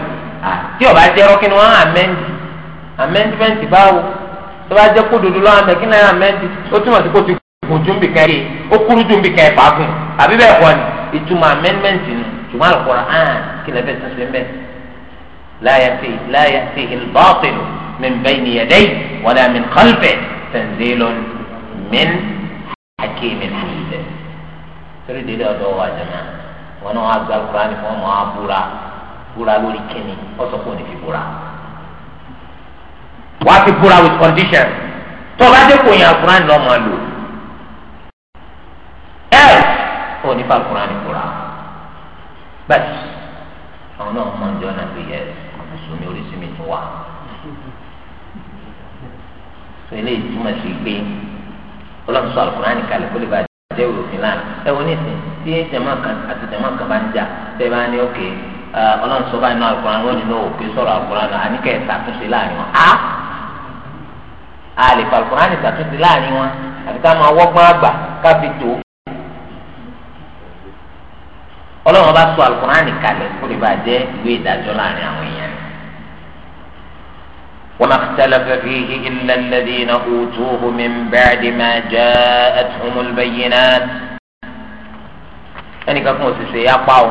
tí ó bá jẹ́ ọkí ni wọ́n á amend amendment báwo tó bá jẹ́ kó dodo lọ́wọ́ amẹ́ kí náà amend ó túmọ̀ sí kó ti kò ju nbìkà yìí ó kúrú ju nbìkà yìí fàákùn àbí bẹ́ẹ̀ kọ́ ni ìtumọ̀ amendment ni ṣùgbọ́n àlùkòrò hàn kí lè fẹ́ sẹ́sẹ́ mbẹ́ láyà sí láyà sí ìlbọ́ọ̀tì min bayni yadayhi wala min khalfihi tanzilun min hakimin hamid torí délé ọ̀dọ̀ wa jẹmọ wọn náà wàá gba kurani fún ọmọ abúra búra lórí kíni ọsọ kò ní fi búra wàá fi búra with condition tọba dé kò yàn kurani lọ máa lò ẹ ò ní fa kurani búra bẹ́ẹ̀ àwọn náà mọ ọjọ́ náà fi yẹ mùsùlùmí oríṣi mi tún wà sọ eléyìí túmọ̀ sí pé ọlọ́run sọ àlùkùránì kalẹ̀ kó lè bá jẹ́ òfin láàrin ẹ wo nísìn tí jẹ̀mọ́ kan àti jẹ̀mọ́ kan bá ń jà tẹ́ bá ní òkè ọlọ́run sọ báyìí náà àlùkùránì wọ́n nínú òkè sọ̀rọ̀ àlùkùránì àníkẹ́ ìtàkùnṣe láàrin wọn. a a lè fa àlùkùránì ìtàkùnṣe láàrin wọn àti ká máa wọ́gbọ́n àgbà ká fi tó. ọlọ́run bá sọ àlùkùránì kalẹ̀ kó lè bá jẹ́ ìwé ìdájọ́ láàrin àwọn èèyàn وما اختلف فيه إلا الذين أوتوه من بعد ما جاءتهم البينات ẹnìkan kún òsì ṣe yapa o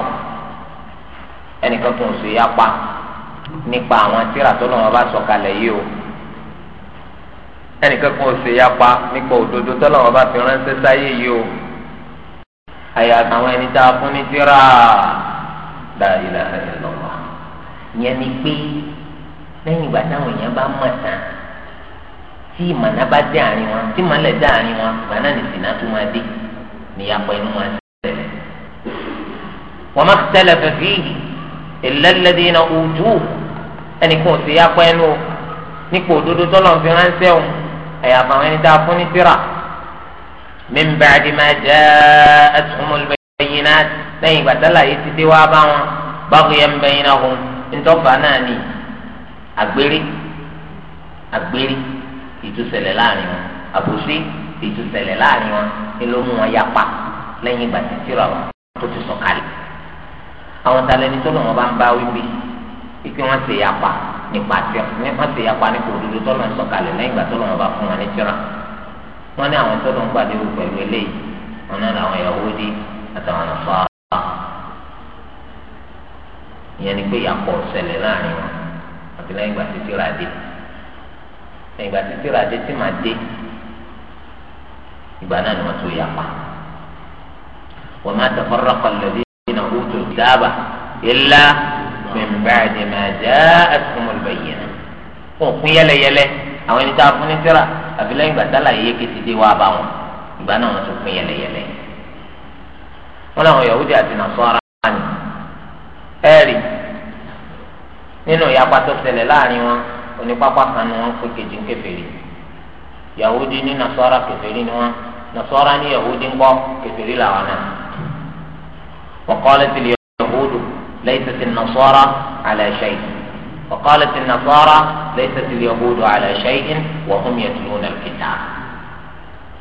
ẹnìkan kún òsì yapa nípa àwọn tíra tó lọ́wọ́ bá sọ kalẹ̀ yìí o ẹnìkan kún òsì yapa nípa òdodo tó lọ́wọ́ bá fi ránṣẹ́ sáyé yìí o àyà àwọn ẹni tá a fún ní tíra la ilaha illallah ìyẹn ni pé lẹ́yìn ìgbà táwọn èèyàn bá mọ̀ tán tí ìmọ̀nà bá dé àárín wọn tí ìmọ̀lẹ̀ dé àárín wọn ìgbà náà ní sìnà tó máa dé níyàpọ̀ inú wọn ṣẹlẹ̀. wọ́n máa tẹ́lẹ̀ fẹ́fẹ́ yìí ìlẹ́lẹ́dẹ́ iná ojú ẹnìkan ò sí yàpọ̀ ẹnu nípò òdodo tọ́lọ̀ fi ránṣẹ́ òun ẹ̀yà àbàwọn ẹni tá a fún ní síra. min ba'di ma ja'atuhumul bayyinat lẹ́yìn ìgbà tẹ́lẹ̀ yìí ti àgbèrè àgbèrè ìtúsẹ̀lẹ̀ láàrin wọn àbòsí ìtúsẹ̀lẹ̀ láàrin wọn ni ló mú wọn yapa lẹ́yìn ìgbà tí tíra wọn tó ti sọ̀kalẹ̀ àwọn talẹ́ni tó lọ́wọ́ bá ń bá wípé wípé wọ́n ti yapa nípa tí wọ́n ti yapa nípa òdodo tó lọ́wọ́ sọ̀kalẹ̀ lẹ́yìn ìgbà tó lọ́wọ́ bá fún wọn ní tíra wọ́n ní àwọn tó lọ́wọ́ gbàdéwò pẹ̀lú eléyìí wọn náà làwọn Yahudi àtàwọn Nasara ìyẹn ni pé yàpọ̀ ṣẹlẹ̀ láàrin wọn àti lẹ́yìn ìgbà títí ra dé lẹ́yìn ìgbà títí ra dé tí màá dé ìgbà náà ni wọ́n tó yà pa wọ́n máa tẹ̀fọ́rọ́ kọlọ́dé ìnà òtò dábà ilá mẹ̀mbáàdì máa jẹ́ àtúmọ̀lùbẹ̀ yẹn fún òkun yẹlẹyẹlẹ àwọn ẹni tá a fún ní tíra àfi lẹ́yìn ìgbà tá láyé kété dé wá bá wọn ìgbà náà wọ́n tó pín yẹlẹyẹlẹ wọn làwọn Yahudi àti Nasara ẹ̀rí nínú ìyapa tó ṣẹlẹ̀ láàrin wọn onípápá kan ni wọn pé kejì ń kèfèrí yahudi ní nasara kèfèrí ni wọn nasara ní yahudi ńkọ́ kèfèrí làwọn náà wa qalat al-yahud laysat an-nasara ala shay wa qalat an-nasara àlẹ́ al-yahud ala shay wa hum yatluna al-kitab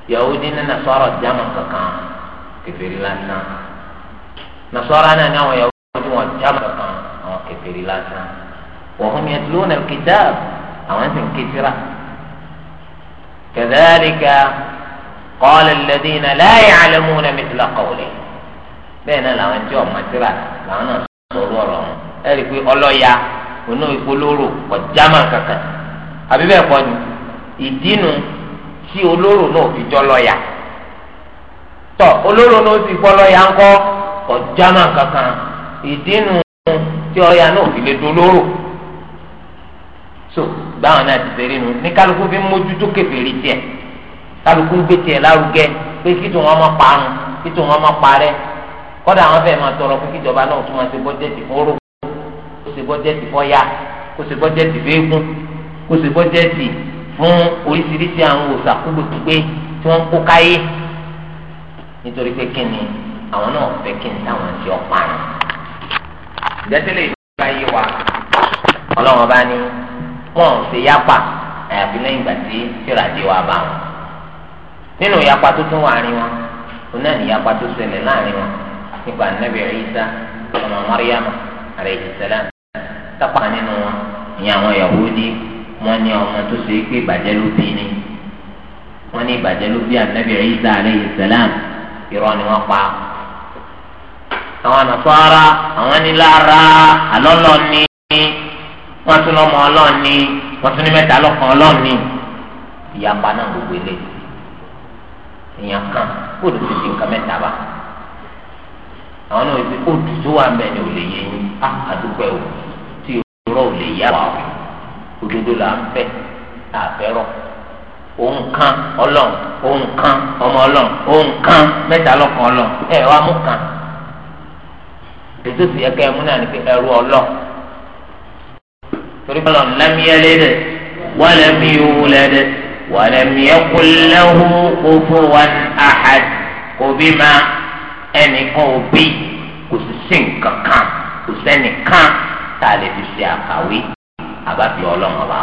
yahudi ní nasara jama kankan kèfèrí lásán nasara náà ní àwọn yahudi wọn jama kankan àwọn kèfèrí lásán. وهم يتلون الكتاب أو أنت كثيرة كذلك قال الذين لا يعلمون مثل قولهم بين لو أنت يوم مثلا لو أنا صورهم ẹ̀rí pé ọlọ́ya oní ìpolóró kọjá máa kankan àbí bẹ́ẹ̀ kọ́ ni ìdínú tí olóró náà fi jọ lọ́ya tọ́ olóró náà ti gbọ́ lọ́ya ńkọ́ kọjá máa kankan ìdínú tí ọya náà fi lè dolóró so báwọn náà ti fèrè nu ní kálukú fi mójútó kẹfìrí tiẹ̀ kálukú gbé tiẹ̀ lárugẹ pé kí tó wọn má parun kí tó wọn má parẹ́ kódà àwọn fẹ́ẹ̀ máa tọrọ pé kíjọba náà tún máa ṣe bọ́jẹ́tì fọ́rọ́ kó ṣe bọ́jẹ́tì fọ́yà kó ṣe bọ́jẹ́tì fẹ́ẹ́gùn kó ṣe bọ́jẹ́tì fún oríṣiríṣi àwọn òṣàkúlù pípé tí wọ́n ń kó káyé nítorí pé kí ni àwọn náà fẹ́ kí ni táwọn ti ọ̀parun. ìdẹ́tẹ̀lẹ̀ ìdúró bá yé wa ọlọ́run bá ní wọn ò ṣe yapa àyàfi lẹ́yìn ìgbà tí tíra dé wa bá wọn nínú yapa tó tún wà ní wọn òun náà ní yapa tó ṣẹlẹ̀ láàrin wọn nípa Ànábì Ìsá ọmọ Maryam alayhi salam tápà nínú wọn ní àwọn Yahudi wọn ní ọmọ tó ṣe pé ìbàjẹ́ ló bí ni wọn ní ìbàjẹ́ ló bí Ànábì Ìsá alayhi irọ́ ni wọ́n pa àwọn Nasara wọ́n tún lọ́mọ ọlọ́run ní wọ́n tún ní mẹ́ta lọ́kàn ọlọ́run ní ìyapa náà gbogbo ilé èèyàn kan kó ló ti di nǹkan mẹ́ta bá àwọn náà wípé òtù tó wà mẹ́ni ò lè yé yín á àdúgbò ẹ̀ tí irọ́ ò lè yá wa òdodo là ń fẹ́ àfẹ́rọ́ òun kan ọlọ́run òun kan ọmọ ọlọ́run òun kan mẹ́ta lọ́kàn ọlọ́run ẹ̀ wá mú kan ètò ìsìnkẹ́ ẹ̀ mú náà ni pé ẹrú ọlọ́run torí pé lọ́n lámìẹ́lẹ́ dẹ̀ wàlámìẹ́wòlẹ́ dẹ̀ wàlámìẹ́kùnlẹ́hù òfò wọn àhàd kò bí ma ẹnìkan ò bí kò sì sí nǹkan kan kò sẹ́nìkan tá a lè fi ṣe àkàwé àbáfi ọlọ́run wa.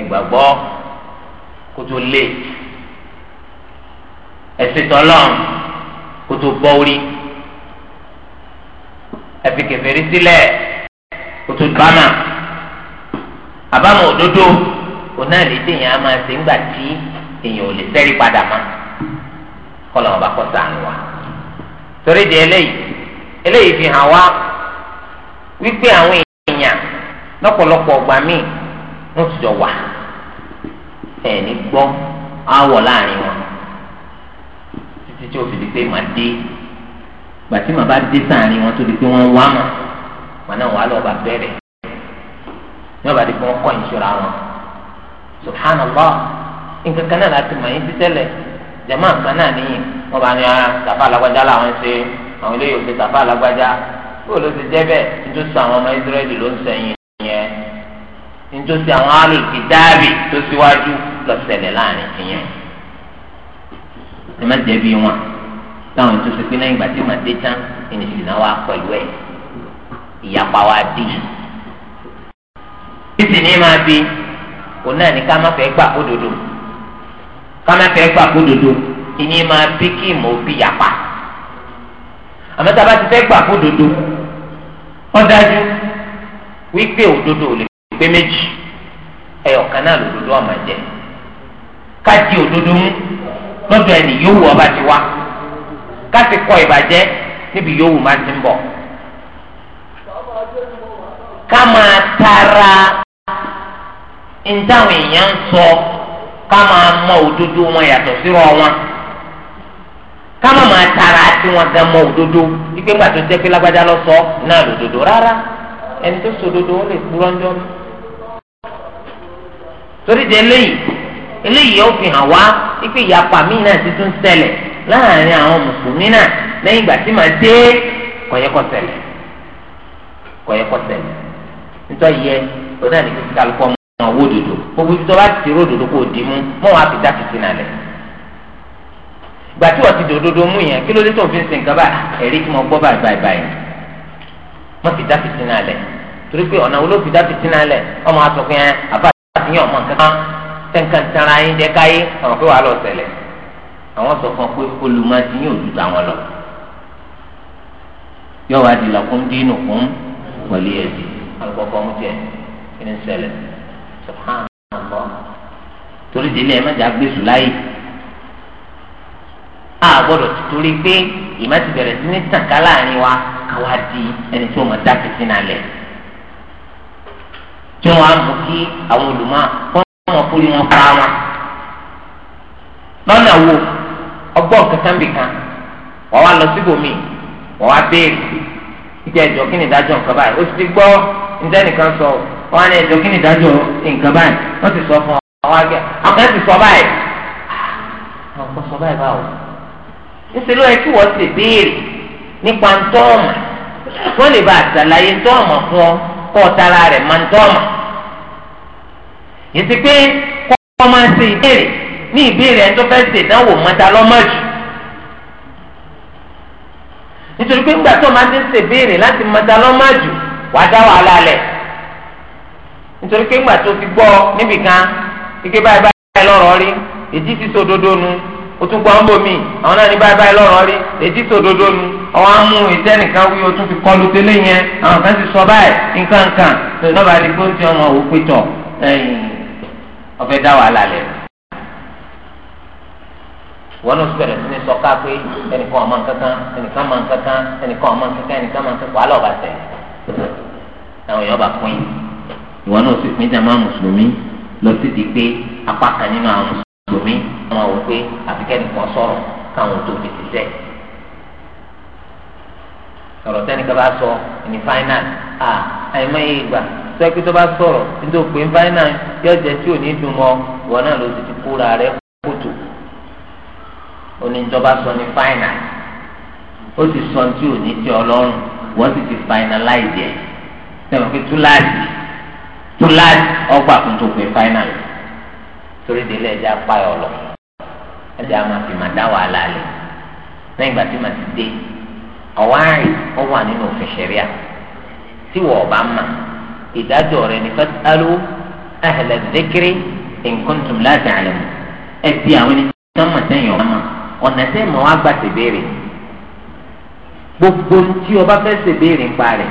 ẹgbàgbọ́ kó lé ẹsẹ̀ tọ́lọ́run bọ́ orí ẹ̀fìkẹ̀fẹ̀rí sílẹ̀. otu bámà àbámọ̀ ododo kò náà lè déyàn á máa ṣe ńgbà tí ò lè sẹ́rí padà di eléyìí eléyìí fi hàn wá wípé àwọn èèyàn lọ́pọ̀lọpọ̀ ọgbà míì wọ́n ti jọ wà ẹ̀ẹ́ni gbọ́
áwọ̀ láàrin wọn
títí tí o fi di pé màá dé gbàtí màá bá dé wọn tó di pé wọ́n wá mọ́. wọn náà wà lọ́ba bẹ̀rẹ̀ ní ọba dìbò wọn kọ́ ìṣura wọn subhanallah nǹkan kan náà láti mọ̀ yín ti tẹ́lẹ̀ jama kan náà níyì wọn bá ní ara ah, tàfà alágbájá làwọn ṣe àwọn ilé yòókè tàfà alágbájá kó ló ti jẹ́ bẹ́ẹ̀ nítorí àwọn ọmọ israẹli ló ń sẹ́yìn yẹn nítorí àwọn alòkè dáàbì tó síwájú lọ ṣẹlẹ̀ láàrin tìyẹn ẹ má jẹ̀bi wọn táwọn tó ṣe pé ìgbà tí màá dé tán ẹnì sì pẹ̀lú ẹ̀ ìyapa wa di títí ní máa bí òun náà ní ká má fẹ́ gbà kó dodo ká má fẹ́ gbà kó dodo ìní máa bí kí ìmọ̀ bí yapa àmọ́ tá a bá ti fẹ́ gbà kó dodo ó dájú wípé òdodo ò lè pé méjì ẹyọ kan náà lòdodo ọmọ jẹ ká di òdodo mú lọ́dọ̀ ẹni yòówù ọba ti wá ká sì kọ ìbàjẹ́ níbi yòówù má ti ń bọ̀ ká máa tara ntáwọn èèyàn ń sọ ká máa mọ òdodo wọn yàtọ̀ sírọ̀ wọn ká máa máa tara tí wọn gan mọ òdodo ipe ńgbà tó jẹ́ pé lágbájá lọ sọ náà lòdodo rárá ẹni tó sòdodo ó lè kúrọ́ ńjọ́ mi torí de eléyìí eléyìí ó fi hàn wá ipe ìyapa míì náà ti tún ṣẹlẹ̀ láàrin àwọn mùsùlùmí náà lẹ́yìn ìgbà tí màá dé kọ̀yẹ́kọ̀ ṣẹlẹ̀ kọ̀yẹ́kọ̀ ṣẹlẹ̀ nítorí yẹ òun náà ní kí kálukọ́ mọ owó òdòdó gbogbo ibi tó bá ti ró òdòdó kò dì mú mọ́ wọn á fi dá fìtì nàlẹ̀ gbàtí wọ́n ti dòdòdó mú yẹn kí ló dé tó fi ń sin nǹkan bá ẹ̀rí tí mo gbọ́ báyìí báyìí báyìí mọ́ fi dá fìtì nàlẹ̀ torí pé ọ̀nà olófin dá fìtì nàlẹ̀ ọmọ asọ̀kùn yẹn àbá àfihàn ọmọ nǹkan tẹ̀ǹkan tẹ̀ra yín jẹ́ káyé àwọn pé wàá lọ sẹlẹ̀ àwọn sọ fún pé olùmọ̀tì alùpùpù ọmọ jẹ kí ni ṣẹlẹ̀ subhan torí délé gbèsù a gbọ́dọ̀ torí pé ìmọ̀ ti bẹ̀rẹ̀ sí ní tànká láàrin wa káwa di ẹni tí wọ́n dá fìtí náà lẹ̀ tí wọ́n á mú kí àwọn kọ́ wọn kórè wọn pa wọn lọ́nà wo ọgbọ́n kankan lọ béèrè kí ni ìdájọ́ nǹkan ntẹnìkan sọ wọn ni ẹjọ́ kí ni ìdájọ́ nǹkan báyìí wọn ti sọ fún àwọn akẹ́ àwọn kan ti sọ báyìí àwọn kan sọ báyìí báwo nítorí ẹ kí wọ́n ti béèrè nípa ntọ́ọ̀mù wọ́n lè bá àtàlàyé ntọ́ọ̀mù fún ọ kọ́ ọ̀tara rẹ̀ máa ntọ́ọ̀mù yìí pé kọ́ máa ṣe ìbéèrè ní ìbéèrè ẹni tó fẹ́ ṣe ìdánwò mọ́ta lọ́mọ́jù nítorí pé ńgbà tó máa ti ṣe ìbéèrè láti mọ́ta lọ́mọ́jù wàá dá wàhálà lẹ̀ nítorí pé ńgbà tó ti gbọ́ níbì kan ike báyìí báyìí lọ́rọ̀ rí ètí ti so dodo nu o tún gbọ́ ń bò mí àwọn náà ní báyìí báyìí lọ́rọ̀ rí ètí so dodo nu ọwọ́ á mú ìtẹ́ nìkan wí o tún fi kọlu tẹ́lẹ̀ yẹn àwọn kan ti sọ báyìí nǹkan kan tó lọ́ba àdìgbò ti ọmọ òwò pé tọ̀ ọ̀fẹ́ dá wàhálà lẹ̀ wọn ló sọ̀rọ̀ sí ní sọ ká pé ẹnìkan ọmọ nǹkan kan ẹnìkan ọmọ nǹkan kan ẹnìkan ọmọ nǹkan kan ẹnìkan ọmọ nǹkan kan wàhálà ọ̀bà àwọn èèyàn bá pín ìwọ náà sì pín jàmá mùsùlùmí lọ sí di pé apá kan nínú àwọn mùsùlùmí wọn wò pé àfikẹ́ni kan sọ̀rọ̀ káwọn tó fi ti sẹ́ sọ̀rọ̀ tẹ́ni ká bá sọ ní final à àìmọ́ iye ìgbà sọ pé tó bá sọ̀rọ̀ nítorí pé final yóò jẹ́ tí ò ní dùn mọ́ ìwọ náà ló ti ti kóra rẹ̀ kótó oníjọba sọ ní final ó ti sọ tí ò ní tí ọlọ́run wọ́n sì ti finalize ẹ̀ sẹ́wọ̀n pé túláàsì túláàsì ọgbà tó tó pé final torí délé ẹ̀jẹ̀ apáyọ̀ lọ ẹ̀jẹ̀ a máa fi máa dá wàhálà lẹ̀ lẹ́yìn ìgbà tí màá ti dé ọ̀wárì ó wà nínú òfin ṣẹ̀ríà tí wọ́n ọba mà ìdájọ́ rẹ̀ ní fẹ́tálú ahla dhikri in kuntum la ta'lamun ẹ̀ ti àwọn ẹni tí mọ̀ sẹ́yìn ọ̀ma ọ̀nà sẹ́yìn mọ̀ wá gbà sí béèrè gbogbo tí o bá fẹ́ ṣe béèrè ń pa rẹ̀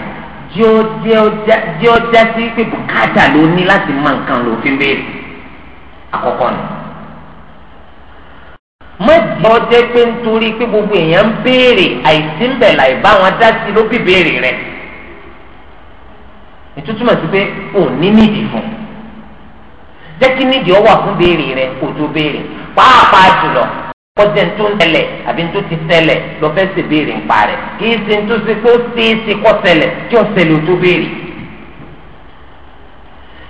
jẹ́ ọ já sí pé bùkátà ló ní láti mọ nǹkan ló fi béèrè àkọ́kọ́ nù. má jẹ́ ọ jẹ́ pé nítorí pé gbogbo èèyàn ń béèrè àìsí ń bẹ̀ láì bá wọn dá sí ló bí béèrè rẹ̀ ìtútùmọ̀ sí pé ò ní nídìí fún un jẹ́ kí nídìí ọ wà fún béèrè rẹ̀ kó tó béèrè pàápàá jùlọ kọjá tó ń tẹlẹ àbí tó ti tẹlẹ lọfẹ sì béèrè ń parẹ kì í ṣe tó ṣe kó ṣeé ṣe kọ tẹlẹ tí ó tẹlẹ tó béèrè.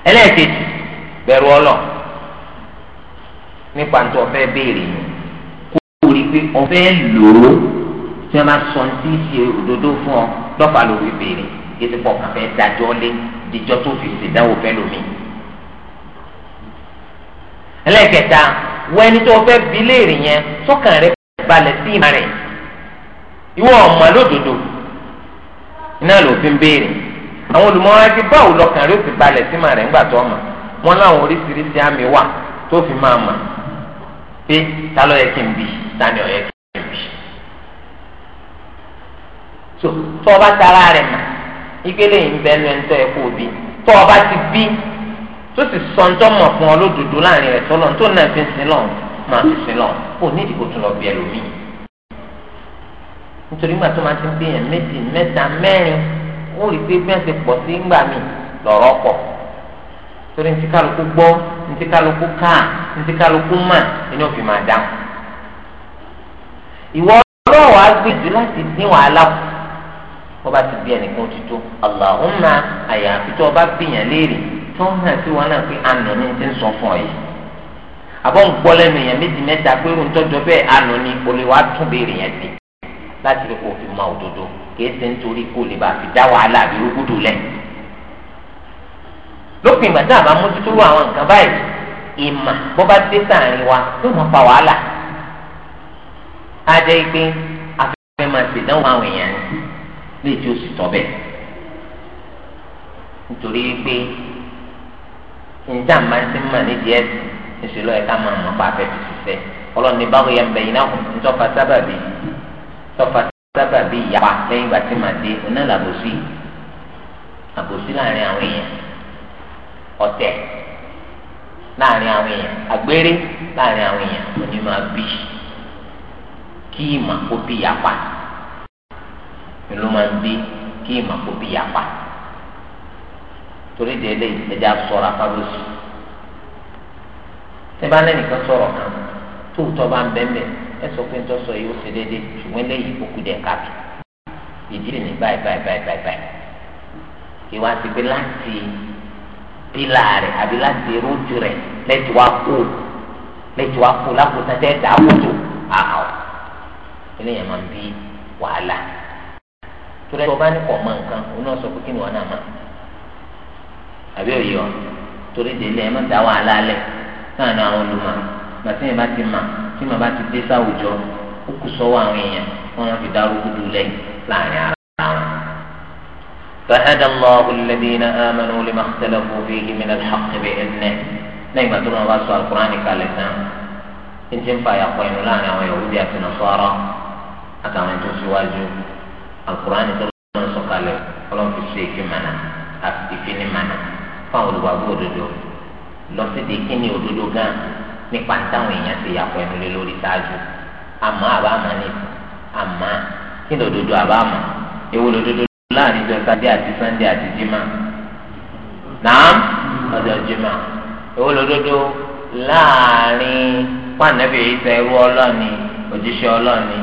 ẹlẹ́ẹ̀kejì bẹ̀rù ọlọ nípa tó ọfẹ́ béèrè yẹn kó o rí pé ọfẹ́ lò ó tí wọ́n máa sọ ní ṣe òdodo fún ọ lọ́fà lórí béèrè kí ti pọ̀ kàfẹ́ dájọ́ lé díjọ́ tó fi ṣèdáwó fẹ́ lómi. ẹlẹ́ẹ̀kẹta. wọ ẹni tó fẹ́ bi léèrè yẹn sọ́kàn rẹ balẹ̀ sí ìmọ̀ rẹ̀ ìwọ ọ̀mà lódodo iná fi ń béèrè àwọn olùmọ̀ràn ti lọ lọ́kàn rẹ ó fi balẹ̀ sí ìmọ̀ rẹ̀ ńgbà tó ọmọ wọn láwọn oríṣiríṣi àmì wà tó fi máa mọ̀ pé yẹ kí n bì ta kí tara rẹ̀ mọ̀ ìgbélé yìí ń bẹ́ẹ̀ ti bí tó sì sọ ń tọ́mọ̀ fún ọ lódodo láàrin rẹ̀ tọ́lọ̀ tó náà fi ń sin lọ́n máa fi sin lọ́n kò ní ìdìbò tó lọ bí ẹlòmíì nítorí gbà tó máa ti ń gbé yẹn méjì mẹ́ta mẹ́rin ó rí pé bí wọ́n ti pọ̀ sí ńgbà mi lọ́rọ́ pọ̀ torí ntí kálukú gbọ́ ntí kálukú ká ntí kálukú mà ẹni ò fi máa dá. ìwọ ọlọ́wọ́ wàá gbìyànjú láti dín wàhálà kù wọ́n bá ti bí ẹnìkan ti tó Allahumma tó ń hàn sí wọn náà pé àná ni ti ń sọ fún ọ yìí àbọ̀ ń gbọ́ lẹ́nu èèyàn méjì mẹ́ta pé ohun tọ́jọ́ bẹ́ẹ̀ àná ni o lè tún béèrè yẹn sí láti rí kó o fi mọ òdodo kìí ṣe nítorí kó o lè bá fi dá wàhálà àbí rúgúdù lẹ̀. lópin ìgbà tá a bá mójútó rú àwọn nǹkan báyìí ìmà bó bá dé sàárín wa yóò máa fa wàhálà. á jẹ́ afẹ́fẹ́ máa ṣèdánwò àwọn èèyàn ní ètò òsì tọ́ bẹ́ẹ̀ nítorí pé njẹ́ àmà ń sin mà nídìí ẹ̀sìn níṣẹ́ lọ́yẹ̀ ká máa mọ̀ pa afẹ́fẹ́ fífẹ́ ọlọ́ni báwo yẹn bẹ̀yìn náà ntọ́fà sábàbí tọ́fà sábàbí ìyapa lẹ́yìn ìgbà tí màá dé oná làbòsí àbòsí láàrin àwọn èèyàn ọ̀tẹ̀ láàrin àwọn èèyàn àgbèrè láàrin àwọn èèyàn òní máa bí kí ìmọ̀ kó bí ìyapa ìlú máa ń kí ìmọ̀ kó bí ìyapa. torí de ilé ìtẹ̀jà sọ̀rọ̀ àfàlóṣù tẹ́bá lẹ́nìkan sọ̀rọ̀ kan tó tọ́ bá ń bẹ́ẹ̀ ẹ sọ pé nítorí sọ yìí ó ṣe déédéé ṣùgbọ́n eléyìí ó dẹ̀ káàtó ìdí ní báyìí báyìí báyìí báyìí báyìí ìwà ti gbé láti pílà àbí láti lẹ́tù wá lẹ́tù wá kótó àbí òye ọ torí délé ẹ má dá wàhálà lẹ sáànù àwọn olùmọ̀ màtí ẹ bá ti mà tí màá bá ti dé sáwùjọ ó kù sọ́wọ́ àwọn èèyàn wọn wọn fi dárúkú dulẹ̀ láàrin ara wọn. فهدى الله الذين آمنوا لما اختلفوا فيه من الحق بإذنه لما ترى الله سؤال القرآن قال إن تنفع يقوين لنا ويهودي نصارى أتعلم تسواجه القرآن ترى سقاله ولم في الشيء منا أفتي فيني منا fáwọn olùwàgbọ́ òdodo lọ síbi kíni òdodo gan nípa táwọn èèyàn ti yàpọ̀ ẹnu lé lórí ṣáájú àmọ́ àbámọ́ ni àmọ́ kíni òdodo àbámọ́ ewu lòdodo láàrin ìjọ sáde àti sànde àti jimá nàám ọjọ́ jimá ewu lòdodo láàrin pàǹdàbí ìfẹ́ irú ọlọ́ni òjíṣẹ́ ọlọ́ni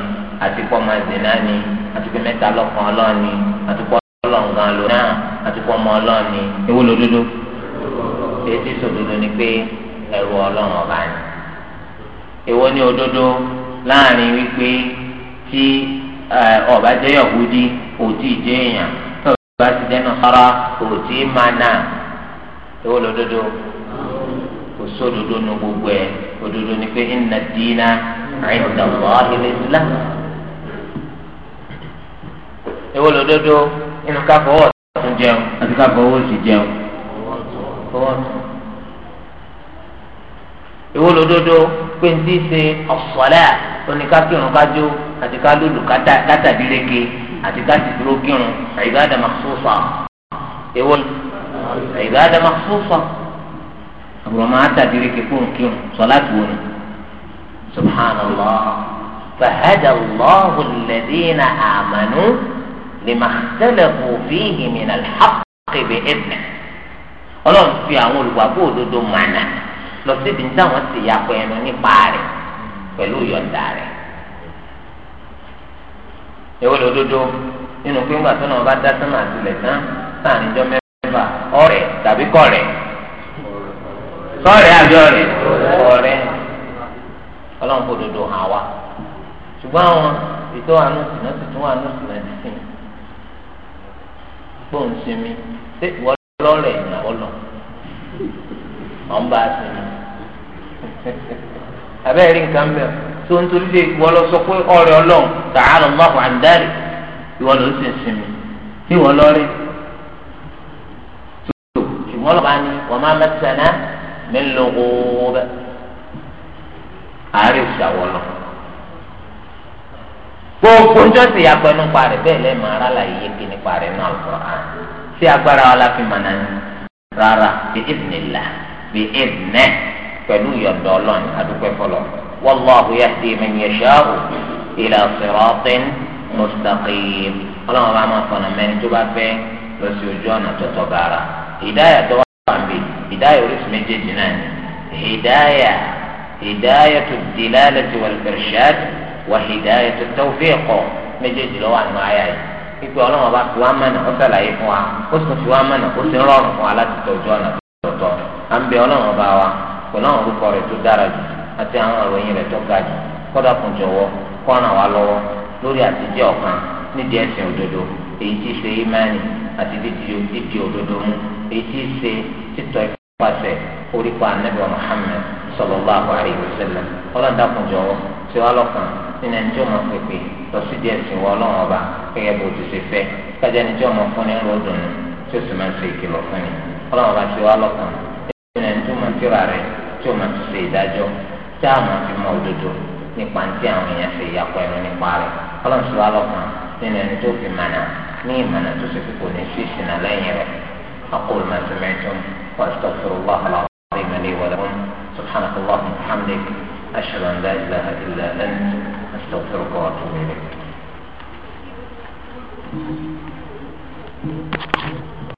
àti pọ́nmọ́ ìdènà ni àti mẹ́ta lọ́kàn ọlọ́ni àti bọ́lọ̀ nǹkan lò náà àti kọ́ ọmọ ọlọ́run ni ewu lòdodo ètí sòdodo ni pé ẹrù ọlọ́run ọba ni ewu ni òdodo láàrin wípé tí ọba jẹ́ yọ̀húdí òtí jẹ́ èèyàn tó ti dẹ́nu sọ́rọ́ òtí máa nà ewu lòdodo kò nu gbogbo ẹ̀ òdodo ni pé inna dínà inda Allahi al-Islam ewu lòdodo nínú ká fọwọ́ ọ̀tún jẹun àti ká fọwọ́ òsì jẹun. ìwọ lódodo pé ní ti ṣe ọ̀sọ̀lá oníkàkìrún kájó àti ká lùlù látàdíreke àti ká sì dúró kírun ìbádà makhsusa ìwọ ìbádà makhsusa àbùrọ̀ máa tàdíreke kúrò kírun sọlá tó wọn subhanallah fahadà allahu alladhina amanu lima tẹlẹfu fihi min alhaqi bi idni ọlọ́run fi àwọn olùgbàgbọ́ òdodo mànà lọ síbi ní táwọn ti yà pé ẹnu nípa rẹ̀ pẹ̀lú yọ̀ǹda rẹ̀ èwo lòdodo nínú pé ńgbà tó náà bá dá sánmà àtìlẹ̀ tán láàrin jọ mẹ́fà ọ̀rẹ́ tàbí kọ̀rẹ́ sọ̀rẹ́ àjọ rẹ̀ ọ̀rẹ́ ọlọ́run kò dodo hàn wá ṣùgbọ́n àwọn ètò àánú sì náà sì tún wà nù sí náà ti sìn kó ń sinmi ṣé ìwọ lọ́rẹ̀ ìyàwó lọ ọ̀ ń bá a sinmi
[laughs]
abẹ́ rí nǹkan mẹ́ọ̀ tó ń torí de ìwọ lọ sọ pé ọ̀rẹ́ ọlọ́run tààrà lọ́kùn àǹdárì ìwọ ló sì ń sinmi ìwọ lọ́rẹ̀ tó ṣùgbọ́n lọ́ba ni wọ́n máa mẹ́tẹ̀ẹ́ náà mí lọ́wọ́ bẹ́ẹ̀ àárẹ̀ ìṣàwọ̀ lọ́kùn gbogbo ń jọ́sìn yàgbọ́ nípa rẹ̀ bẹ́ẹ̀ lẹ́ẹ̀mọ ara là yíyé ké nípa rẹ̀ náà Al-Qur'an sí agbára wa la fi mọ̀ náà ní rárá bí ìdìnnìlá bí ìdìnnẹ́ pẹ̀lú ìyọ̀dọ̀ ọlọ́run adúpẹ́ fọlọ́ wallahu yahdi man yasha'u ila siratin mustaqim ọlọ́run bá máa fọ̀nà mẹ́ni tó bá fẹ́ lọ sí ojú ọ̀nà tọ̀tọ̀ bára ìdáyà tó wà níbi ìdáyà orísun méjèèjì náà ìdáyà ìdáyà tó dìlálẹ̀ tó wà wàhídáyàtò tawfíìkọ méjèèjì lọ́wọ́ àná ayá yìí pípẹ́ ọlọ́run bá fi wá mọ̀nà ó sàlàyé fún wa ó sì fi wá mọ̀nà ó sì rọrùn fún wa láti tọ́jú ọ̀nà tọ̀tọ̀ à ń bẹ ọlọ́run bá wa pẹ̀lú àwọn orúkọ rẹ̀ tó dára jù àti àwọn ìròyìn rẹ̀ tó ga jù kọ́dà kùn jọ̀wọ́ kó ràn wá lọ́wọ́ lórí àtijọ́ ọ̀kan nídìí ẹ̀sìn òdodo èyí tí ṣe ìmánì àti dídì òdodo mú èyí tí ṣe títọ́ pàṣẹ orípa anabi wa muhammed sallallahu alayhi wa sallam ọlọ́dàkùn jọ̀wọ́ tí wàá lọ́kàn nínú ẹni tí ó mọ̀ pépè lọ sí díẹ̀ sí wọ́n ọlọ́run ọba gẹ́gẹ́ bó ti ṣe fẹ́ kájà ẹni tí ó mọ̀ fún ní ẹrù ọdún tí ó sì máa ń ṣe ìkìlọ̀ fún ni ọlọ́run ọba tí wàá lọ́kàn nínú ẹni tí ó mọ̀ tíra rẹ̀ tí ó ti ṣe ìdájọ́ tí a mọ̀ fi mọ̀ òdodo nípa ti àwọn èèyàn ṣe ìyàpọ̀ ẹnu nípa rẹ̀ ọlọ́run tí wàá lọ́kàn nínú ẹni وأستغفر الله العظيم لي ولكم سبحانك اللهم وبحمدك أشهد أن لا إله إلا أنت أستغفرك وأتوب إليك
Thank you.